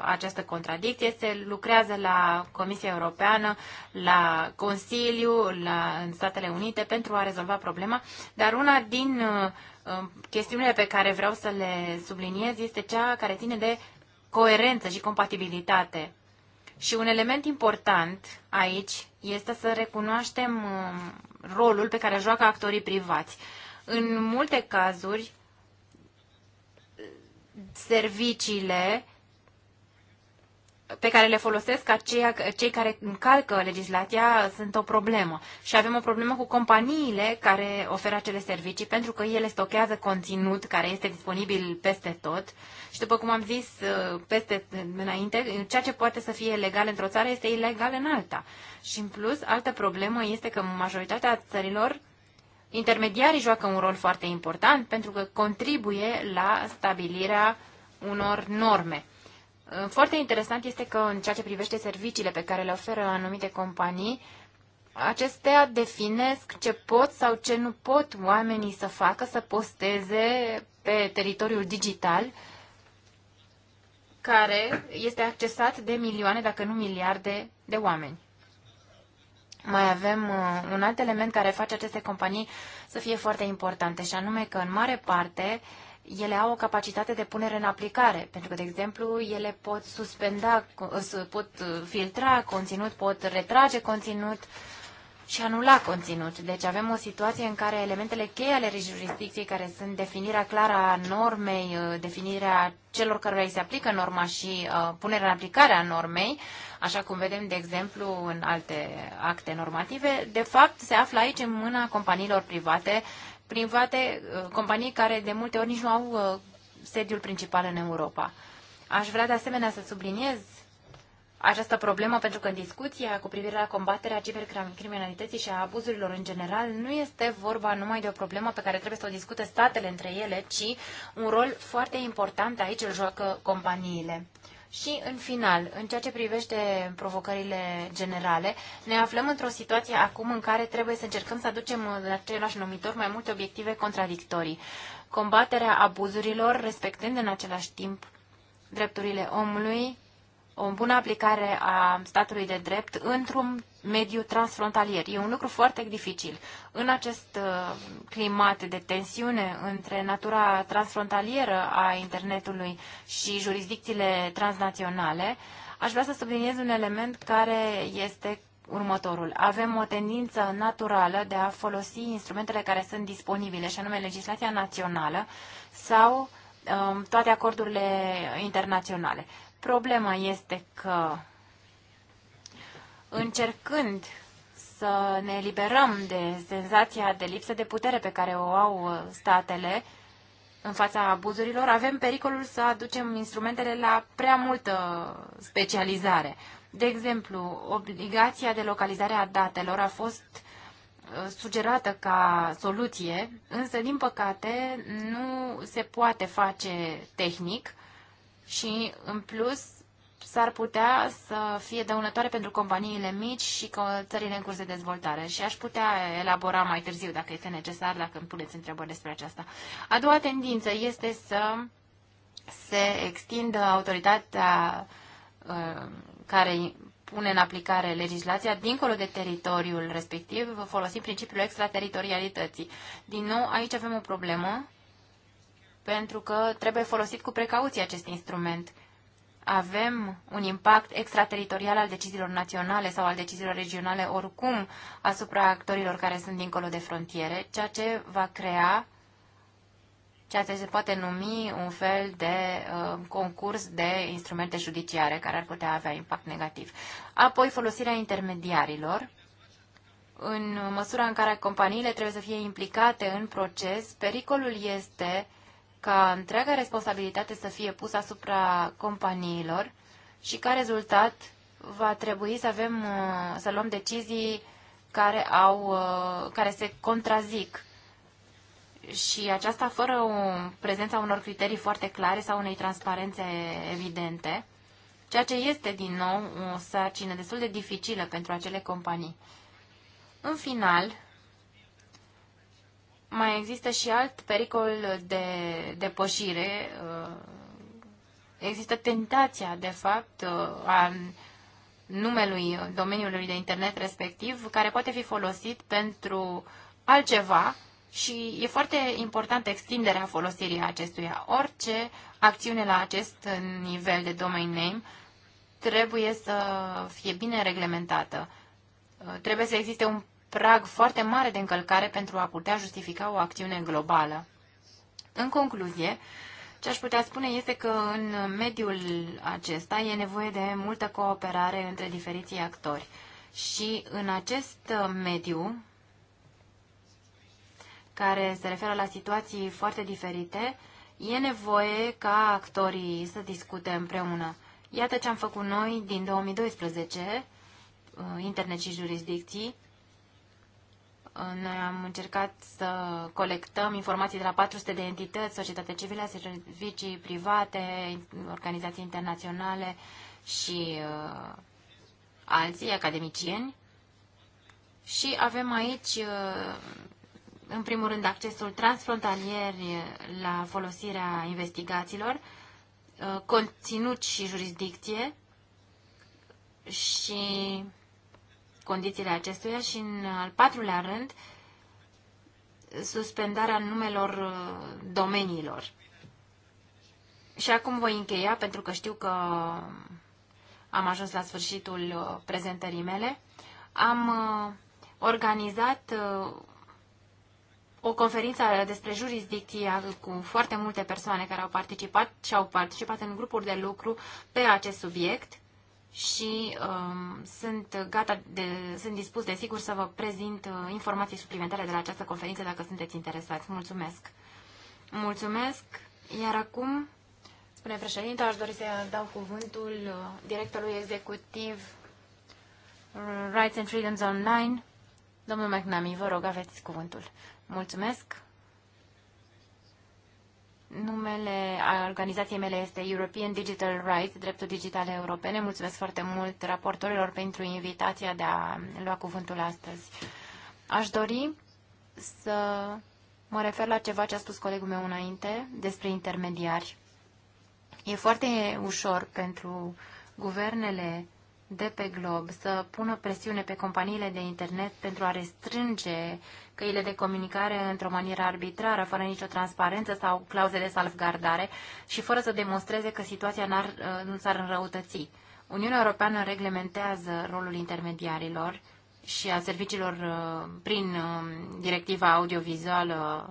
această contradicție, se lucrează la Comisia Europeană, la Consiliu, la, în Statele Unite pentru a rezolva problema, dar una din uh, uh, chestiunile pe care vreau să le subliniez este cea care ține de coerență și compatibilitate. Și un element important aici este să recunoaștem uh, rolul pe care joacă actorii privați. În multe cazuri, serviciile pe care le folosesc aceia, cei care încalcă legislația sunt o problemă. Și avem o problemă cu companiile care oferă acele servicii pentru că ele stochează conținut care este disponibil peste tot. Și după cum am zis peste înainte, ceea ce poate să fie legal într-o țară este ilegal în alta. Și în plus, altă problemă este că majoritatea țărilor Intermediarii joacă un rol foarte important pentru că contribuie la stabilirea unor norme. Foarte interesant este că în ceea ce privește serviciile pe care le oferă anumite companii, acestea definesc ce pot sau ce nu pot oamenii să facă, să posteze pe teritoriul digital, care este accesat de milioane, dacă nu miliarde de oameni mai avem uh, un alt element care face aceste companii să fie foarte importante, și anume că, în mare parte, ele au o capacitate de punere în aplicare, pentru că, de exemplu, ele pot suspenda, pot uh, filtra conținut, pot retrage conținut, și anula conținut. Deci avem o situație în care elementele cheie ale jurisdicției, care sunt definirea clară a normei, uh, definirea celor care îi se aplică norma și uh, punerea în aplicare a normei, așa cum vedem, de exemplu, în alte acte normative, de fapt se află aici în mâna companiilor private, private uh, companii care de multe ori nici nu au uh, sediul principal în Europa. Aș vrea de asemenea să subliniez această problemă pentru că în discuția cu privire la combaterea cibercriminalității și a abuzurilor în general nu este vorba numai de o problemă pe care trebuie să o discute statele între ele, ci un rol foarte important aici îl joacă companiile. Și, în final, în ceea ce privește provocările generale, ne aflăm într-o situație acum în care trebuie să încercăm să aducem la același numitor mai multe obiective contradictorii. Combaterea abuzurilor, respectând în același timp drepturile omului, o bună aplicare a statului de drept într-un mediu transfrontalier. E un lucru foarte dificil. În acest uh, climat de tensiune între natura transfrontalieră a internetului și jurisdicțiile transnaționale, aș vrea să subliniez un element care este următorul. Avem o tendință naturală de a folosi instrumentele care sunt disponibile, și anume legislația națională sau um, toate acordurile internaționale. Problema este că încercând să ne eliberăm de senzația de lipsă de putere pe care o au statele în fața abuzurilor, avem pericolul să aducem instrumentele la prea multă specializare. De exemplu, obligația de localizare a datelor a fost uh, sugerată ca soluție, însă, din păcate, nu se poate face tehnic și, în plus, s-ar putea să fie dăunătoare pentru companiile mici și țările în curs de dezvoltare. Și aș putea elabora mai târziu, dacă este necesar, dacă îmi puneți întrebări despre aceasta. A doua tendință este să se extindă autoritatea uh, care pune în aplicare legislația dincolo de teritoriul respectiv, folosind principiul extrateritorialității. Din nou, aici avem o problemă pentru că trebuie folosit cu precauție acest instrument. Avem un impact extrateritorial al deciziilor naționale sau al deciziilor regionale oricum asupra actorilor care sunt dincolo de frontiere, ceea ce va crea ceea ce se poate numi un fel de uh, concurs de instrumente judiciare care ar putea avea impact negativ. Apoi folosirea intermediarilor. În măsura în care companiile trebuie să fie implicate în proces, pericolul este ca întreaga responsabilitate să fie pusă asupra companiilor și ca rezultat va trebui să avem, uh, să luăm decizii care, au, uh, care se contrazic și aceasta fără o prezența unor criterii foarte clare sau unei transparențe evidente, ceea ce este din nou o sarcină destul de dificilă pentru acele companii. În final, mai există și alt pericol de depășire. Uh, există tentația, de fapt, uh, a numelui domeniului de internet respectiv, care poate fi folosit pentru altceva și e foarte important extinderea folosirii acestuia. Orice acțiune la acest nivel de domain name trebuie să fie bine reglementată. Uh, trebuie să existe un prag foarte mare de încălcare pentru a putea justifica o acțiune globală. În concluzie, ce aș putea spune este că în mediul acesta e nevoie de multă cooperare între diferiții actori. Și în acest mediu, care se referă la situații foarte diferite, e nevoie ca actorii să discute împreună. Iată ce am făcut noi din 2012, uh, Internet și jurisdicții, noi am încercat să colectăm informații de la 400 de entități, societate civile, servicii private, organizații internaționale și uh, alții, academicieni. Și avem aici, uh, în primul rând, accesul transfrontalier la folosirea investigațiilor, uh, conținut și jurisdicție și condițiile acestuia și, în al patrulea rând, suspendarea numelor uh, domeniilor. Și acum voi încheia, pentru că știu că am ajuns la sfârșitul uh, prezentării mele. Am uh, organizat o conferință despre jurisdicție cu foarte multe persoane care au participat și au participat în grupuri de lucru pe acest subiect și um, sunt gata, de, sunt dispus, desigur, să vă prezint uh, informații suplimentare de la această conferință dacă sunteți interesați. Mulțumesc! Mulțumesc! Iar acum, spune președinte, aș dori să dau cuvântul uh, directorului executiv Rights and Freedoms Online, domnul McNamee. Vă rog, aveți cuvântul. Mulțumesc! Numele a organizației mele este European Digital Rights, dreptul digitale europene. Mulțumesc foarte mult raportorilor pentru invitația de a lua cuvântul astăzi. Aș dori să mă refer la ceva ce a spus colegul meu înainte despre intermediari. E foarte ușor pentru guvernele de pe glob să pună presiune pe companiile de internet pentru a restrânge căile de comunicare într-o manieră arbitrară, fără nicio transparență sau clauze de salvgardare și fără să demonstreze că situația n-ar, uh, nu s-ar înrăutăți. Uniunea Europeană reglementează rolul intermediarilor și a serviciilor uh, prin um, directiva audiovizuală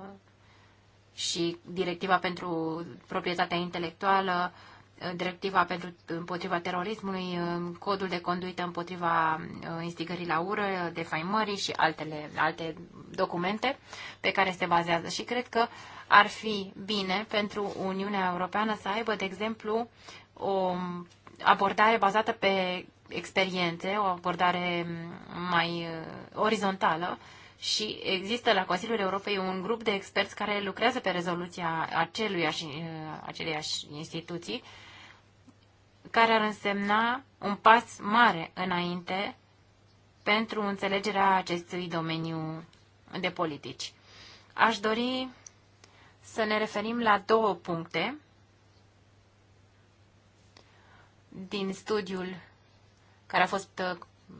și directiva pentru proprietatea intelectuală, directiva pentru, împotriva terorismului, codul de conduită împotriva uh, instigării la ură, defaimării și altele, alte documente pe care se bazează. Și cred că ar fi bine pentru Uniunea Europeană să aibă, de exemplu, o abordare bazată pe experiențe, o abordare mai uh, orizontală și există la Consiliul Europei un grup de experți care lucrează pe rezoluția aceluiași, uh, aceleiași instituții care ar însemna un pas mare înainte pentru înțelegerea acestui domeniu de politici. Aș dori să ne referim la două puncte din studiul care a fost uh,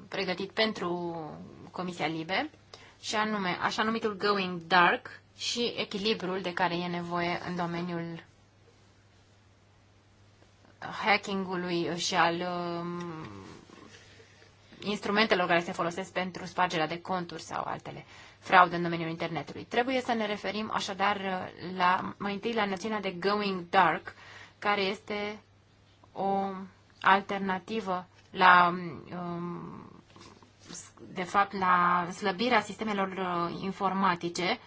pregătit pentru Comisia Libe, și anume așa numitul Going Dark și echilibrul de care e nevoie în domeniul hackingului și al um, instrumentelor care se folosesc pentru spargerea de conturi sau altele fraude în domeniul internetului. Trebuie să ne referim așadar uh, la, mai întâi la noțiunea de going dark, care este o alternativă la um, de fapt la slăbirea sistemelor uh, informatice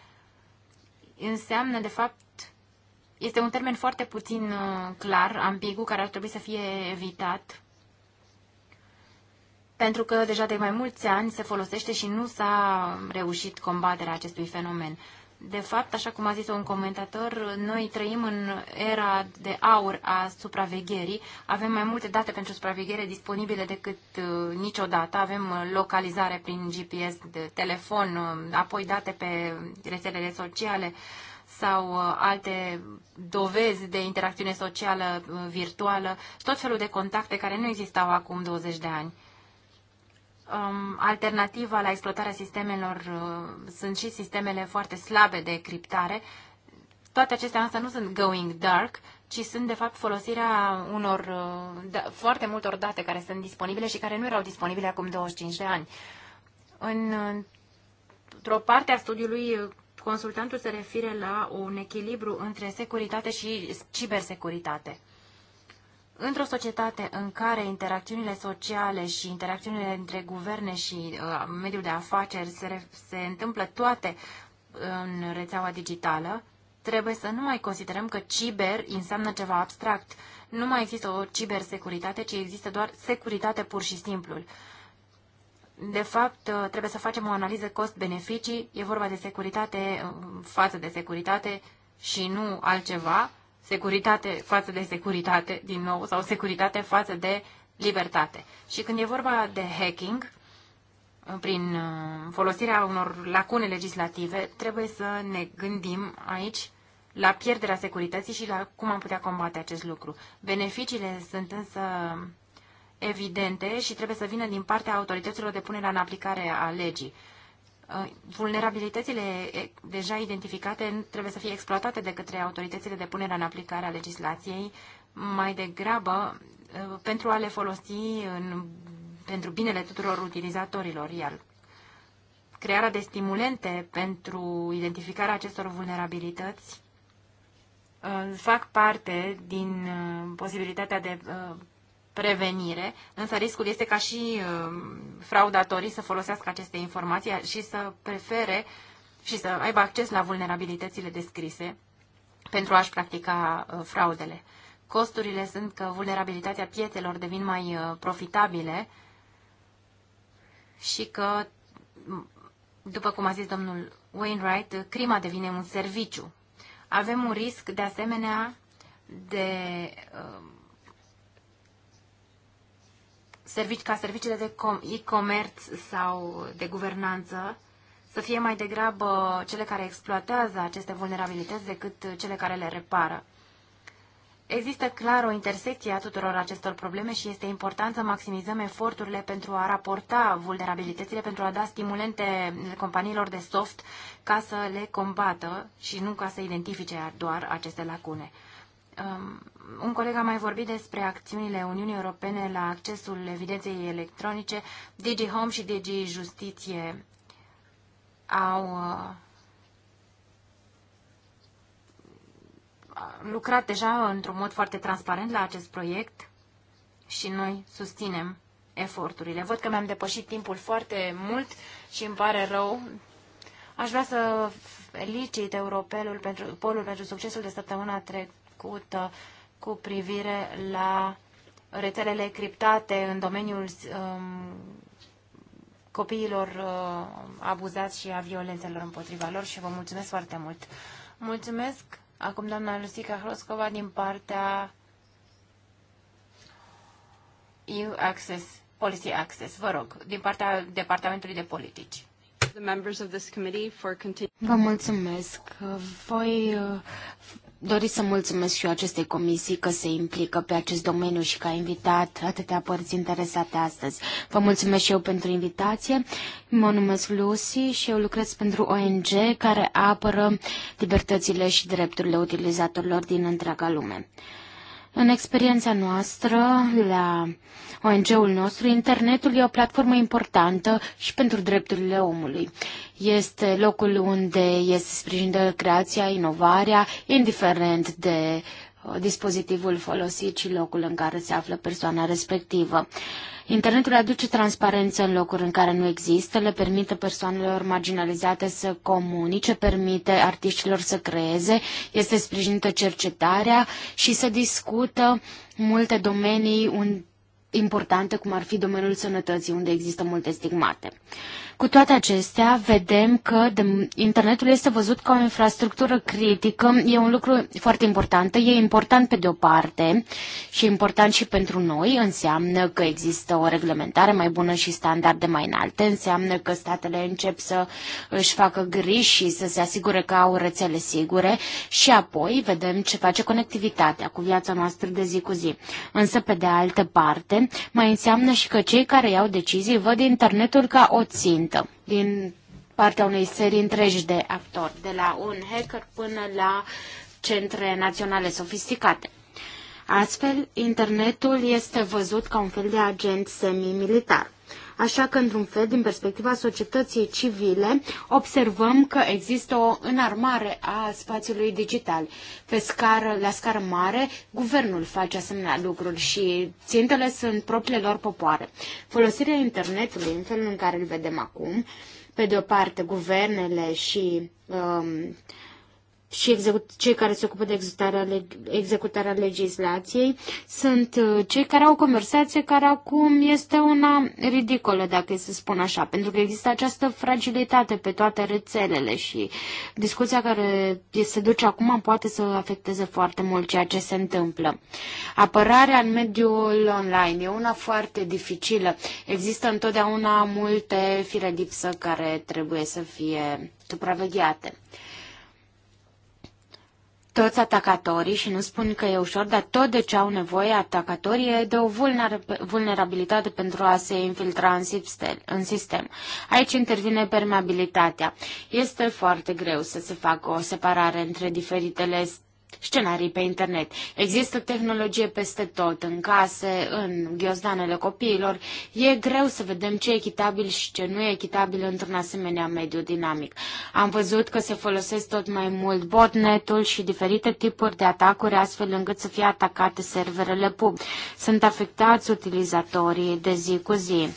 înseamnă de fapt este un termen foarte puțin uh, clar, ambigu, care ar trebui să fie evitat, pentru că deja de mai mulți ani se folosește și nu s-a reușit combaterea acestui fenomen. De fapt, așa cum a zis un comentator, noi trăim în era de aur a supravegherii. Avem mai multe date pentru supraveghere disponibile decât uh, niciodată. Avem uh, localizare prin GPS de telefon, uh, apoi date pe rețelele sociale. Uh, sau uh, alte dovezi de interacțiune socială uh, virtuală, tot felul de contacte care nu existau acum 20 de ani. Um, alternativa la exploatarea sistemelor uh, sunt și sistemele foarte slabe de criptare. Toate acestea însă nu sunt going dark, ci sunt de fapt folosirea unor da, foarte multor date care sunt disponibile și care nu erau disponibile acum 25 de ani. În, într-o parte a studiului consultantul se refire la un echilibru între securitate și cibersecuritate. Într-o societate în care interacțiunile sociale și interacțiunile între guverne și uh, mediul de afaceri se, se întâmplă toate în rețeaua digitală, trebuie să nu mai considerăm că ciber înseamnă ceva abstract. Nu mai există o cibersecuritate, ci există doar securitate pur și simplu. De fapt, uh, trebuie să facem o analiză cost-beneficii, e vorba de securitate uh, față de securitate și nu altceva, securitate față de securitate, din nou, sau securitate față de libertate. Și când e vorba de hacking, uh, prin folosirea unor lacune legislative, trebuie să ne gândim aici la pierderea securității și la cum am putea combate acest lucru. Beneficiile sunt însă evidente și trebuie să vină din partea autorităților de punere în aplicare a legii. Uh, vulnerabilitățile eh, deja identificate trebuie să fie exploatate de către autoritățile de punere în aplicare a legislației mai degrabă uh, pentru a le folosi în, pentru binele tuturor utilizatorilor, iar crearea de stimulente pentru identificarea acestor vulnerabilități uh, fac parte din posibilitatea de prevenire, însă riscul este ca și uh, fraudatorii să folosească aceste informații și să prefere și să aibă acces la vulnerabilitățile descrise pentru a-și practica uh, fraudele. Costurile sunt că vulnerabilitatea piețelor devin mai uh, profitabile și că, după cum a zis domnul Wainwright, crima devine un serviciu. Avem un risc, de asemenea, de uh, servici, ca serviciile de e commerce sau de guvernanță să fie mai degrabă cele care exploatează aceste vulnerabilități decât cele care le repară. Există clar o intersecție a tuturor acestor probleme și este important să maximizăm eforturile pentru a raporta vulnerabilitățile, pentru a da stimulente companiilor de soft ca să le combată și nu ca să identifice doar aceste lacune. Um, un coleg a mai vorbit despre acțiunile Uniunii Europene la accesul evidenței electronice. Digi Home și Digi Justiție au uh, lucrat deja într-un mod foarte transparent la acest proiect și noi susținem eforturile. Văd că mi-am depășit timpul foarte mult și îmi pare rău. Aș vrea să felicit Europelul pentru, Polul pentru succesul de săptămâna trecută trecut cu privire la rețelele criptate în domeniul um, copiilor uh, abuzați și a violențelor împotriva lor și vă mulțumesc foarte mult. Mulțumesc acum doamna Lusica Hroscova din partea EU Access, Policy Access, vă rog, din partea Departamentului de Politici. Vă mulțumesc. Voi uh, dori să mulțumesc și eu acestei comisii că se implică pe acest domeniu și că a invitat atâtea părți interesate astăzi. Vă mulțumesc și eu pentru invitație. Mă numesc Lucy și eu lucrez pentru ONG care apără libertățile și drepturile utilizatorilor din întreaga lume. În experiența noastră, la ONG-ul nostru, internetul e o platformă importantă și pentru drepturile omului. Este locul unde este sprijinită creația, inovarea, indiferent de uh, dispozitivul folosit și locul în care se află persoana respectivă. Internetul aduce transparență în locuri în care nu există, le permite persoanelor marginalizate să comunice, permite artiștilor să creeze, este sprijinită cercetarea și să discută multe domenii un, importante, cum ar fi domeniul sănătății, unde există multe stigmate. Cu toate acestea, vedem că internetul este văzut ca o infrastructură critică. E un lucru foarte important. E important pe de-o parte și important și pentru noi. Înseamnă că există o reglementare mai bună și standarde mai înalte. Înseamnă că statele încep să își facă griji și să se asigure că au rețele sigure și apoi vedem ce face conectivitatea cu viața noastră de zi cu zi. Însă, pe de altă parte, mai înseamnă și că cei care iau decizii văd internetul ca o țintă violentă din partea unei serii întregi de actori, de la un hacker până la centre naționale sofisticate. Astfel, internetul este văzut ca un fel de agent semimilitar. Așa că, într-un fel, din perspectiva societății civile, observăm că există o înarmare a spațiului digital. Pe scară, la scară mare, guvernul face asemenea lucruri și țintele sunt propriile lor popoare. Folosirea internetului, în felul în care îl vedem acum, pe de o parte, guvernele și um, și cei care se ocupă de executarea, executarea legislației sunt uh, cei care au o conversație care acum este una ridicolă, dacă e să spun așa, pentru că există această fragilitate pe toate rețelele și discuția care se duce acum poate să afecteze foarte mult ceea ce se întâmplă. Apărarea în mediul online e una foarte dificilă. Există întotdeauna multe fire lipsă care trebuie să fie supravegheate toți atacatorii, și nu spun că e ușor, dar tot de ce au nevoie atacatorii e de o vulnerabilitate pentru a se infiltra în sistem. Aici intervine permeabilitatea. Este foarte greu să se facă o separare între diferitele scenarii pe internet. Există tehnologie peste tot, în case, în ghiozdanele copiilor. E greu să vedem ce e echitabil și ce nu e echitabil într-un asemenea mediu dinamic. Am văzut că se folosesc tot mai mult botnetul și diferite tipuri de atacuri astfel încât să fie atacate serverele pub. Sunt afectați utilizatorii de zi cu zi.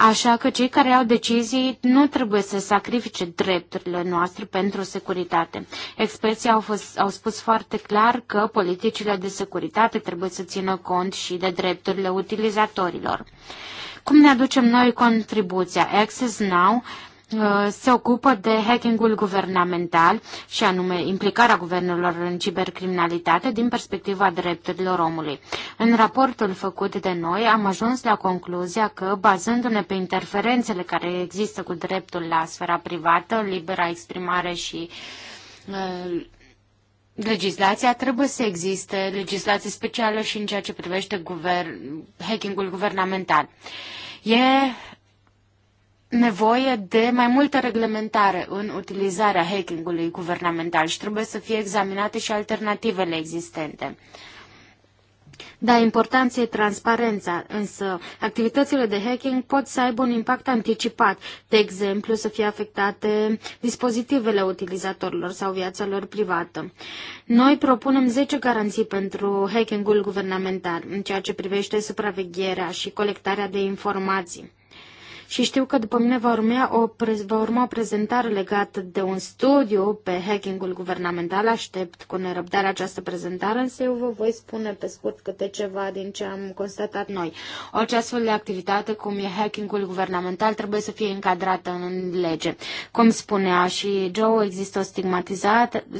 Așa că cei care au decizii nu trebuie să sacrifice drepturile noastre pentru securitate. Experții au, fost, au spus foarte clar că politicile de securitate trebuie să țină cont și de drepturile utilizatorilor. Cum ne aducem noi contribuția? Access Now Uh, se ocupă de hackingul guvernamental și anume implicarea guvernelor în cibercriminalitate din perspectiva drepturilor omului. În raportul făcut de noi am ajuns la concluzia că, bazându-ne pe interferențele care există cu dreptul la sfera privată, libera exprimare și uh, legislația, trebuie să existe legislație specială și în ceea ce privește guvern, hackingul guvernamental. E nevoie de mai multă reglementare în utilizarea hackingului guvernamental și trebuie să fie examinate și alternativele existente. Da, importanță e transparența, însă activitățile de hacking pot să aibă un impact anticipat, de exemplu să fie afectate dispozitivele utilizatorilor sau viața lor privată. Noi propunem 10 garanții pentru hackingul guvernamental în ceea ce privește supravegherea și colectarea de informații și știu că după mine va urma o, prez, va urma o prezentare legată de un studiu pe hackingul guvernamental. Aștept cu nerăbdare această prezentare, însă eu vă voi spune pe scurt câte ceva din ce am constatat noi. Orice astfel de activitate, cum e hackingul guvernamental, trebuie să fie încadrată în lege. Cum spunea și Joe, există o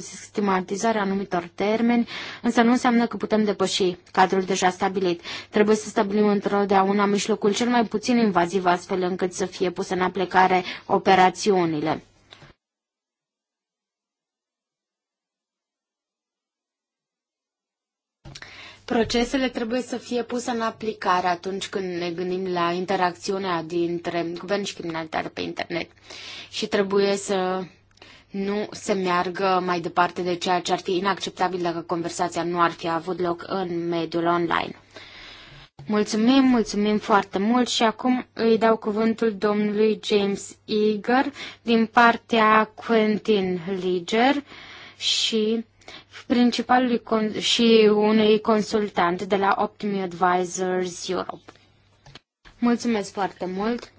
stigmatizare, a anumitor termeni, însă nu înseamnă că putem depăși cadrul deja stabilit. Trebuie să stabilim întotdeauna mijlocul cel mai puțin invaziv, astfel încât încât să fie puse în aplicare operațiunile. Procesele trebuie să fie puse în aplicare atunci când ne gândim la interacțiunea dintre guvern și criminalitate pe internet și trebuie să nu se meargă mai departe de ceea ce ar fi inacceptabil dacă conversația nu ar fi avut loc în mediul online. Mulțumim, mulțumim foarte mult și acum îi dau cuvântul domnului James Eager din partea Quentin Liger și principalului con- și unui consultant de la Optimi Advisors Europe. Mulțumesc foarte mult!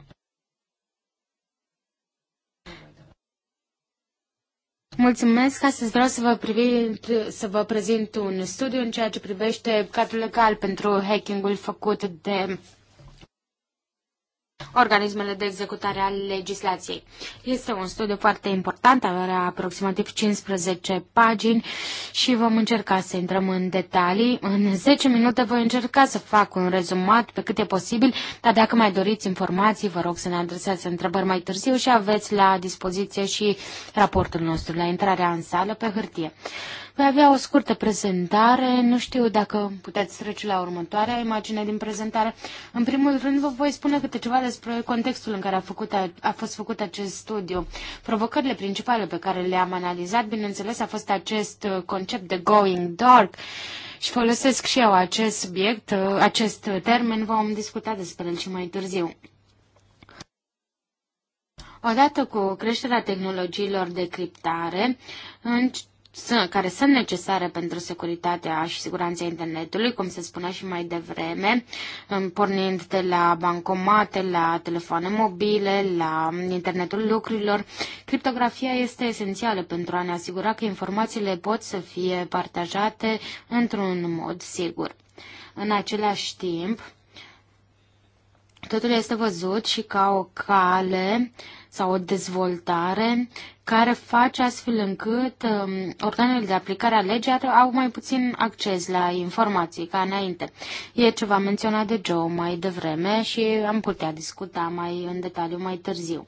Mulțumesc. Astăzi vreau să vă, privi, să vă prezint un studiu în ceea ce privește cadrul legal pentru hackingul făcut de organismele de executare a legislației. Este un studiu foarte important, are aproximativ 15 pagini și vom încerca să intrăm în detalii. În 10 minute voi încerca să fac un rezumat pe cât e posibil, dar dacă mai doriți informații, vă rog să ne adresați întrebări mai târziu și aveți la dispoziție și raportul nostru la intrarea în sală pe hârtie. Voi avea o scurtă prezentare, nu știu dacă puteți trece la următoarea imagine din prezentare. În primul rând vă voi spune câte ceva despre contextul în care a, făcut, a fost făcut acest studiu. Provocările principale pe care le-am analizat, bineînțeles, a fost acest concept de going dark. Și folosesc și eu acest subiect, acest termen, vom discuta despre el și mai târziu. Odată cu creșterea tehnologiilor de criptare, care sunt necesare pentru securitatea și siguranța internetului, cum se spunea și mai devreme, pornind de la bancomate, la telefoane mobile, la internetul lucrurilor. Criptografia este esențială pentru a ne asigura că informațiile pot să fie partajate într-un mod sigur. În același timp, totul este văzut și ca o cale sau o dezvoltare care face astfel încât um, organele de aplicare a legii au mai puțin acces la informații ca înainte. E ceva menționat de Joe mai devreme și am putea discuta mai în detaliu mai târziu.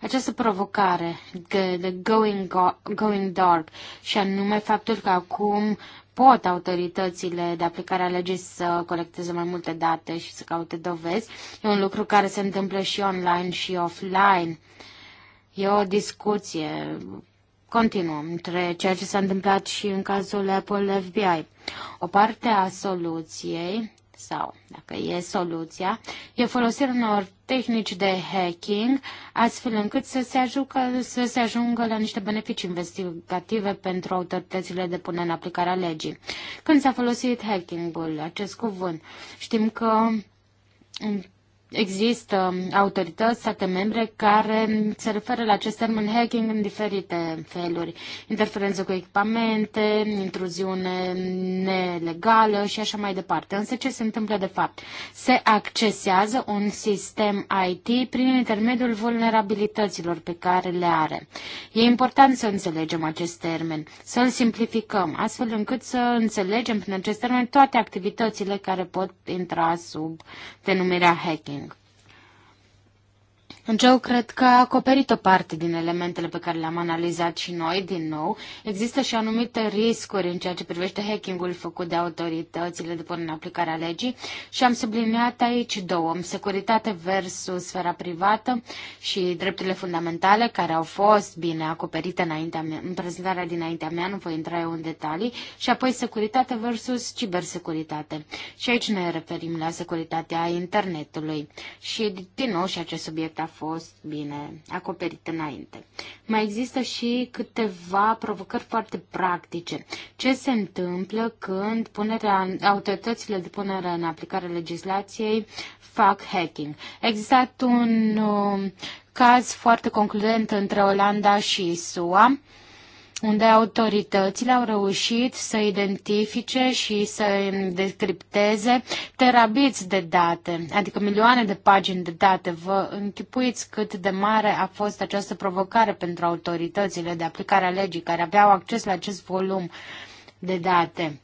Această provocare de, de going, go, going dark și anume faptul că acum pot autoritățile de aplicare a legii să colecteze mai multe date și să caute dovezi. E un lucru care se întâmplă și online și offline. Uh, E o discuție continuă între ceea ce s-a întâmplat și în cazul Apple FBI. O parte a soluției sau dacă e soluția, e folosirea unor tehnici de hacking, astfel încât să se, ajucă, să se ajungă la niște beneficii investigative pentru autoritățile de pune în aplicare a legii. Când s-a folosit hacking-ul, acest cuvânt, știm că Există autorități, state membre, care se referă la acest termen hacking în diferite feluri. Interferență cu echipamente, intruziune nelegală și așa mai departe. Însă ce se întâmplă de fapt? Se accesează un sistem IT prin intermediul vulnerabilităților pe care le are. E important să înțelegem acest termen, să-l simplificăm, astfel încât să înțelegem prin acest termen toate activitățile care pot intra sub denumirea hacking. Joe, cred că a acoperit o parte din elementele pe care le-am analizat și noi, din nou. Există și anumite riscuri în ceea ce privește hacking-ul făcut de autoritățile de până în aplicarea legii și am subliniat aici două, securitate versus sfera privată și drepturile fundamentale care au fost bine acoperite înaintea mea, în prezentarea dinaintea mea, nu voi intra eu în detalii, și apoi securitate versus cibersecuritate. Și aici ne referim la securitatea internetului. Și din nou și acest subiect a fost bine acoperit înainte. Mai există și câteva provocări foarte practice. Ce se întâmplă când punerea, autoritățile de punere în aplicare legislației fac hacking? Există un uh, caz foarte concludent între Olanda și SUA unde autoritățile au reușit să identifice și să decripteze terabiți de date, adică milioane de pagini de date. Vă închipuiți cât de mare a fost această provocare pentru autoritățile de aplicare a legii care aveau acces la acest volum de date.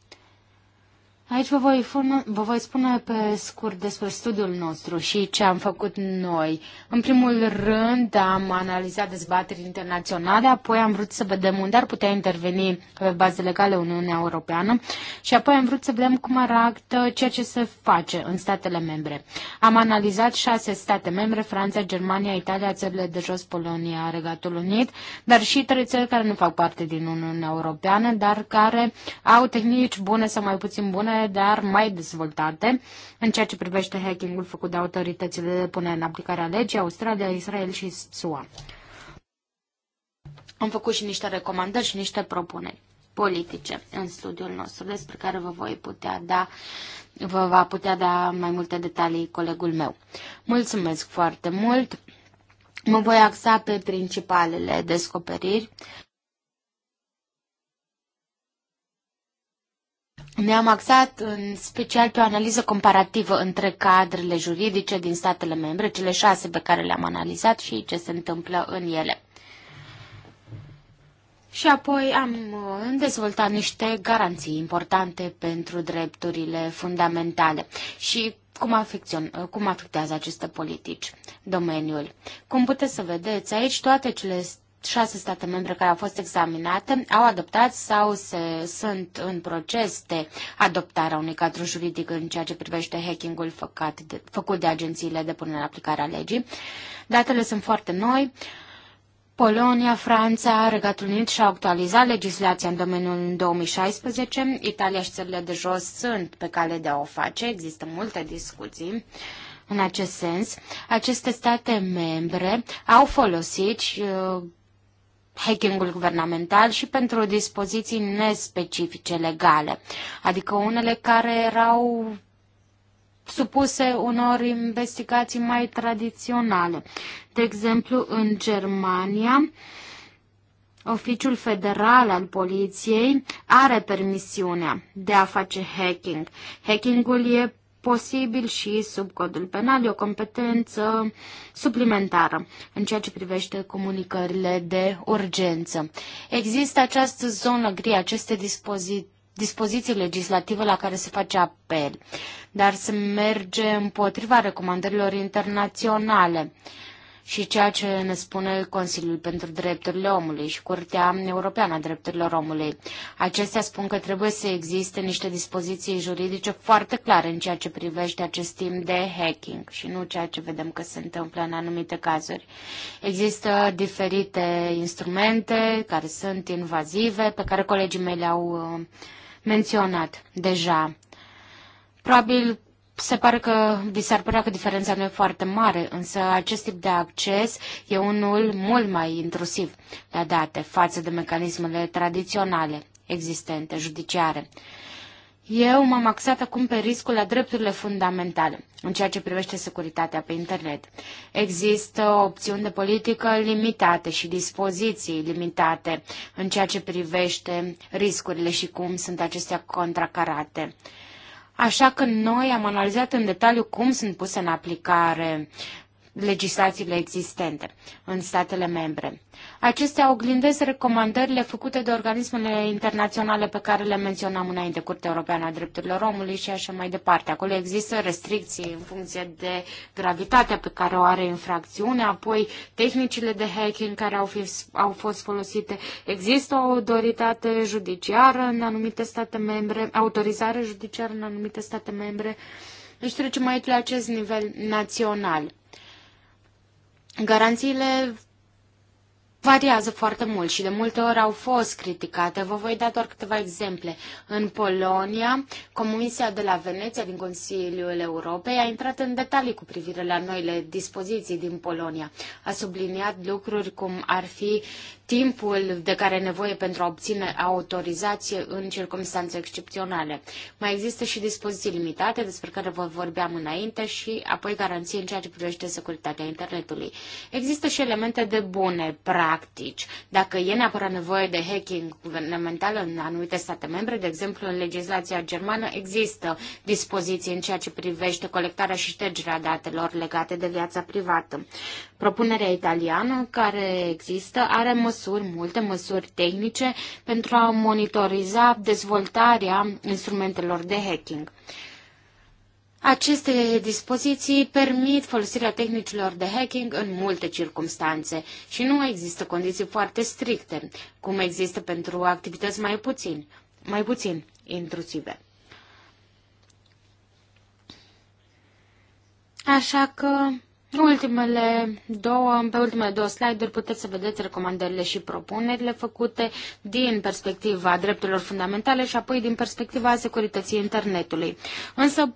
Aici vă voi, fune, vă voi spune pe scurt despre studiul nostru și ce am făcut noi. În primul rând am analizat dezbateri internaționale, apoi am vrut să vedem unde ar putea interveni pe uh, baze legale Uniunea Europeană și apoi am vrut să vedem cum arată ceea ce se face în statele membre. Am analizat șase state membre, Franța, Germania, Italia, țările de jos, Polonia, Regatul Unit, dar și trei țări care nu fac parte din Uniunea Europeană, dar care au tehnici bune sau mai puțin bune dar mai dezvoltate în ceea ce privește hacking-ul făcut de autoritățile de punere în aplicare a legii Australia, Israel și SUA. Am făcut și niște recomandări și niște propuneri politice în studiul nostru, despre care vă voi putea da, vă va putea da mai multe detalii colegul meu. Mulțumesc foarte mult! Mă voi axa pe principalele descoperiri Ne-am axat în special pe o analiză comparativă între cadrele juridice din statele membre, cele șase pe care le-am analizat și ce se întâmplă în ele. Și apoi am uh, dezvoltat niște garanții importante pentru drepturile fundamentale și cum, afecțion, uh, cum afectează aceste politici domeniul. Cum puteți să vedeți, aici toate cele șase state membre care au fost examinate au adoptat sau se, sunt în proces de adoptarea unui cadru juridic în ceea ce privește hackingul făcut de, făcut de agențiile de punere în aplicare a legii. Datele sunt foarte noi. Polonia, Franța, Regatul Unit și-au actualizat legislația în domeniul în 2016. Italia și țările de jos sunt pe cale de a o face. Există multe discuții în acest sens. Aceste state membre au folosit și uh, hackingul guvernamental și pentru dispoziții nespecifice legale, adică unele care erau supuse unor investigații mai tradiționale. De exemplu, în Germania, Oficiul Federal al Poliției are permisiunea de a face hacking. Hackingul e posibil și sub codul penal, e o competență suplimentară în ceea ce privește comunicările de urgență. Există această zonă gri, aceste dispoziții dispoziții legislative la care se face apel, dar se merge împotriva recomandărilor internaționale. Uh, și ceea ce ne spune Consiliul pentru Drepturile Omului și Curtea Europeană a Drepturilor Omului. Acestea spun că trebuie să existe niște dispoziții juridice foarte clare în ceea ce privește acest timp de hacking și nu ceea ce vedem că se întâmplă în anumite cazuri. Există diferite instrumente care sunt invazive, pe care colegii mei le-au uh, menționat deja. Probabil se pare că vi s-ar părea că diferența nu e foarte mare, însă acest tip de acces e unul mult mai intrusiv la date față de mecanismele tradiționale existente, judiciare. Eu m-am axat acum pe riscul la drepturile fundamentale în ceea ce privește securitatea pe internet. Există opțiuni de politică limitate și dispoziții limitate în ceea ce privește riscurile și cum sunt acestea contracarate. Așa că noi am analizat în detaliu cum sunt puse în aplicare legislațiile existente în statele membre. Acestea oglindesc recomandările făcute de organismele internaționale pe care le menționam înainte, Curtea Europeană a Drepturilor Omului și așa mai departe. Acolo există restricții în funcție de gravitatea pe care o are infracțiunea, apoi tehnicile de hacking care au, fi, au fost folosite. Există o autoritate judiciară în anumite state membre, autorizare judiciară în anumite state membre. Deci trecem aici la acest nivel național. Garanțiile variază foarte mult și de multe ori au fost criticate. Vă voi da doar câteva exemple. În Polonia, Comisia de la Veneția din Consiliul Europei a intrat în detalii cu privire la noile dispoziții din Polonia. A subliniat lucruri cum ar fi timpul de care e nevoie pentru a obține autorizație în circunstanțe excepționale. Mai există și dispoziții limitate despre care vă vorbeam înainte și apoi garanții în ceea ce privește securitatea internetului. Există și elemente de bune practici. Dacă e neapărat nevoie de hacking guvernamental în anumite state membre, de exemplu în legislația germană există dispoziții în ceea ce privește colectarea și ștergerea datelor legate de viața privată. Propunerea italiană care există are măsuri, multe măsuri tehnice pentru a monitoriza dezvoltarea instrumentelor de hacking. Aceste dispoziții permit folosirea tehnicilor de hacking în multe circunstanțe și nu există condiții foarte stricte, cum există pentru activități mai puțin, mai puțin intrusive. Așa că Ultimele două, pe ultimele două slide-uri puteți să vedeți recomandările și propunerile făcute din perspectiva drepturilor fundamentale și apoi din perspectiva securității internetului. Însă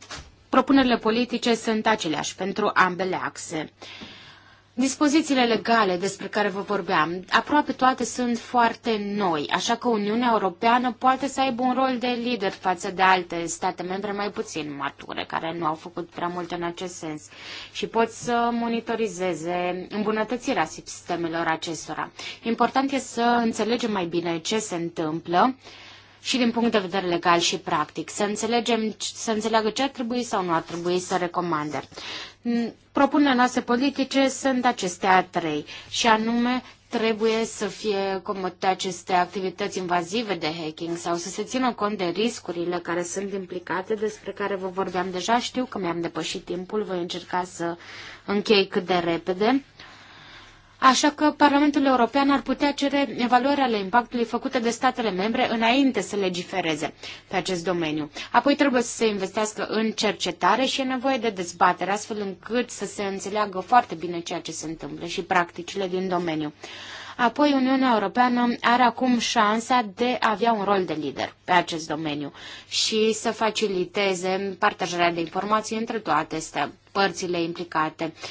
propunerile politice sunt aceleași pentru ambele axe. Dispozițiile legale despre care vă vorbeam, aproape toate sunt foarte noi, așa că Uniunea Europeană poate să aibă un rol de lider față de alte state membre mai puțin mature, care nu au făcut prea mult în acest sens și pot să monitorizeze îmbunătățirea sistemelor acestora. Important e să înțelegem mai bine ce se întâmplă și din punct de vedere legal și practic, să, înțelegem, să înțeleagă ce ar trebui sau nu ar trebui să recomande. Propunerea noastră politice sunt acestea trei, și anume trebuie să fie combătute aceste activități invazive de hacking sau să se țină cont de riscurile care sunt implicate, despre care vă vorbeam deja. Știu că mi-am depășit timpul, voi încerca să închei cât de repede. Așa că Parlamentul European ar putea cere evaluarea ale impactului făcute de statele membre înainte să legifereze pe acest domeniu. Apoi trebuie să se investească în cercetare și e nevoie de dezbatere, astfel încât să se înțeleagă foarte bine ceea ce se întâmplă și practicile din domeniu. Apoi, Uniunea Europeană are acum șansa de a avea un rol de lider pe acest domeniu și să faciliteze partajarea de informații între toate părțile implicate. Uh,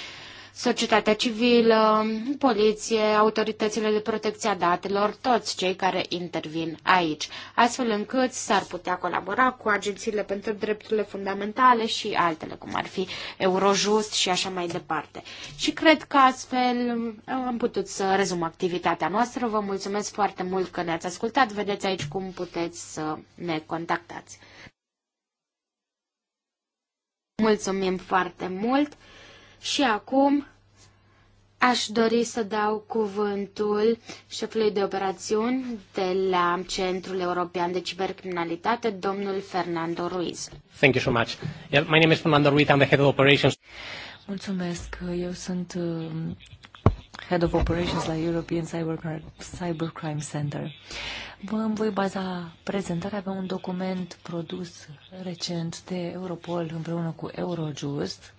societatea civilă, poliție, autoritățile de protecție a datelor, toți cei care intervin aici, astfel încât s-ar putea colabora cu agențiile pentru drepturile fundamentale și altele, cum ar fi Eurojust și așa mai departe. Și cred că astfel uh, am putut să rezum activitatea noastră. Vă mulțumesc foarte mult că ne-ați ascultat. Vedeți aici cum puteți să ne contactați. Mulțumim foarte mult! Și acum aș dori să dau cuvântul șefului de operațiuni de la Centrul European de Cibercriminalitate, domnul Fernando Ruiz. Thank you so much. Yeah, my name is Fernando Ruiz, I'm the head of operations. Mulțumesc. Eu sunt uh, Head of Operations la European Cybercrime, Cybercrime Center. Vă voi baza prezentarea pe un document produs recent de Europol împreună cu Eurojust,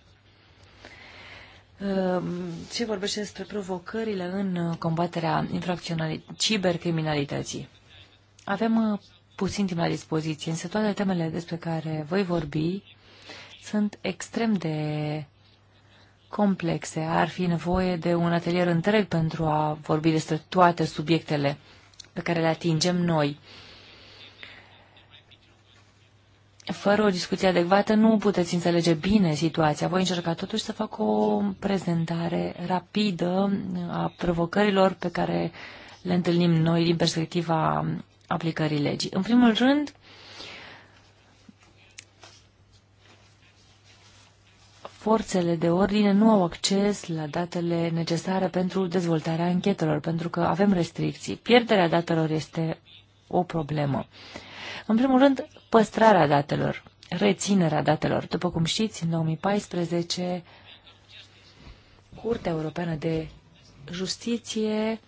Ehm, se vorbește despre provocările în uh, combaterea cibercriminalității. Avem uh, puțin timp la dispoziție, însă toate temele despre care voi vorbi sunt extrem de complexe. Ar fi nevoie de un atelier întreg pentru a vorbi despre toate subiectele pe care le atingem noi fără o discuție adecvată nu puteți înțelege bine situația. Voi încerca totuși să fac o prezentare rapidă a provocărilor pe care le întâlnim noi din perspectiva aplicării legii. În primul rând, forțele de ordine nu au acces la datele necesare pentru dezvoltarea anchetelor, pentru că avem restricții. Pierderea datelor este o problemă. Uh, în primul rând, păstrarea datelor, reținerea datelor. După cum știți, în 2014, Curtea Europeană de Justiție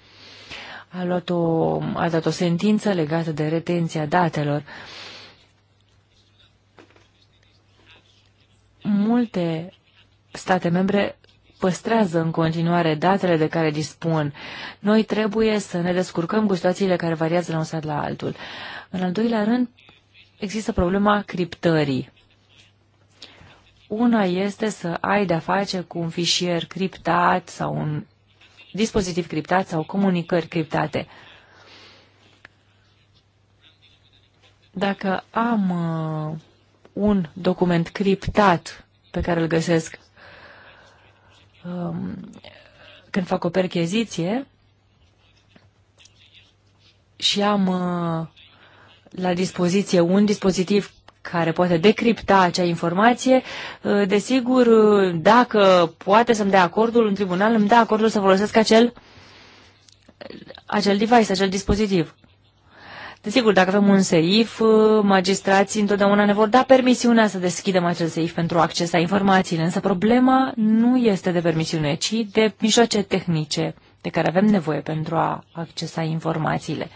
a, luat o, a dat o sentință legată de retenția datelor. Multe state membre păstrează în continuare datele de care dispun. Noi trebuie să ne descurcăm cu situațiile care variază la un stat la altul. În al doilea rând, există problema criptării. Una este să ai de-a face cu un fișier criptat sau un dispozitiv criptat sau comunicări criptate. Dacă am uh, un document criptat pe care îl găsesc Um, când fac o percheziție și am uh, la dispoziție un dispozitiv care poate decripta acea informație, uh, desigur, uh, dacă poate să-mi dea acordul, un tribunal îmi dă acordul să folosesc acel, acel device, acel dispozitiv. Desigur, dacă avem un seif, magistrații întotdeauna ne vor da permisiunea să deschidem acel seif pentru acces la informațiile, însă problema nu este de permisiune, ci de mijloace tehnice de care avem nevoie pentru a accesa informațiile.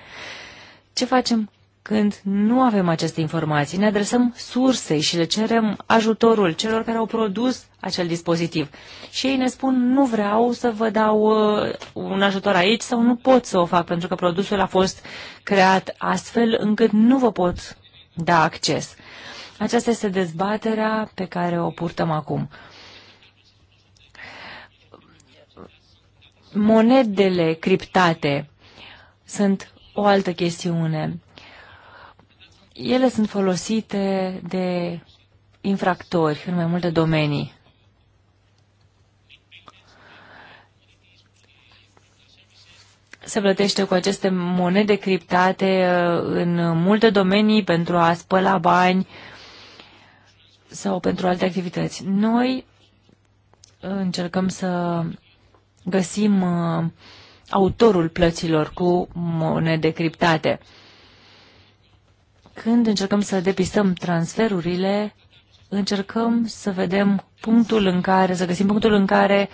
Ce facem când nu avem aceste informații, ne adresăm sursei și le cerem ajutorul celor care au produs acel dispozitiv. Și ei ne spun, nu vreau să vă dau uh, un ajutor aici sau nu pot să o fac pentru că produsul a fost creat astfel încât nu vă pot da acces. Aceasta este dezbaterea pe care o purtăm acum. Monedele criptate sunt o altă chestiune. Ele sunt folosite de infractori în mai multe domenii. se plătește cu aceste monede criptate uh, în multe domenii pentru a spăla bani sau pentru alte activități. Noi încercăm să găsim uh, autorul plăților cu monede criptate. Când încercăm să depistăm transferurile, încercăm să vedem punctul în care, să găsim punctul în care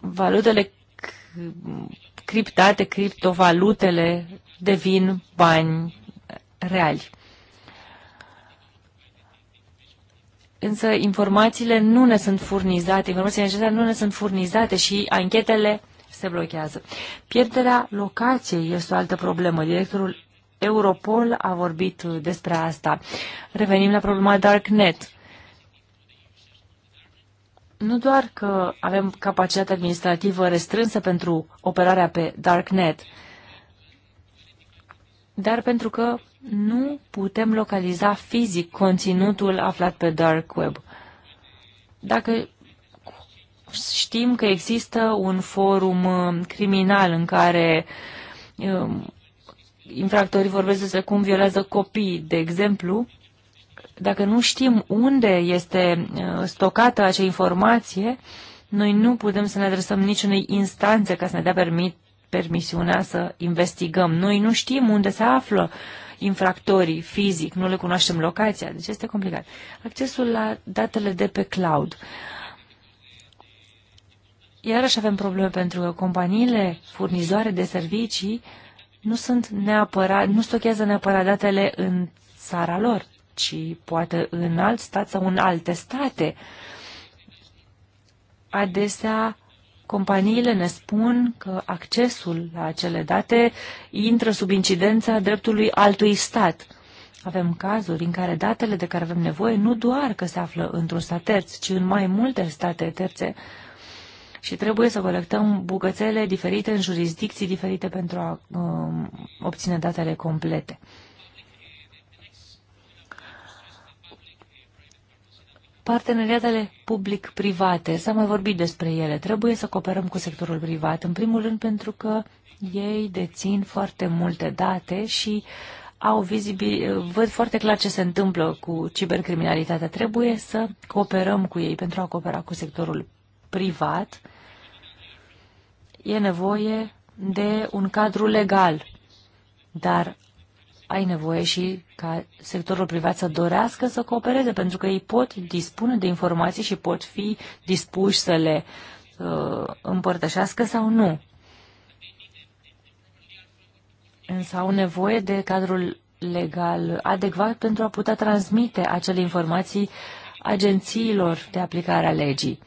valutele criptate, criptovalutele devin bani reali. Însă informațiile nu ne sunt furnizate, informațiile necesare nu ne sunt furnizate și anchetele se blochează. Pierderea locației este o altă problemă. Directorul Europol a vorbit despre asta. Revenim la problema Darknet. Nu doar că avem capacitate administrativă restrânsă pentru operarea pe Darknet, dar pentru că nu putem localiza fizic conținutul aflat pe Dark Web. Dacă știm că există un forum uh, criminal în care um, infractorii vorbesc despre cum violează copiii, de exemplu, dacă nu știm unde este uh, stocată acea informație, noi nu putem să ne adresăm niciunei instanțe ca să ne dea permit, permisiunea să investigăm. Noi nu știm unde se află infractorii fizic, nu le cunoaștem locația, deci este complicat. Accesul la datele de pe cloud. Iarăși avem probleme pentru că companiile furnizoare de servicii uh, nu sunt neapărat, nu stochează neapărat datele în țara lor, ci poate în alt stat sau în alte state. Adesea, companiile ne spun că accesul la acele date intră sub incidența dreptului altui stat. Avem cazuri în care datele de care avem nevoie nu doar că se află într-un stat terț, ci în mai multe state terțe și trebuie să colectăm bucățele diferite în jurisdicții diferite pentru a uh, obține datele complete. Parteneriatele public-private, s-a mai vorbit despre ele, trebuie să cooperăm cu sectorul privat, în primul rând pentru că ei dețin foarte multe date și au vizibil, văd foarte clar ce se întâmplă cu cibercriminalitatea. Trebuie să cooperăm cu ei pentru a coopera cu sectorul privat, e nevoie de un cadru legal, dar ai nevoie și ca sectorul privat să dorească să coopereze, pentru că ei pot dispune de informații și pot fi dispuși să le uh, împărtășească sau nu. Însă au nevoie de cadrul legal adecvat pentru a putea transmite acele informații agențiilor de aplicare a legii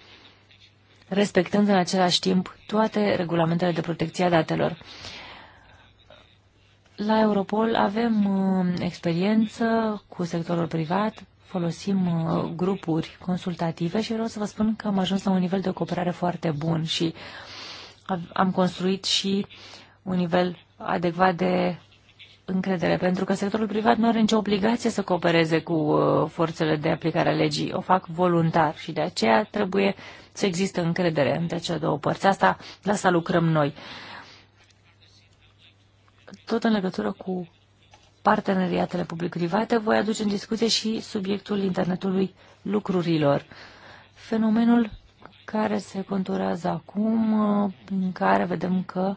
respectând în același timp toate regulamentele de protecție a datelor. La Europol avem uh, experiență cu sectorul privat, folosim uh, grupuri consultative și vreau să vă spun că am ajuns la un nivel de cooperare foarte bun și am construit și un nivel adecvat de încredere, pentru că sectorul privat nu are nicio obligație să coopereze cu uh, forțele de aplicare a legii. O fac voluntar și de aceea trebuie să există încredere între cele două părți. Asta, la asta lucrăm noi. Tot în legătură cu parteneriatele public-private, voi aduce în discuție și subiectul internetului lucrurilor. Fenomenul care se conturează acum, uh, în care vedem că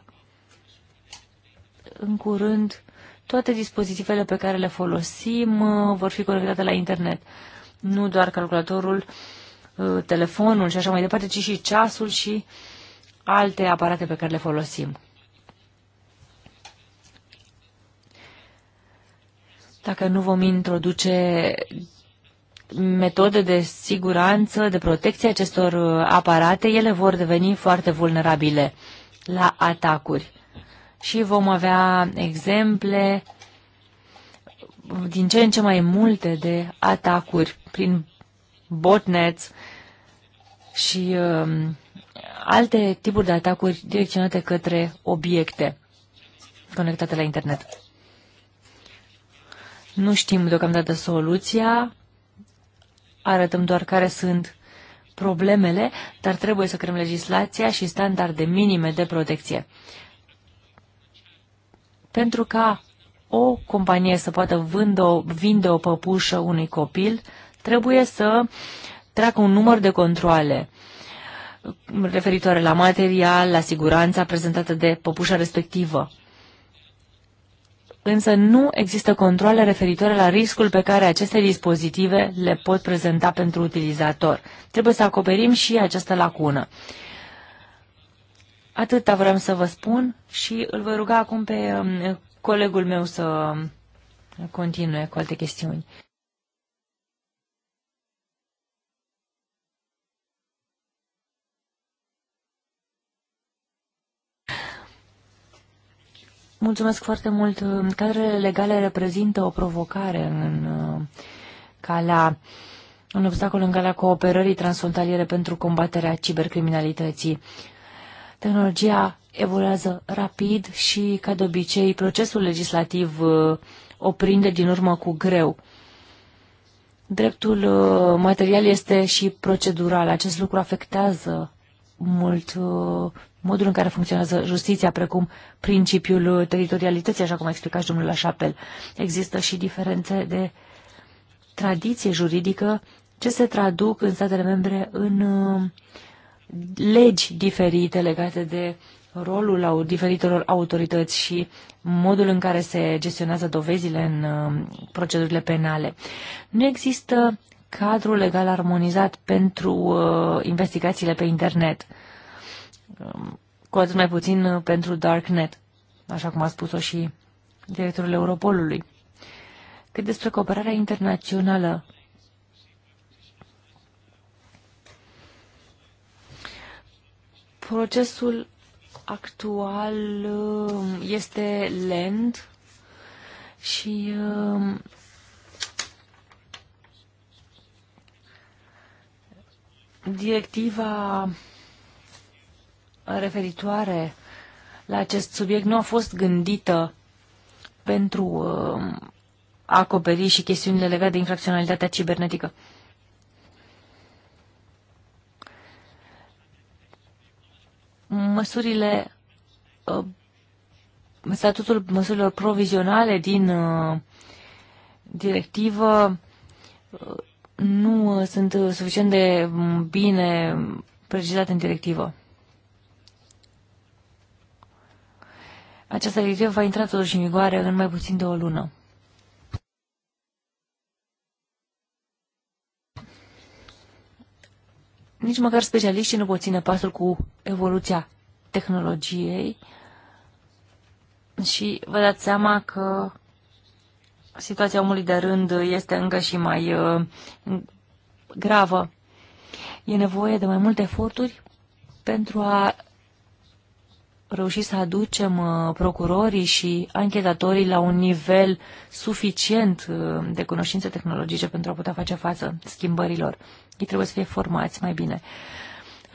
în curând toate dispozitivele pe care le folosim uh, vor fi conectate la internet. Nu doar calculatorul, uh, telefonul și așa mai departe, ci și ceasul și alte aparate pe care le folosim. Dacă nu vom introduce metode de siguranță, de protecție acestor uh, aparate, ele vor deveni foarte vulnerabile la atacuri și vom avea exemple din ce în ce mai multe de atacuri prin botnets și uh, alte tipuri de atacuri direcționate către obiecte conectate la internet. Nu știm deocamdată soluția, arătăm doar care sunt problemele, dar trebuie să creăm legislația și standarde minime de protecție pentru ca o companie să poată vândă, vinde o păpușă unui copil, trebuie să treacă un număr de controle referitoare la material, la siguranța prezentată de păpușa respectivă. Însă nu există controle referitoare la riscul pe care aceste dispozitive le pot prezenta pentru utilizator. Trebuie să acoperim și această lacună. Atâta vreau să vă spun și îl voi ruga acum pe um, colegul meu să um, continue cu alte chestiuni. Mulțumesc foarte mult. Cadrele legale reprezintă o provocare în uh, calea un obstacol în calea cooperării transfrontaliere pentru combaterea cibercriminalității. Tehnologia evoluează rapid și, ca de obicei, procesul legislativ uh, o prinde din urmă cu greu. Dreptul uh, material este și procedural. Acest lucru afectează mult uh, modul în care funcționează justiția, precum principiul teritorialității, așa cum a explicat și domnul Lașapel. Există și diferențe de tradiție juridică ce se traduc în statele membre în legi diferite legate de rolul au diferitelor autorități și modul în care se gestionează dovezile în um, procedurile penale. Nu există cadru legal armonizat pentru uh, investigațiile pe internet, um, cu atât mai puțin uh, pentru Darknet, așa cum a spus-o și directorul Europolului. Cât despre cooperarea internațională, Procesul actual um, este lent și um, directiva referitoare la acest subiect nu a fost gândită pentru um, a acoperi și chestiunile legate de infracționalitatea cibernetică. măsurile, uh, statutul măsurilor provizionale din uh, directivă uh, nu sunt suficient de mm, bine precizate în directivă. Această directivă va intra totuși în vigoare în mai puțin de o lună. nici măcar specialiștii nu pot ține pasul cu evoluția tehnologiei și vă dați seama că situația omului de rând este încă și mai uh, gravă. E nevoie de mai multe eforturi pentru a reușit să aducem uh, procurorii și anchetatorii la un nivel suficient uh, de cunoștințe tehnologice pentru a putea face față schimbărilor. Ei trebuie să fie formați mai bine.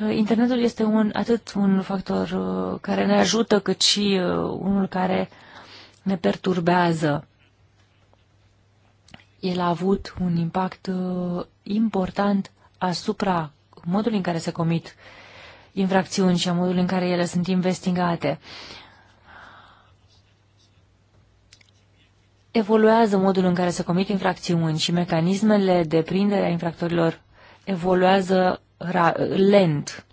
Uh, internetul este un, atât un factor care ne ajută, cât și unul care ne perturbează. El a avut un impact important asupra modului în care se comit uh, infracțiuni și a modul în care ele sunt investigate. Evoluează modul în care se comit infracțiuni și mecanismele de prindere a infractorilor evoluează lent.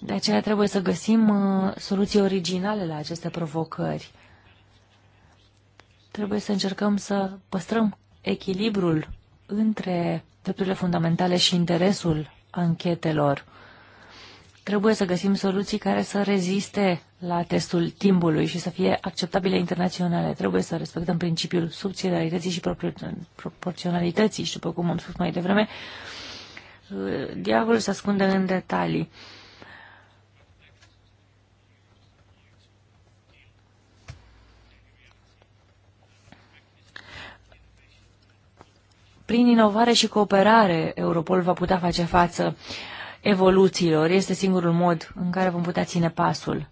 De aceea trebuie să găsim uh, soluții originale la aceste provocări. Trebuie să încercăm să păstrăm echilibrul între drepturile fundamentale și interesul anchetelor. Trebuie să găsim soluții care să reziste la testul timpului și să fie acceptabile internaționale. Trebuie să respectăm principiul subsidiarității și proporționalității și, după cum am spus mai devreme, diavolul se ascunde în detalii. Prin inovare și cooperare, Europol va putea face față uh, evoluțiilor. Este singurul mod în care vom putea ține pasul.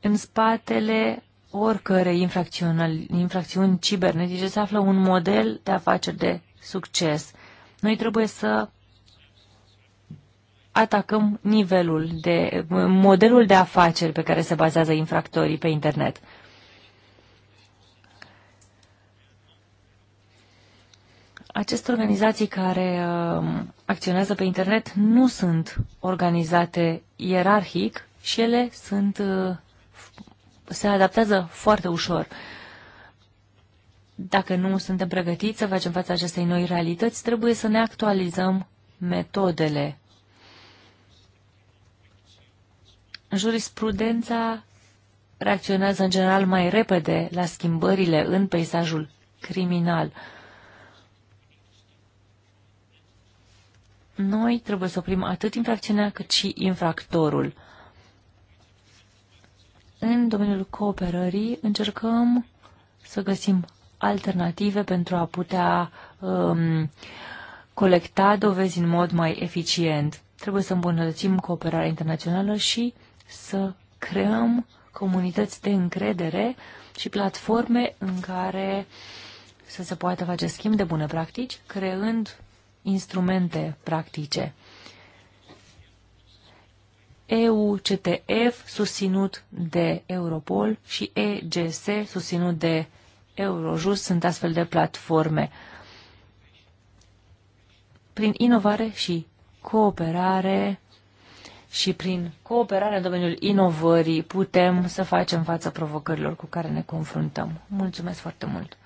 În spatele oricărei infracțiuni cibernetice se află un model de afaceri de succes. Noi trebuie să atacăm nivelul de modelul de afaceri pe care se bazează infractorii pe internet. Aceste organizații care um, acționează pe internet nu sunt organizate ierarhic și ele sunt, uh, se adaptează foarte ușor. Dacă nu suntem pregătiți să facem față acestei noi realități, trebuie să ne actualizăm metodele. Jurisprudența reacționează în general mai repede la schimbările în peisajul criminal. Noi trebuie să oprim atât infracțiunea cât și infractorul. În domeniul cooperării încercăm să găsim alternative pentru a putea um, colecta dovezi în mod mai eficient. Trebuie să îmbunătățim cooperarea internațională și să creăm comunități de încredere și platforme în care să se poată face schimb de bune practici, creând instrumente practice. EUCTF susținut de Europol și EGS susținut de Eurojust sunt astfel de platforme. Prin inovare și cooperare și prin cooperare în domeniul inovării putem să facem față provocărilor cu care ne confruntăm. Mulțumesc foarte mult!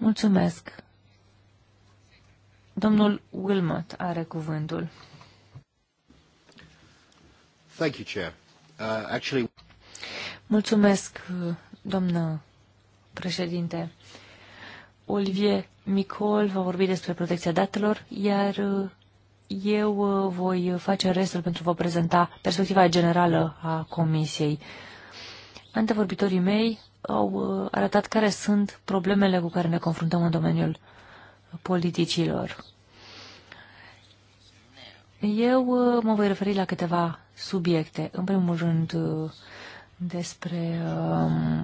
Mulțumesc. Domnul Wilmot are cuvântul. Thank you, Chair. Uh, actually... Mulțumesc, doamnă președinte. Olivier Micol va vorbi despre protecția datelor, iar uh, eu uh, voi face restul pentru a vă prezenta perspectiva generală a Comisiei. Antevorbitorii mei au uh, arătat care sunt problemele cu care ne confruntăm în domeniul politicilor. Eu uh, mă voi referi la câteva subiecte. În primul rând, uh, despre uh,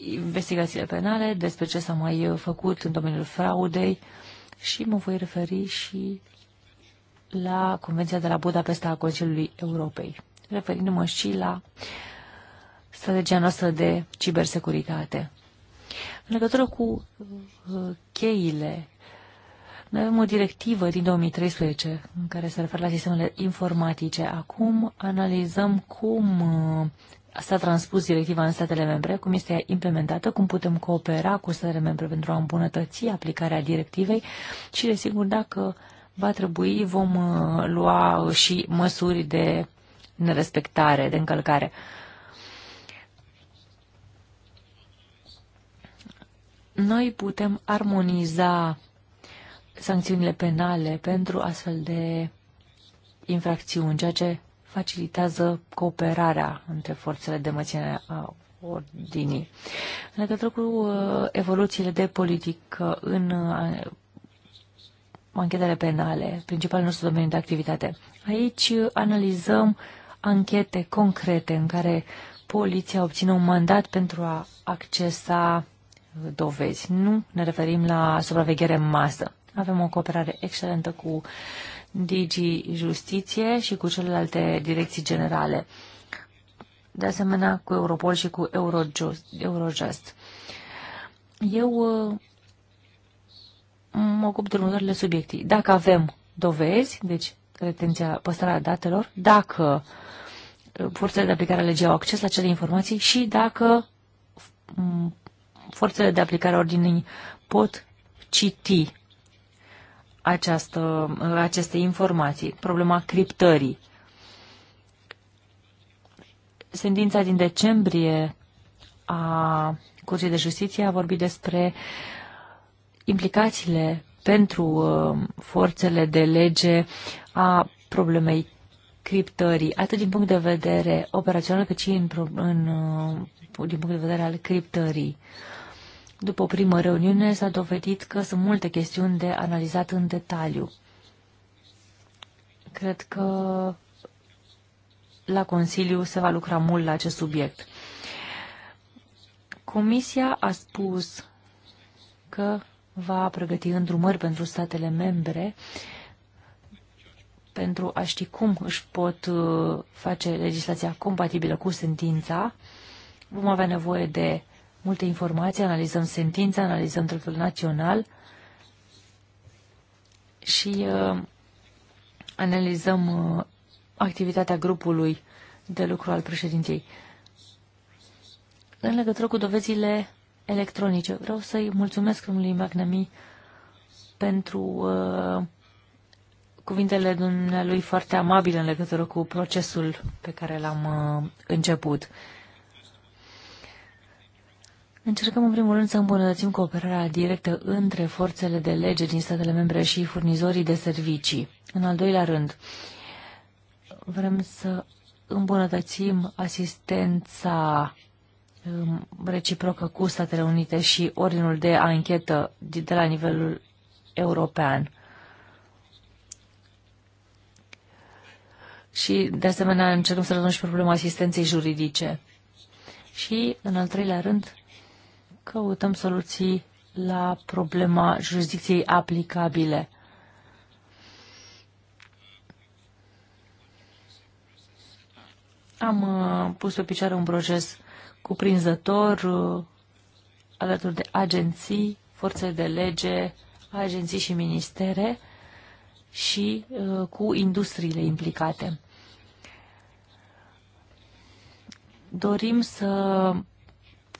investigațiile penale, despre ce s-a mai făcut în domeniul fraudei și mă voi referi și la Convenția de la Budapesta a Consiliului Europei, referindu-mă și la uh, strategia noastră de cibersecuritate. În legătură cu uh, cheile, noi avem o directivă din 2013 în care se referă la sistemele informatice. Acum analizăm cum uh, s-a transpus directiva în statele membre, cum este implementată, cum putem coopera cu statele membre pentru a îmbunătăți aplicarea directivei și, desigur, dacă va trebui, vom uh, lua și măsuri de nerespectare, de încălcare. noi putem armoniza sancțiunile penale pentru astfel de infracțiuni, ceea ce facilitează cooperarea între forțele de măținere a ordinii. În legătură cu uh, evoluțiile de politică în uh, anchetele penale, principalul nostru domeniu de activitate, aici analizăm anchete concrete în care poliția obține un mandat pentru a accesa dovezi. Nu ne referim la supraveghere în masă. Avem o cooperare excelentă cu Digi Justiție și cu celelalte direcții generale. De asemenea, cu Europol și cu Eurojust. Eu uh, mă ocup de următoarele subiecte. Dacă avem dovezi, deci retenția, păstrarea datelor, dacă uh, forțele de aplicare a legii au acces la cele informații și dacă mm, forțele de aplicare a ordinii pot citi această, aceste informații. Problema criptării. Sentința din decembrie a Curții de Justiție a vorbit despre implicațiile pentru uh, forțele de lege a problemei criptării, atât din punct de vedere operațional, cât și în, în, uh, din punct de vedere al criptării. După o primă reuniune s-a dovedit că sunt multe chestiuni de analizat în detaliu. Cred că la Consiliu se va lucra mult la acest subiect. Comisia a spus că va pregăti îndrumări pentru statele membre pentru a ști cum își pot uh, face legislația compatibilă cu sentința. Vom avea nevoie de multe informații, analizăm sentința, analizăm dreptul național și uh, analizăm uh, activitatea grupului de lucru al președinției. În legătură cu dovezile electronice, vreau să-i mulțumesc domnului Magnami pentru uh, cuvintele dumnealui foarte amabile în legătură cu procesul pe care l-am uh, început. Încercăm în primul rând să îmbunătățim cooperarea directă între forțele de lege din statele membre și furnizorii de servicii. În al doilea rând, vrem să îmbunătățim asistența um, reciprocă cu Statele Unite și ordinul de anchetă de la nivelul european. Și, de asemenea, încercăm să rezolvăm și problema asistenței juridice. Și, în al treilea rând, căutăm soluții la problema jurisdicției aplicabile. Am uh, pus pe picioare un proces cuprinzător uh, alături de agenții, forțe de lege, agenții și ministere și uh, cu industriile implicate. Dorim să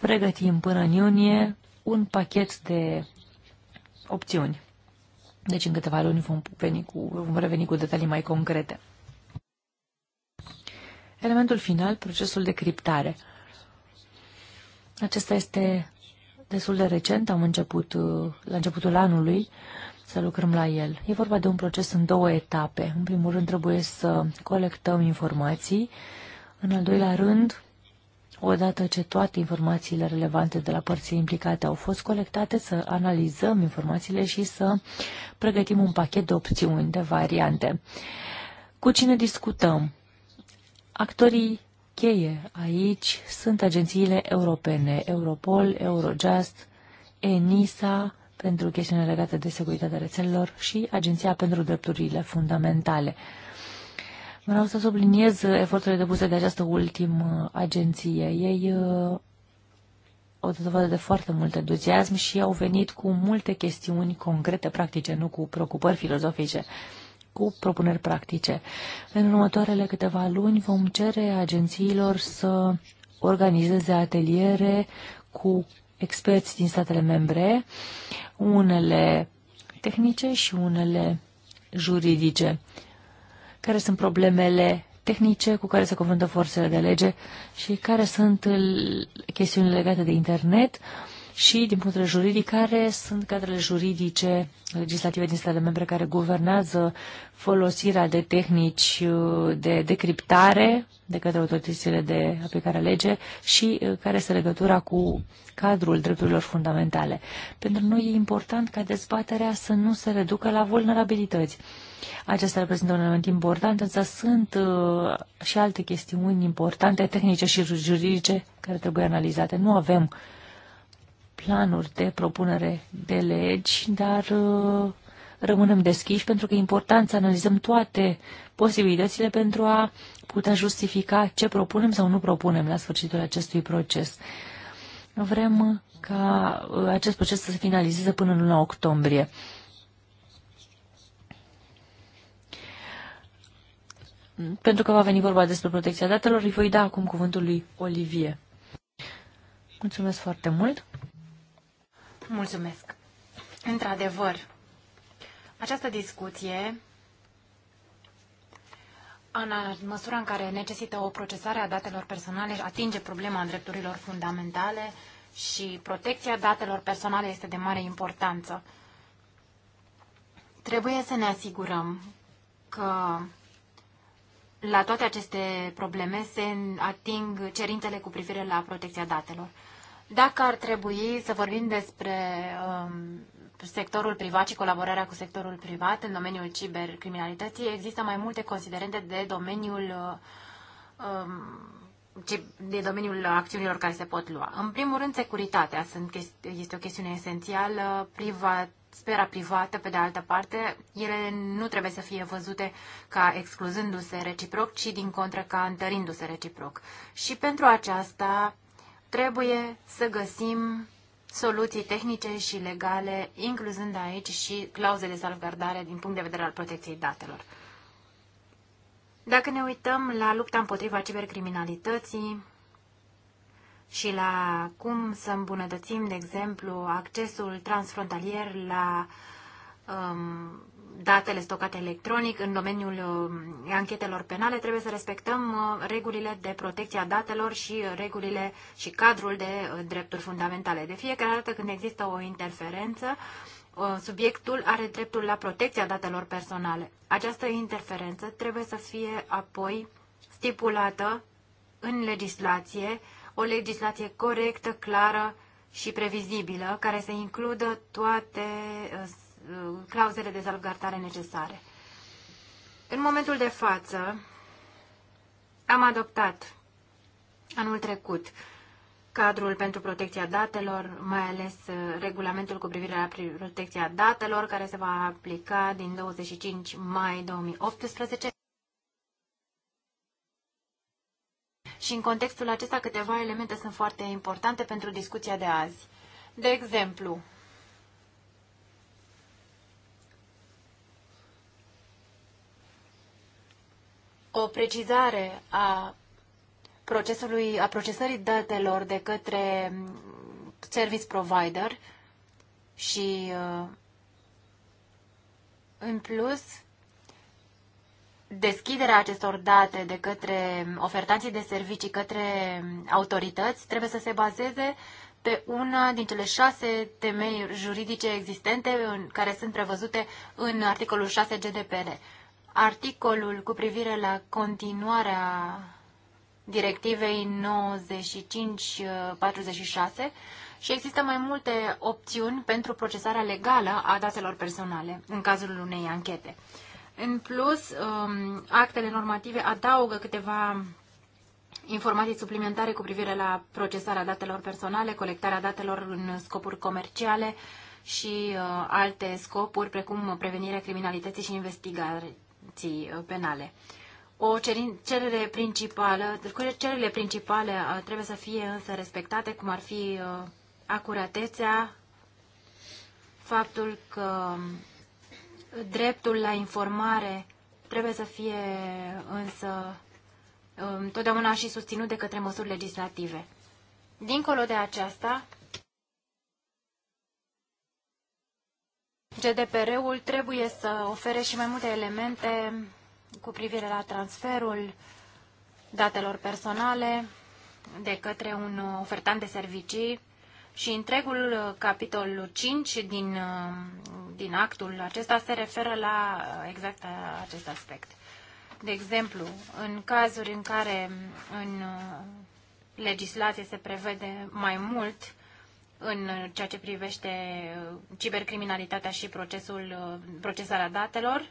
pregătim până în iunie un pachet de opțiuni. Deci în câteva luni vom, veni cu, vom reveni cu detalii mai concrete. Elementul final, procesul de criptare. Acesta este destul de recent, am început la începutul anului să lucrăm la el. E vorba de un proces în două etape. În primul rând trebuie să colectăm informații, în al doilea rând odată ce toate informațiile relevante de la părțile implicate au fost colectate, să analizăm informațiile și să pregătim un pachet de opțiuni, de variante. Cu cine discutăm? Actorii cheie aici sunt agențiile europene, Europol, Eurojust, ENISA, pentru chestiuni legate de securitatea rețelelor și Agenția pentru Drepturile Fundamentale. Vreau să subliniez eforturile depuse de această ultimă agenție. Ei uh, au dat dovadă de foarte mult entuziasm și au venit cu multe chestiuni concrete, practice, nu cu preocupări filozofice, cu propuneri practice. În următoarele câteva luni vom cere agențiilor să organizeze ateliere cu experți din statele membre, unele tehnice și unele juridice care sunt problemele tehnice cu care se confruntă forțele de lege și care sunt chestiuni legate de internet și, din punct de vedere juridic, care sunt cadrele juridice legislative din statele membre care guvernează folosirea de tehnici uh, de decriptare de către autoritățile de aplicare a lege și uh, care este legătura cu cadrul drepturilor fundamentale. Pentru noi e important ca dezbaterea să nu se reducă la vulnerabilități acesta reprezintă un element important, însă sunt uh, și alte chestiuni importante, tehnice și juridice, care trebuie analizate. Nu avem planuri de propunere de legi, dar uh, rămânem deschiși pentru că e important să analizăm toate posibilitățile pentru a putea justifica ce propunem sau nu propunem la sfârșitul acestui proces. Vrem ca uh, acest proces să se finalizeze până în luna octombrie. pentru că va veni vorba despre protecția datelor, îi voi da acum cuvântul lui Olivier. Mulțumesc foarte mult! Mulțumesc! Într-adevăr, această discuție, în măsura în care necesită o procesare a datelor personale, atinge problema drepturilor fundamentale și protecția datelor personale este de mare importanță. Trebuie să ne asigurăm că la toate aceste probleme se ating cerințele cu privire la protecția datelor. Dacă ar trebui să vorbim despre um, sectorul privat și colaborarea cu sectorul privat în domeniul cibercriminalității, există mai multe considerente de domeniul um, de domeniul acțiunilor care se pot lua. În primul rând, securitatea este o chestiune esențială, privat, sfera privată, pe de altă parte, ele nu trebuie să fie văzute ca excluzându-se reciproc, ci din contră ca întărindu-se reciproc. Și pentru aceasta trebuie să găsim soluții tehnice și legale, incluzând aici și clauze de salvgardare din punct de vedere al protecției datelor. Dacă ne uităm la lupta împotriva cibercriminalității, și la cum să îmbunătățim, de exemplu, accesul transfrontalier la um, datele stocate electronic în domeniul um, anchetelor penale, trebuie să respectăm uh, regulile de protecție a datelor și uh, regulile și cadrul de uh, drepturi fundamentale. De fiecare dată când există o interferență, uh, subiectul are dreptul la protecția datelor personale. Această interferență trebuie să fie apoi stipulată în legislație o legislație corectă, clară și previzibilă, care să includă toate uh, uh, clauzele de salvgardare necesare. În momentul de față, am adoptat anul trecut cadrul pentru protecția datelor, mai ales uh, regulamentul cu privire la protecția datelor, care se va aplica din 25 mai 2018. Și în contextul acesta câteva elemente sunt foarte importante pentru discuția de azi. De exemplu, o precizare a procesului, a procesării datelor de către service provider și uh, în plus deschiderea acestor date de către ofertații de servicii, către autorități, trebuie să se bazeze pe una din cele șase temei juridice existente în, care sunt prevăzute în articolul 6 GDPR. Articolul cu privire la continuarea directivei 95-46 și există mai multe opțiuni pentru procesarea legală a datelor personale în cazul unei anchete. În plus, um, actele normative adaugă câteva informații suplimentare cu privire la procesarea datelor personale, colectarea datelor în scopuri comerciale și uh, alte scopuri, precum prevenirea criminalității și investigații uh, penale. O cerere principală, cererile principale uh, trebuie să fie însă respectate, cum ar fi acuratețea, faptul că um, Dreptul la informare trebuie să fie însă um, totdeauna și susținut de către măsuri legislative. Dincolo de aceasta, GDPR-ul trebuie să ofere și mai multe elemente cu privire la transferul datelor personale de către un ofertant de servicii și întregul uh, capitolul 5 din, uh, din actul acesta se referă la uh, exact acest aspect. De exemplu, în cazuri în care în legislație se prevede mai mult în ceea ce privește cibercriminalitatea și procesul, procesarea datelor,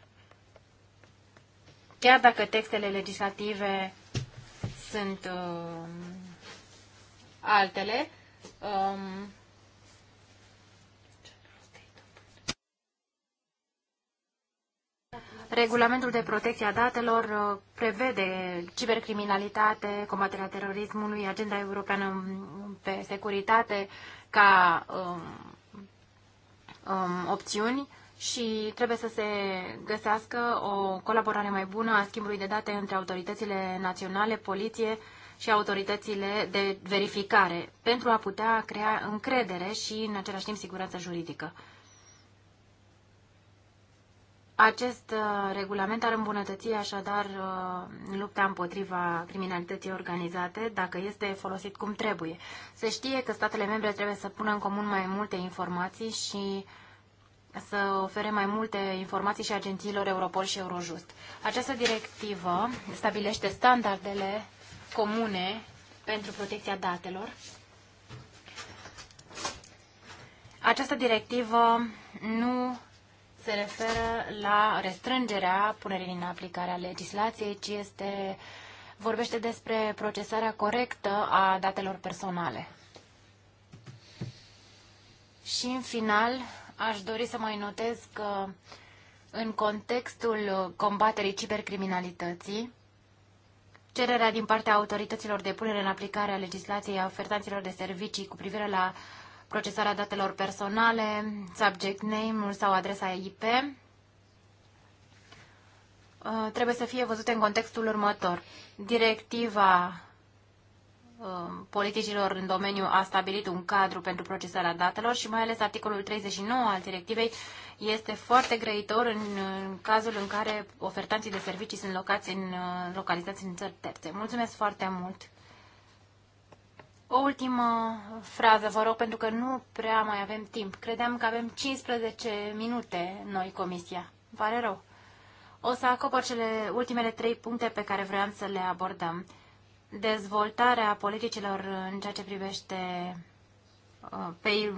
chiar dacă textele legislative sunt uh, altele, Um, Regulamentul de protecție a datelor uh, prevede cibercriminalitate, combaterea terorismului, agenda europeană um, pe securitate ca um, um, opțiuni și trebuie să se găsească o colaborare mai bună a schimbului de date între autoritățile naționale, poliție și autoritățile de verificare pentru a putea crea încredere și, în același timp, siguranță juridică. Acest uh, regulament ar îmbunătăți așadar uh, lupta împotriva criminalității organizate dacă este folosit cum trebuie. Se știe că statele membre trebuie să pună în comun mai multe informații și să ofere mai multe informații și agențiilor Europol și Eurojust. Această directivă stabilește standardele comune pentru protecția datelor. Această directivă nu se referă la restrângerea punerii în aplicare a legislației, ci este, vorbește despre procesarea corectă a datelor personale. Și în final, aș dori să mai notez că în contextul combaterii cibercriminalității, Cererea din partea autorităților de punere în aplicare a legislației a ofertanților de servicii cu privire la procesarea datelor personale, subject name-ul sau adresa IP, uh, trebuie să fie văzute în contextul următor. Directiva Um, politicilor în domeniu a stabilit un cadru pentru procesarea datelor și mai ales articolul 39 al directivei este foarte grăitor în, cazul în care ofertanții de servicii sunt locați în, uh, localizați în țări terțe. Mulțumesc foarte mult! O ultimă frază, vă rog, pentru că nu prea mai avem timp. Credeam că avem 15 minute noi, Comisia. Pare rău. O să acopăr cele ultimele trei puncte pe care vreau să le abordăm dezvoltarea politicilor în ceea ce privește uh, pe,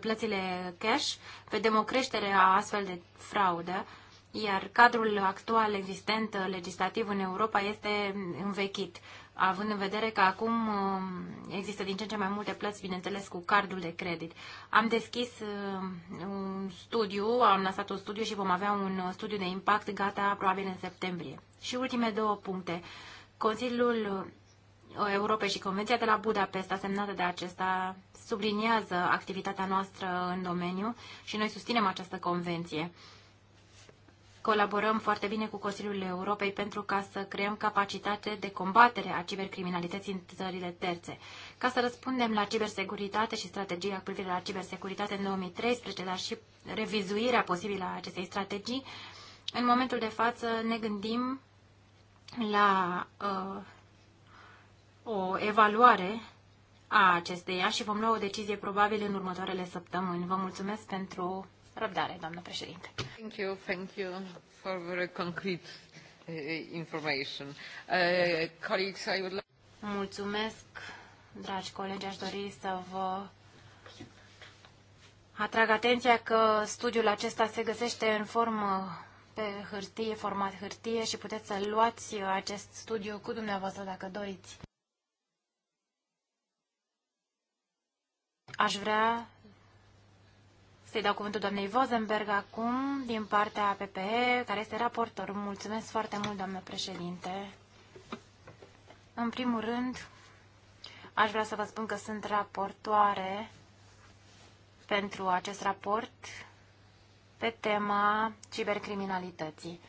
plățile cash, vedem o creștere a astfel de fraudă, iar cadrul actual existent uh, legislativ în Europa este învechit, având în vedere că acum uh, există din ce în ce mai multe plăți, bineînțeles, cu cardul de credit. Am deschis un studiu, am lăsat un studiu și vom avea un studiu de impact gata probabil în septembrie. Și ultime două puncte. Consiliul Europei și Convenția de la Budapesta, semnată de acesta, subliniază activitatea noastră în domeniu și noi susținem această convenție. Colaborăm foarte bine cu Consiliul Europei pentru ca să creăm capacitate de combatere a cibercriminalității în țările terțe. Ca să răspundem la cibersecuritate și strategia cu privire la cibersecuritate în 2013, dar și revizuirea posibilă a acestei strategii, în momentul de față ne gândim la uh, o evaluare a acesteia și vom lua o decizie probabil în următoarele săptămâni. Vă mulțumesc pentru răbdare, doamnă președinte. Thank you, thank you for very concrete eh, information. Uh, colleagues, I would like... Mulțumesc, dragi colegi, aș dori să vă atrag atenția că studiul acesta se găsește în formă pe hârtie, format hârtie și puteți să luați acest studiu cu dumneavoastră dacă doriți. Aș vrea să-i dau cuvântul doamnei Vozenberg acum, din partea PPE, care este raportor. Mulțumesc foarte mult, doamnă președinte. În primul rând, aș vrea să vă spun că sunt raportoare pentru acest raport pe tema cibercriminalității.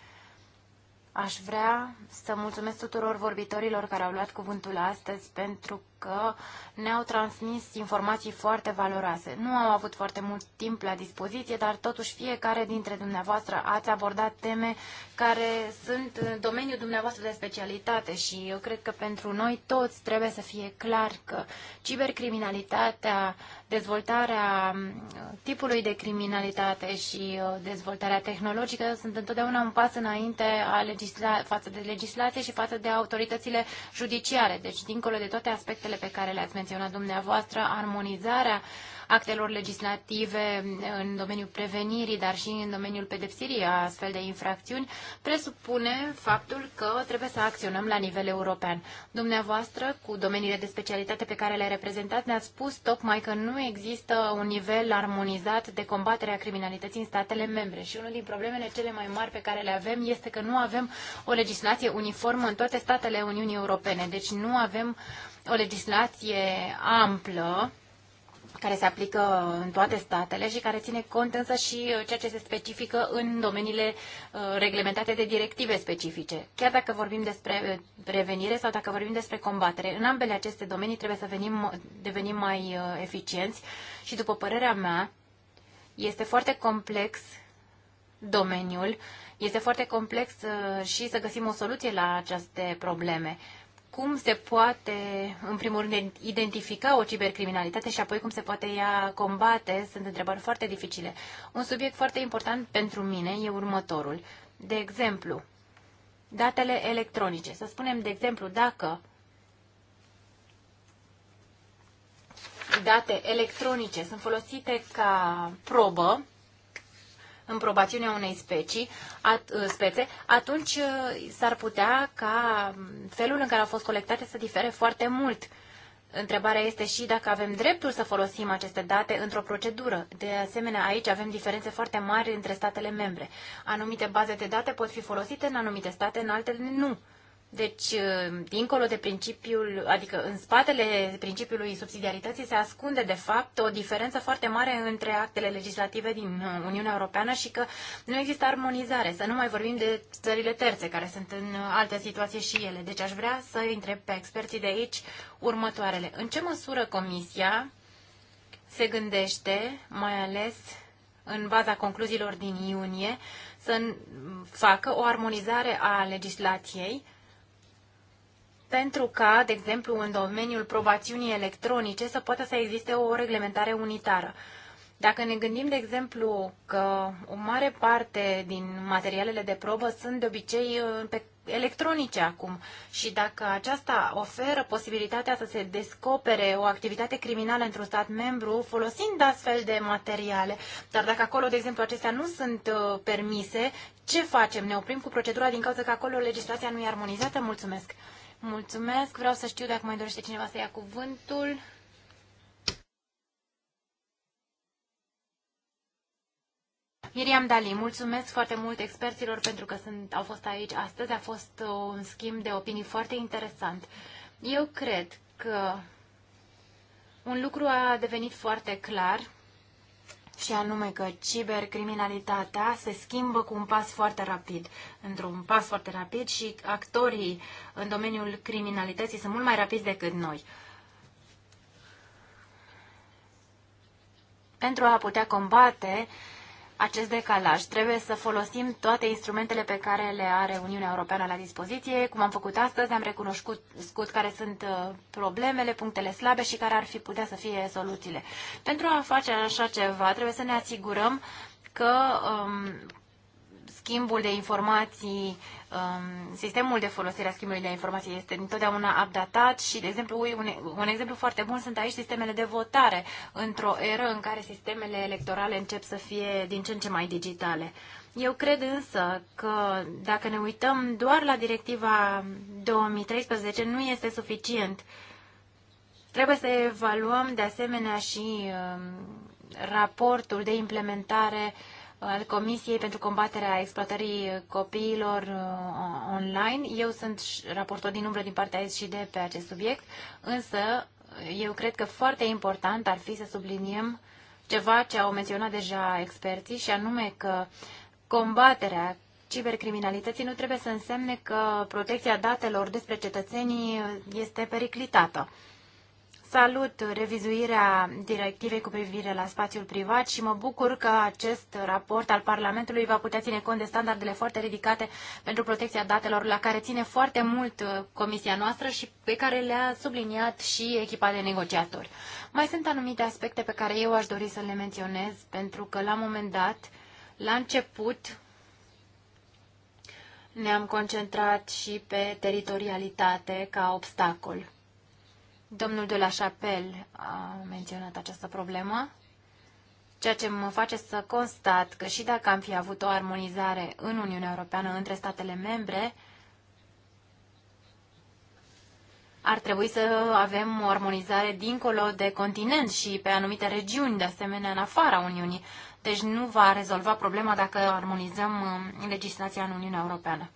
Aș vrea să mulțumesc tuturor vorbitorilor care au luat cuvântul astăzi pentru că ne-au transmis informații foarte valoroase. Nu am avut foarte mult timp la dispoziție, dar totuși fiecare dintre dumneavoastră ați abordat teme care sunt în domeniul dumneavoastră de specialitate și eu cred că pentru noi toți trebuie să fie clar că cibercriminalitatea dezvoltarea mm, tipului de criminalitate și uh, dezvoltarea tehnologică sunt întotdeauna un pas înainte a legisla- față de legislație și față de autoritățile judiciare. Deci, dincolo de toate aspectele pe care le-ați menționat dumneavoastră, armonizarea actelor legislative în domeniul prevenirii, dar și în domeniul pedepsirii a astfel de infracțiuni, presupune faptul că trebuie să acționăm la nivel european. Dumneavoastră, cu domeniile de specialitate pe care le reprezentați, ne-ați spus tocmai că nu există un nivel armonizat de combatere a criminalității în statele membre și unul din problemele cele mai mari pe care le avem este că nu avem o legislație uniformă în toate statele Uniunii Europene. Deci nu avem o legislație amplă care se aplică în toate statele și care ține cont însă și uh, ceea ce se specifică în domeniile uh, reglementate de directive specifice. Chiar dacă vorbim despre uh, prevenire sau dacă vorbim despre combatere, în ambele aceste domenii trebuie să venim, devenim mai eficienți și, după părerea mea, este foarte complex domeniul, este foarte complex și să găsim o soluție la aceste probleme cum se poate, în primul rând, identifica o cibercriminalitate și apoi cum se poate ea combate, sunt întrebări foarte dificile. Un subiect foarte important pentru mine e următorul. De exemplu, datele electronice. Să spunem, de exemplu, dacă date electronice sunt folosite ca probă în probațiunea unei specii, at, uh, spețe, atunci uh, s-ar putea ca felul în care au fost colectate să difere foarte mult. Întrebarea este și dacă avem dreptul să folosim aceste date într-o procedură. De asemenea, aici avem diferențe foarte mari între statele membre. Anumite baze de date pot fi folosite în anumite state, în altele nu. Deci, ă, dincolo de principiul, adică în spatele principiului subsidiarității se ascunde, de fapt, o diferență foarte mare între actele legislative din ă, Uniunea Europeană și că nu există armonizare. Să nu mai vorbim de țările terțe, care sunt în alte situații și ele. Deci aș vrea să întreb pe experții de aici următoarele. În ce măsură Comisia se gândește, mai ales în baza concluziilor din iunie, să facă o armonizare a legislației pentru ca, de exemplu, în domeniul probațiunii electronice să poată să existe o reglementare unitară. Dacă ne gândim, de exemplu, că o mare parte din materialele de probă sunt de obicei uh, pe electronice acum și dacă aceasta oferă posibilitatea să se descopere o activitate criminală într-un stat membru folosind astfel de materiale, dar dacă acolo, de exemplu, acestea nu sunt uh, permise, ce facem? Ne oprim cu procedura din cauza că acolo legislația nu e armonizată? Mulțumesc! Mulțumesc. Vreau să știu dacă mai dorește cineva să ia cuvântul. Miriam Dali, mulțumesc foarte mult experților pentru că sunt, au fost aici astăzi. A fost uh, un schimb de opinii foarte interesant. Eu cred că un lucru a devenit foarte clar și anume că cibercriminalitatea se schimbă cu un pas foarte rapid, într-un pas foarte rapid și actorii în domeniul criminalității sunt mult mai rapizi decât noi. Pentru a putea combate uh, acest decalaj. Trebuie să folosim toate instrumentele pe care le are Uniunea Europeană la dispoziție. Cum am făcut astăzi, am recunoscut scut care sunt uh, problemele, punctele slabe și care ar fi putea să fie soluțiile. Pentru a face așa ceva, trebuie să ne asigurăm că um, schimbul de informații Um, sistemul de folosire a schimbului de informații este întotdeauna updatat și, de exemplu, un, un exemplu foarte bun sunt aici sistemele de votare într-o eră în care sistemele electorale încep să fie din ce în ce mai digitale. Eu cred însă că dacă ne uităm doar la directiva 2013 nu este suficient. Trebuie să evaluăm de asemenea și um, raportul de implementare uh, al Comisiei pentru combaterea exploatării copiilor uh, online. Eu sunt raportor din umbră din partea SCD pe acest subiect, însă uh, eu cred că foarte important ar fi să subliniem ceva ce au menționat deja experții și anume că combaterea cibercriminalității nu trebuie să însemne că protecția datelor despre cetățenii este periclitată. Salut revizuirea directivei cu privire la spațiul privat și mă bucur că acest raport al Parlamentului va putea ține cont de standardele foarte ridicate pentru protecția datelor, la care ține foarte mult comisia noastră și pe care le-a subliniat și echipa de negociatori. Mai sunt anumite aspecte pe care eu aș dori să le menționez, pentru că la un moment dat, la început, ne-am concentrat și pe teritorialitate ca obstacol Domnul de la Chapelle a menționat această problemă, ceea ce mă face să constat că și dacă am fi avut o armonizare în Uniunea Europeană între statele membre, ar trebui să avem o armonizare dincolo de continent și pe anumite regiuni, de asemenea în afara Uniunii. Deci nu va rezolva problema dacă armonizăm uh, legislația în Uniunea Europeană.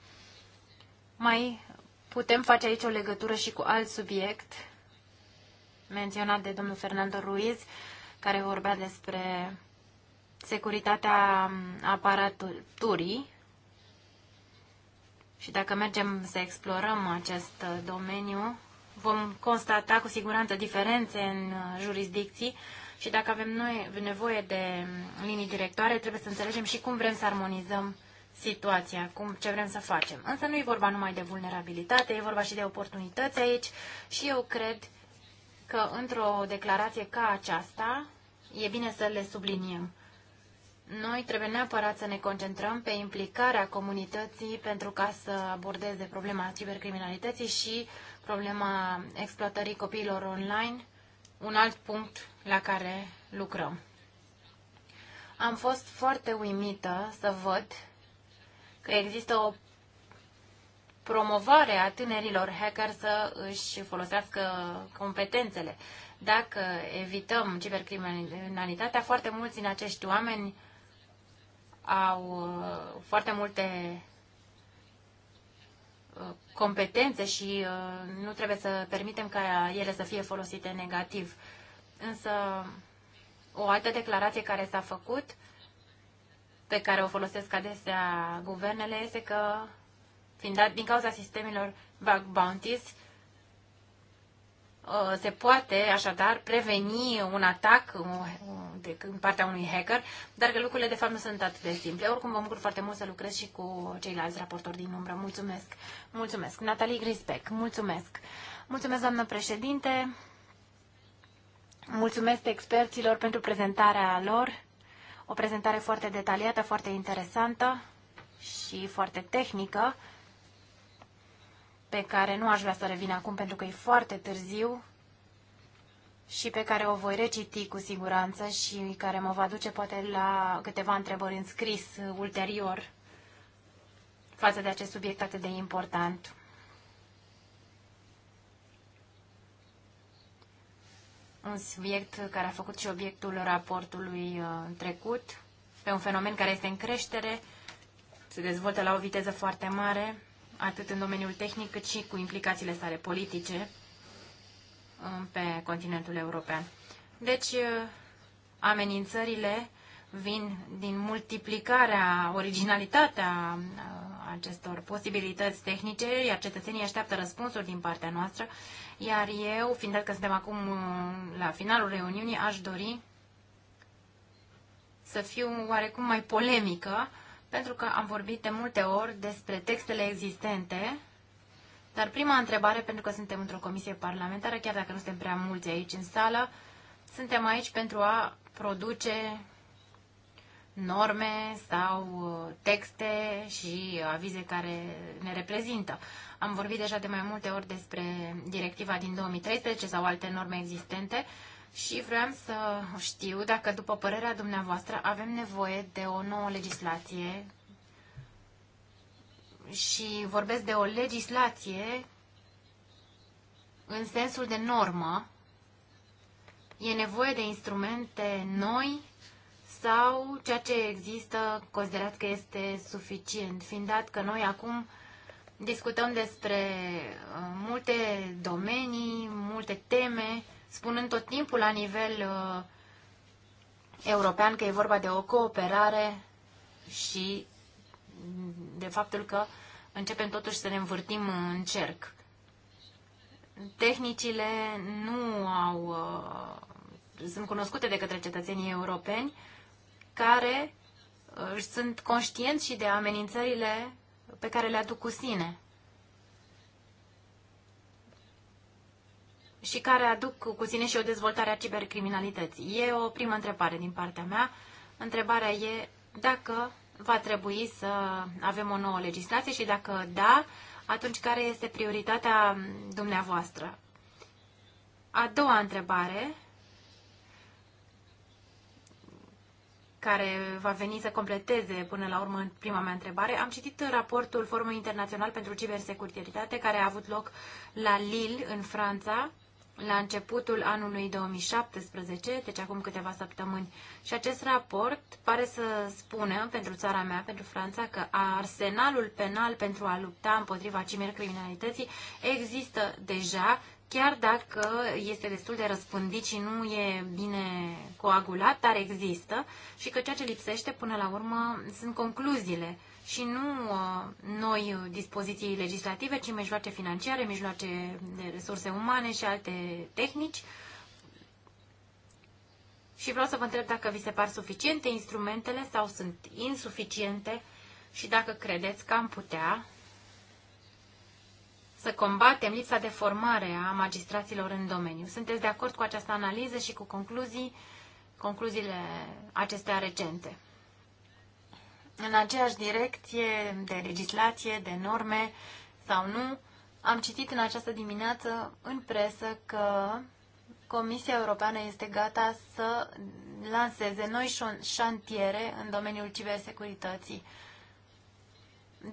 Mai putem face aici o legătură și cu alt subiect menționat de domnul Fernando Ruiz, care vorbea despre securitatea aparaturii și dacă mergem să explorăm acest domeniu, vom constata cu siguranță diferențe în jurisdicții și dacă avem noi nevoie de linii directoare, trebuie să înțelegem și cum vrem să armonizăm situația, cum, ce vrem să facem. Însă nu e vorba numai de vulnerabilitate, e vorba și de oportunități aici și eu cred că într-o declarație ca aceasta e bine să le subliniem. Noi trebuie neapărat să ne concentrăm pe implicarea comunității pentru ca să abordeze problema cibercriminalității și problema exploatării copiilor online, un alt punct la care lucrăm. Am fost foarte uimită să văd că există o promovarea tinerilor hacker să își folosească competențele. Dacă evităm cibercriminalitatea, foarte mulți din acești oameni au uh, foarte multe uh, competențe și uh, nu trebuie să permitem ca ele să fie folosite negativ. Însă o altă declarație care s-a făcut, pe care o folosesc adesea guvernele, este că fiind din cauza sistemelor bug bounties, uh, se poate așadar preveni un atac uh, de partea unui hacker, dar că lucrurile de fapt nu sunt atât de simple. Oricum vă bucur foarte mult să lucrez și cu ceilalți raportori din umbră. Mulțumesc! Mulțumesc! Natalie Grisbeck, mulțumesc! Mulțumesc, doamnă președinte! Mulțumesc experților pentru prezentarea lor. O prezentare foarte detaliată, foarte interesantă și foarte tehnică pe care nu aș vrea să revin acum pentru că e foarte târziu și pe care o voi reciti cu siguranță și care mă va duce poate la câteva întrebări în scris ulterior față de acest subiect atât de important. Un subiect care a făcut și obiectul raportului în uh, trecut, pe un fenomen care este în creștere, se dezvoltă la o viteză foarte mare atât în domeniul tehnic cât și cu implicațiile sale politice um, pe continentul european. Deci, uh, amenințările vin din multiplicarea, originalitatea uh, acestor posibilități tehnice, iar cetățenii așteaptă răspunsuri din partea noastră, iar eu, fiind dat că suntem acum uh, la finalul reuniunii, aș dori să fiu oarecum mai polemică pentru că am vorbit de multe ori despre textele existente, dar prima întrebare, pentru că suntem într-o comisie parlamentară, chiar dacă nu suntem prea mulți aici în sală, suntem aici pentru a produce norme sau uh, texte și avize care ne reprezintă. Am vorbit deja de mai multe ori despre directiva din 2013 sau alte norme existente și vreau să știu dacă, după părerea dumneavoastră, avem nevoie de o nouă legislație și vorbesc de o legislație în sensul de normă. E nevoie de instrumente noi sau ceea ce există considerat că este suficient, fiind dat că noi acum discutăm despre uh, multe domenii, multe teme, spunând tot timpul la nivel uh, european că e vorba de o cooperare și de faptul că începem totuși să ne învârtim în cerc. Tehnicile nu au, uh, sunt cunoscute de către cetățenii europeni care uh, sunt conștienți și de amenințările pe care le aduc cu sine. și care aduc cu sine și o dezvoltare a cibercriminalității. E o primă întrebare din partea mea. Întrebarea e dacă va trebui să avem o nouă legislație și dacă da, atunci care este prioritatea dumneavoastră? A doua întrebare care va veni să completeze până la urmă prima mea întrebare. Am citit raportul Forumului Internațional pentru Cibersecuritate care a avut loc la Lille, în Franța, la începutul anului 2017, deci acum câteva săptămâni. Și acest raport pare să spună pentru țara mea, pentru Franța, că arsenalul penal pentru a lupta împotriva cibercriminalității există deja, chiar dacă este destul de răspândit și nu e bine coagulat, dar există și că ceea ce lipsește până la urmă sunt concluziile și nu uh, noi uh, dispoziții legislative, ci mijloace financiare, mijloace de resurse umane și alte tehnici. Și vreau să vă întreb dacă vi se par suficiente instrumentele sau sunt insuficiente și dacă credeți că am putea să combatem lipsa de formare a magistraților în domeniu. Sunteți de acord cu această analiză și cu concluzii, concluziile acestea recente? în aceeași direcție de legislație, de norme sau nu. Am citit în această dimineață în presă că Comisia Europeană este gata să lanseze noi șantiere în domeniul cibersecurității.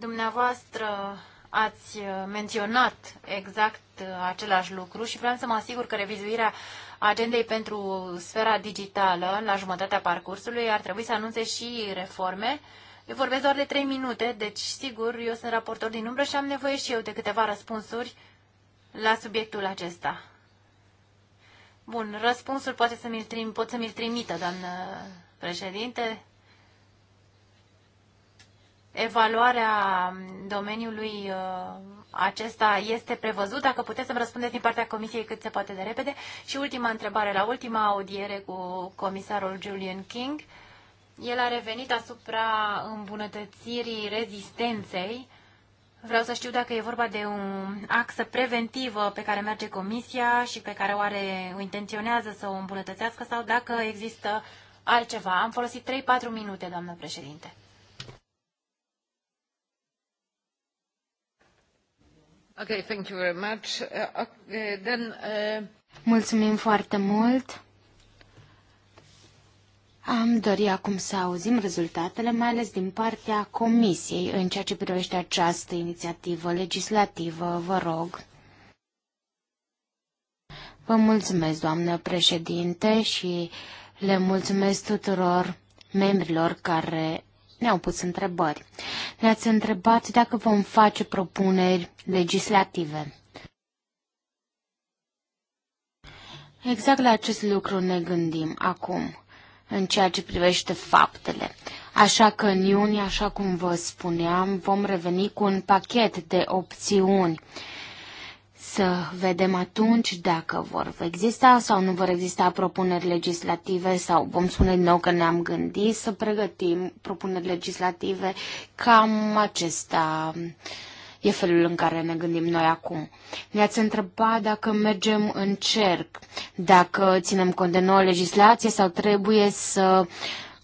Dumneavoastră ați menționat exact același lucru și vreau să mă asigur că revizuirea agendei pentru sfera digitală la jumătatea parcursului ar trebui să anunțe și reforme uh, eu vorbesc doar de trei minute, deci sigur, eu sunt raportor din umbră și am nevoie și eu de câteva răspunsuri la subiectul acesta. Bun, răspunsul poate să mi-l trim, pot să mi-l trimită, doamnă președinte. Evaluarea domeniului uh, acesta este prevăzut, dacă puteți să-mi răspundeți din partea Comisiei cât se poate de repede. Și ultima întrebare, la ultima audiere cu comisarul Julian King, uh, el a revenit asupra îmbunătățirii rezistenței. Vreau să știu dacă e vorba de o axă preventivă pe care merge Comisia și pe care oare o intenționează să o îmbunătățească sau dacă există altceva. Am folosit 3-4 minute, doamnă președinte. Okay, thank you very much. Uh, okay, uh, then, uh... Mulțumim foarte mult. Am dori acum să auzim rezultatele, mai ales din partea Comisiei, în ceea ce privește această inițiativă legislativă, vă rog. Vă mulțumesc, doamnă președinte, și le mulțumesc tuturor membrilor care ne-au pus întrebări. Ne-ați întrebat dacă vom face propuneri legislative. Exact la acest lucru ne gândim acum în ceea ce privește faptele. Așa că în iunie, așa cum vă spuneam, vom reveni cu un pachet de opțiuni. Să vedem atunci dacă vor exista sau nu vor exista propuneri legislative sau vom spune din nou că ne-am gândit să pregătim propuneri legislative. Cam acesta E felul în care ne gândim noi acum. Ne-ați întrebat dacă mergem în cerc, dacă ținem cont de nouă legislație sau trebuie să uh,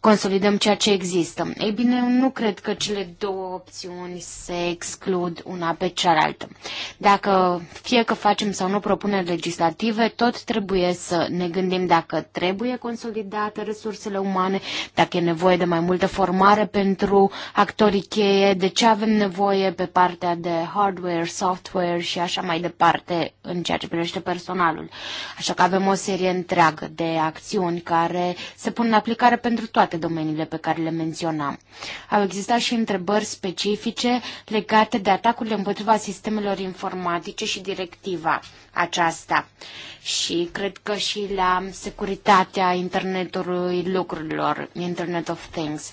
consolidăm ceea ce există. Ei bine, eu nu cred că cele două opțiuni se exclud una pe cealaltă. Dacă fie că facem sau nu propuneri legislative, tot trebuie să ne gândim dacă trebuie consolidate resursele umane, dacă e nevoie de mai multă formare pentru actorii cheie, de ce avem nevoie pe partea de hardware, software și așa mai departe în ceea ce privește personalul. Așa că avem o serie întreagă de acțiuni care se pun în aplicare pentru toate toate domeniile pe care le menționam. Au existat și întrebări specifice legate de atacurile împotriva sistemelor informatice și directiva aceasta. Și cred că și la securitatea internetului lucrurilor, Internet of Things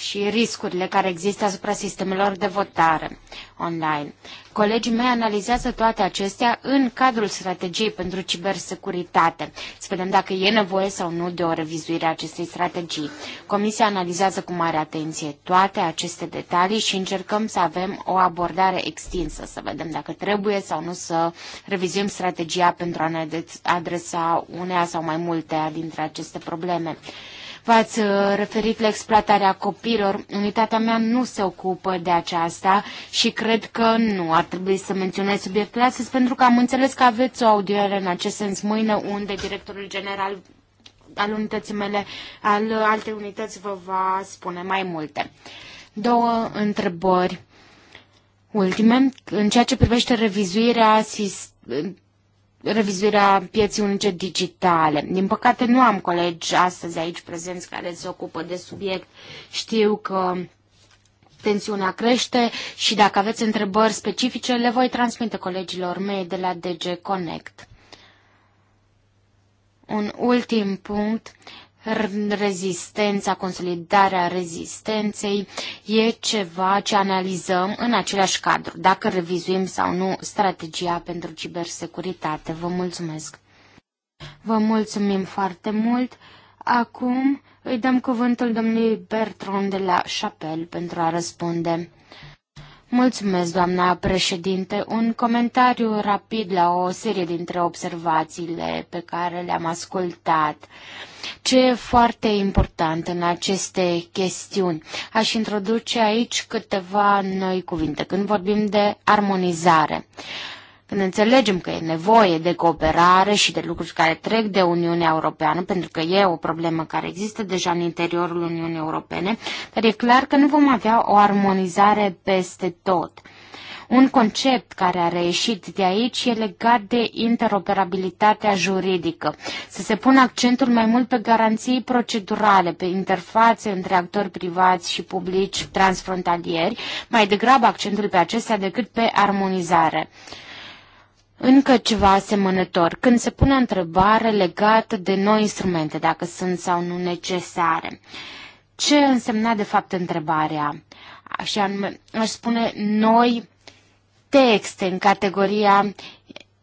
și riscurile care există asupra sistemelor de votare online. Colegii mei analizează toate acestea în cadrul strategiei pentru cibersecuritate. Să vedem dacă e nevoie sau nu de o revizuire a acestei strategii. Comisia analizează cu mare atenție toate aceste detalii și încercăm să avem o abordare extinsă, să vedem dacă trebuie sau nu să revizuim strategia pentru a ne adresa unea sau mai multe dintre aceste probleme. V-ați uh, referit la exploatarea copilor. Unitatea mea nu se ocupă de aceasta și cred că nu ar trebui să menționez subiectul astăzi pentru că am înțeles că aveți o audiere în acest sens mâine unde directorul general al unității mele, al alte unități vă va spune mai multe. Două întrebări ultime. În ceea ce privește revizuirea sistemului revizuirea pieții unice digitale. Din păcate nu am colegi astăzi aici prezenți care se ocupă de subiect. Știu că tensiunea crește și dacă aveți întrebări specifice, le voi transmite colegilor mei de la DG Connect. Un ultim punct, rezistența, consolidarea rezistenței e ceva ce analizăm în același cadru, dacă revizuim sau nu strategia pentru cibersecuritate. Vă mulțumesc! Vă mulțumim foarte mult! Acum îi dăm cuvântul domnului Bertrand de la Chapelle pentru a răspunde. Mulțumesc, doamna președinte. Un comentariu rapid la o serie dintre observațiile pe care le-am ascultat. Ce e foarte important în aceste chestiuni? Aș introduce aici câteva noi cuvinte când vorbim de armonizare. Uh, când înțelegem că e nevoie de cooperare și de lucruri care trec de Uniunea Europeană, pentru că e o problemă care există deja în interiorul Uniunii Europene, dar e clar că nu vom avea o armonizare peste tot. Un concept care a reieșit de aici e legat de interoperabilitatea juridică. Să se pună accentul mai mult pe garanții procedurale, pe interfațe între actori privați și publici transfrontalieri, mai degrabă accentul pe acestea decât pe armonizare încă ceva asemănător, când se pune o întrebare legată de noi instrumente, dacă sunt sau nu necesare. Ce însemna de fapt întrebarea? Și anume, aș spune noi texte în categoria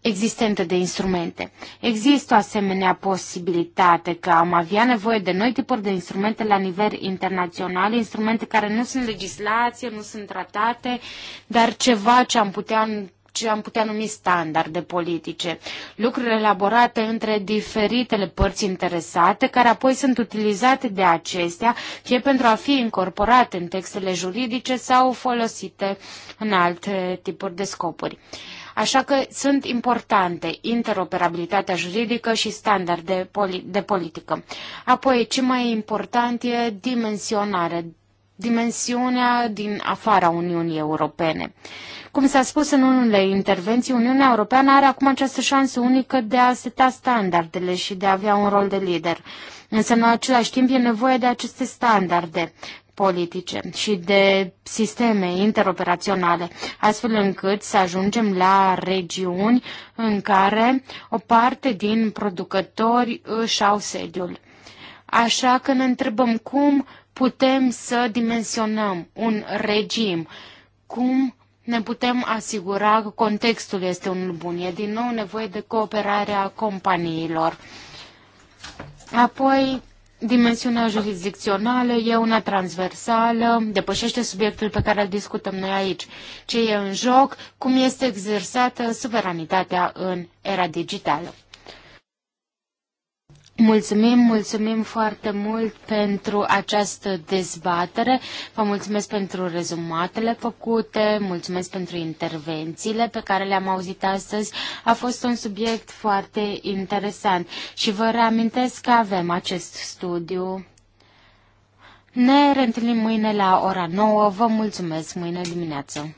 existentă de instrumente. Există o asemenea posibilitate că am avea nevoie de noi tipuri de instrumente la nivel internațional, instrumente care nu sunt legislație, nu sunt tratate, dar ceva ce am putea ce am putea numi standarde politice, lucruri elaborate între diferitele părți interesate, care apoi sunt utilizate de acestea, fie pentru a fi incorporate în textele juridice sau folosite în alte tipuri de scopuri. Așa că sunt importante interoperabilitatea juridică și standarde de politică. Apoi, ce mai important e dimensionare, dimensiunea din afara Uniunii Europene. Cum s-a spus în unele intervenții, Uniunea Europeană are acum această șansă unică de a seta standardele și de a avea un rol de lider. Însă, în același timp, e nevoie de aceste standarde politice și de sisteme interoperaționale, astfel încât să ajungem la regiuni în care o parte din producători își au sediul. Așa că ne întrebăm cum putem să dimensionăm un regim, cum ne putem asigura că contextul este unul bun. E din nou nevoie de cooperarea companiilor. Apoi, dimensiunea jurisdicțională e una transversală, depășește subiectul pe care îl discutăm noi aici. Ce e în joc, cum este exersată suveranitatea în era digitală. Mulțumim, mulțumim foarte mult pentru această dezbatere. Vă mulțumesc pentru rezumatele făcute, mulțumesc pentru intervențiile pe care le-am auzit astăzi. A fost un subiect foarte interesant și vă reamintesc că avem acest studiu. Ne reîntâlnim mâine la ora 9. Vă mulțumesc mâine dimineață.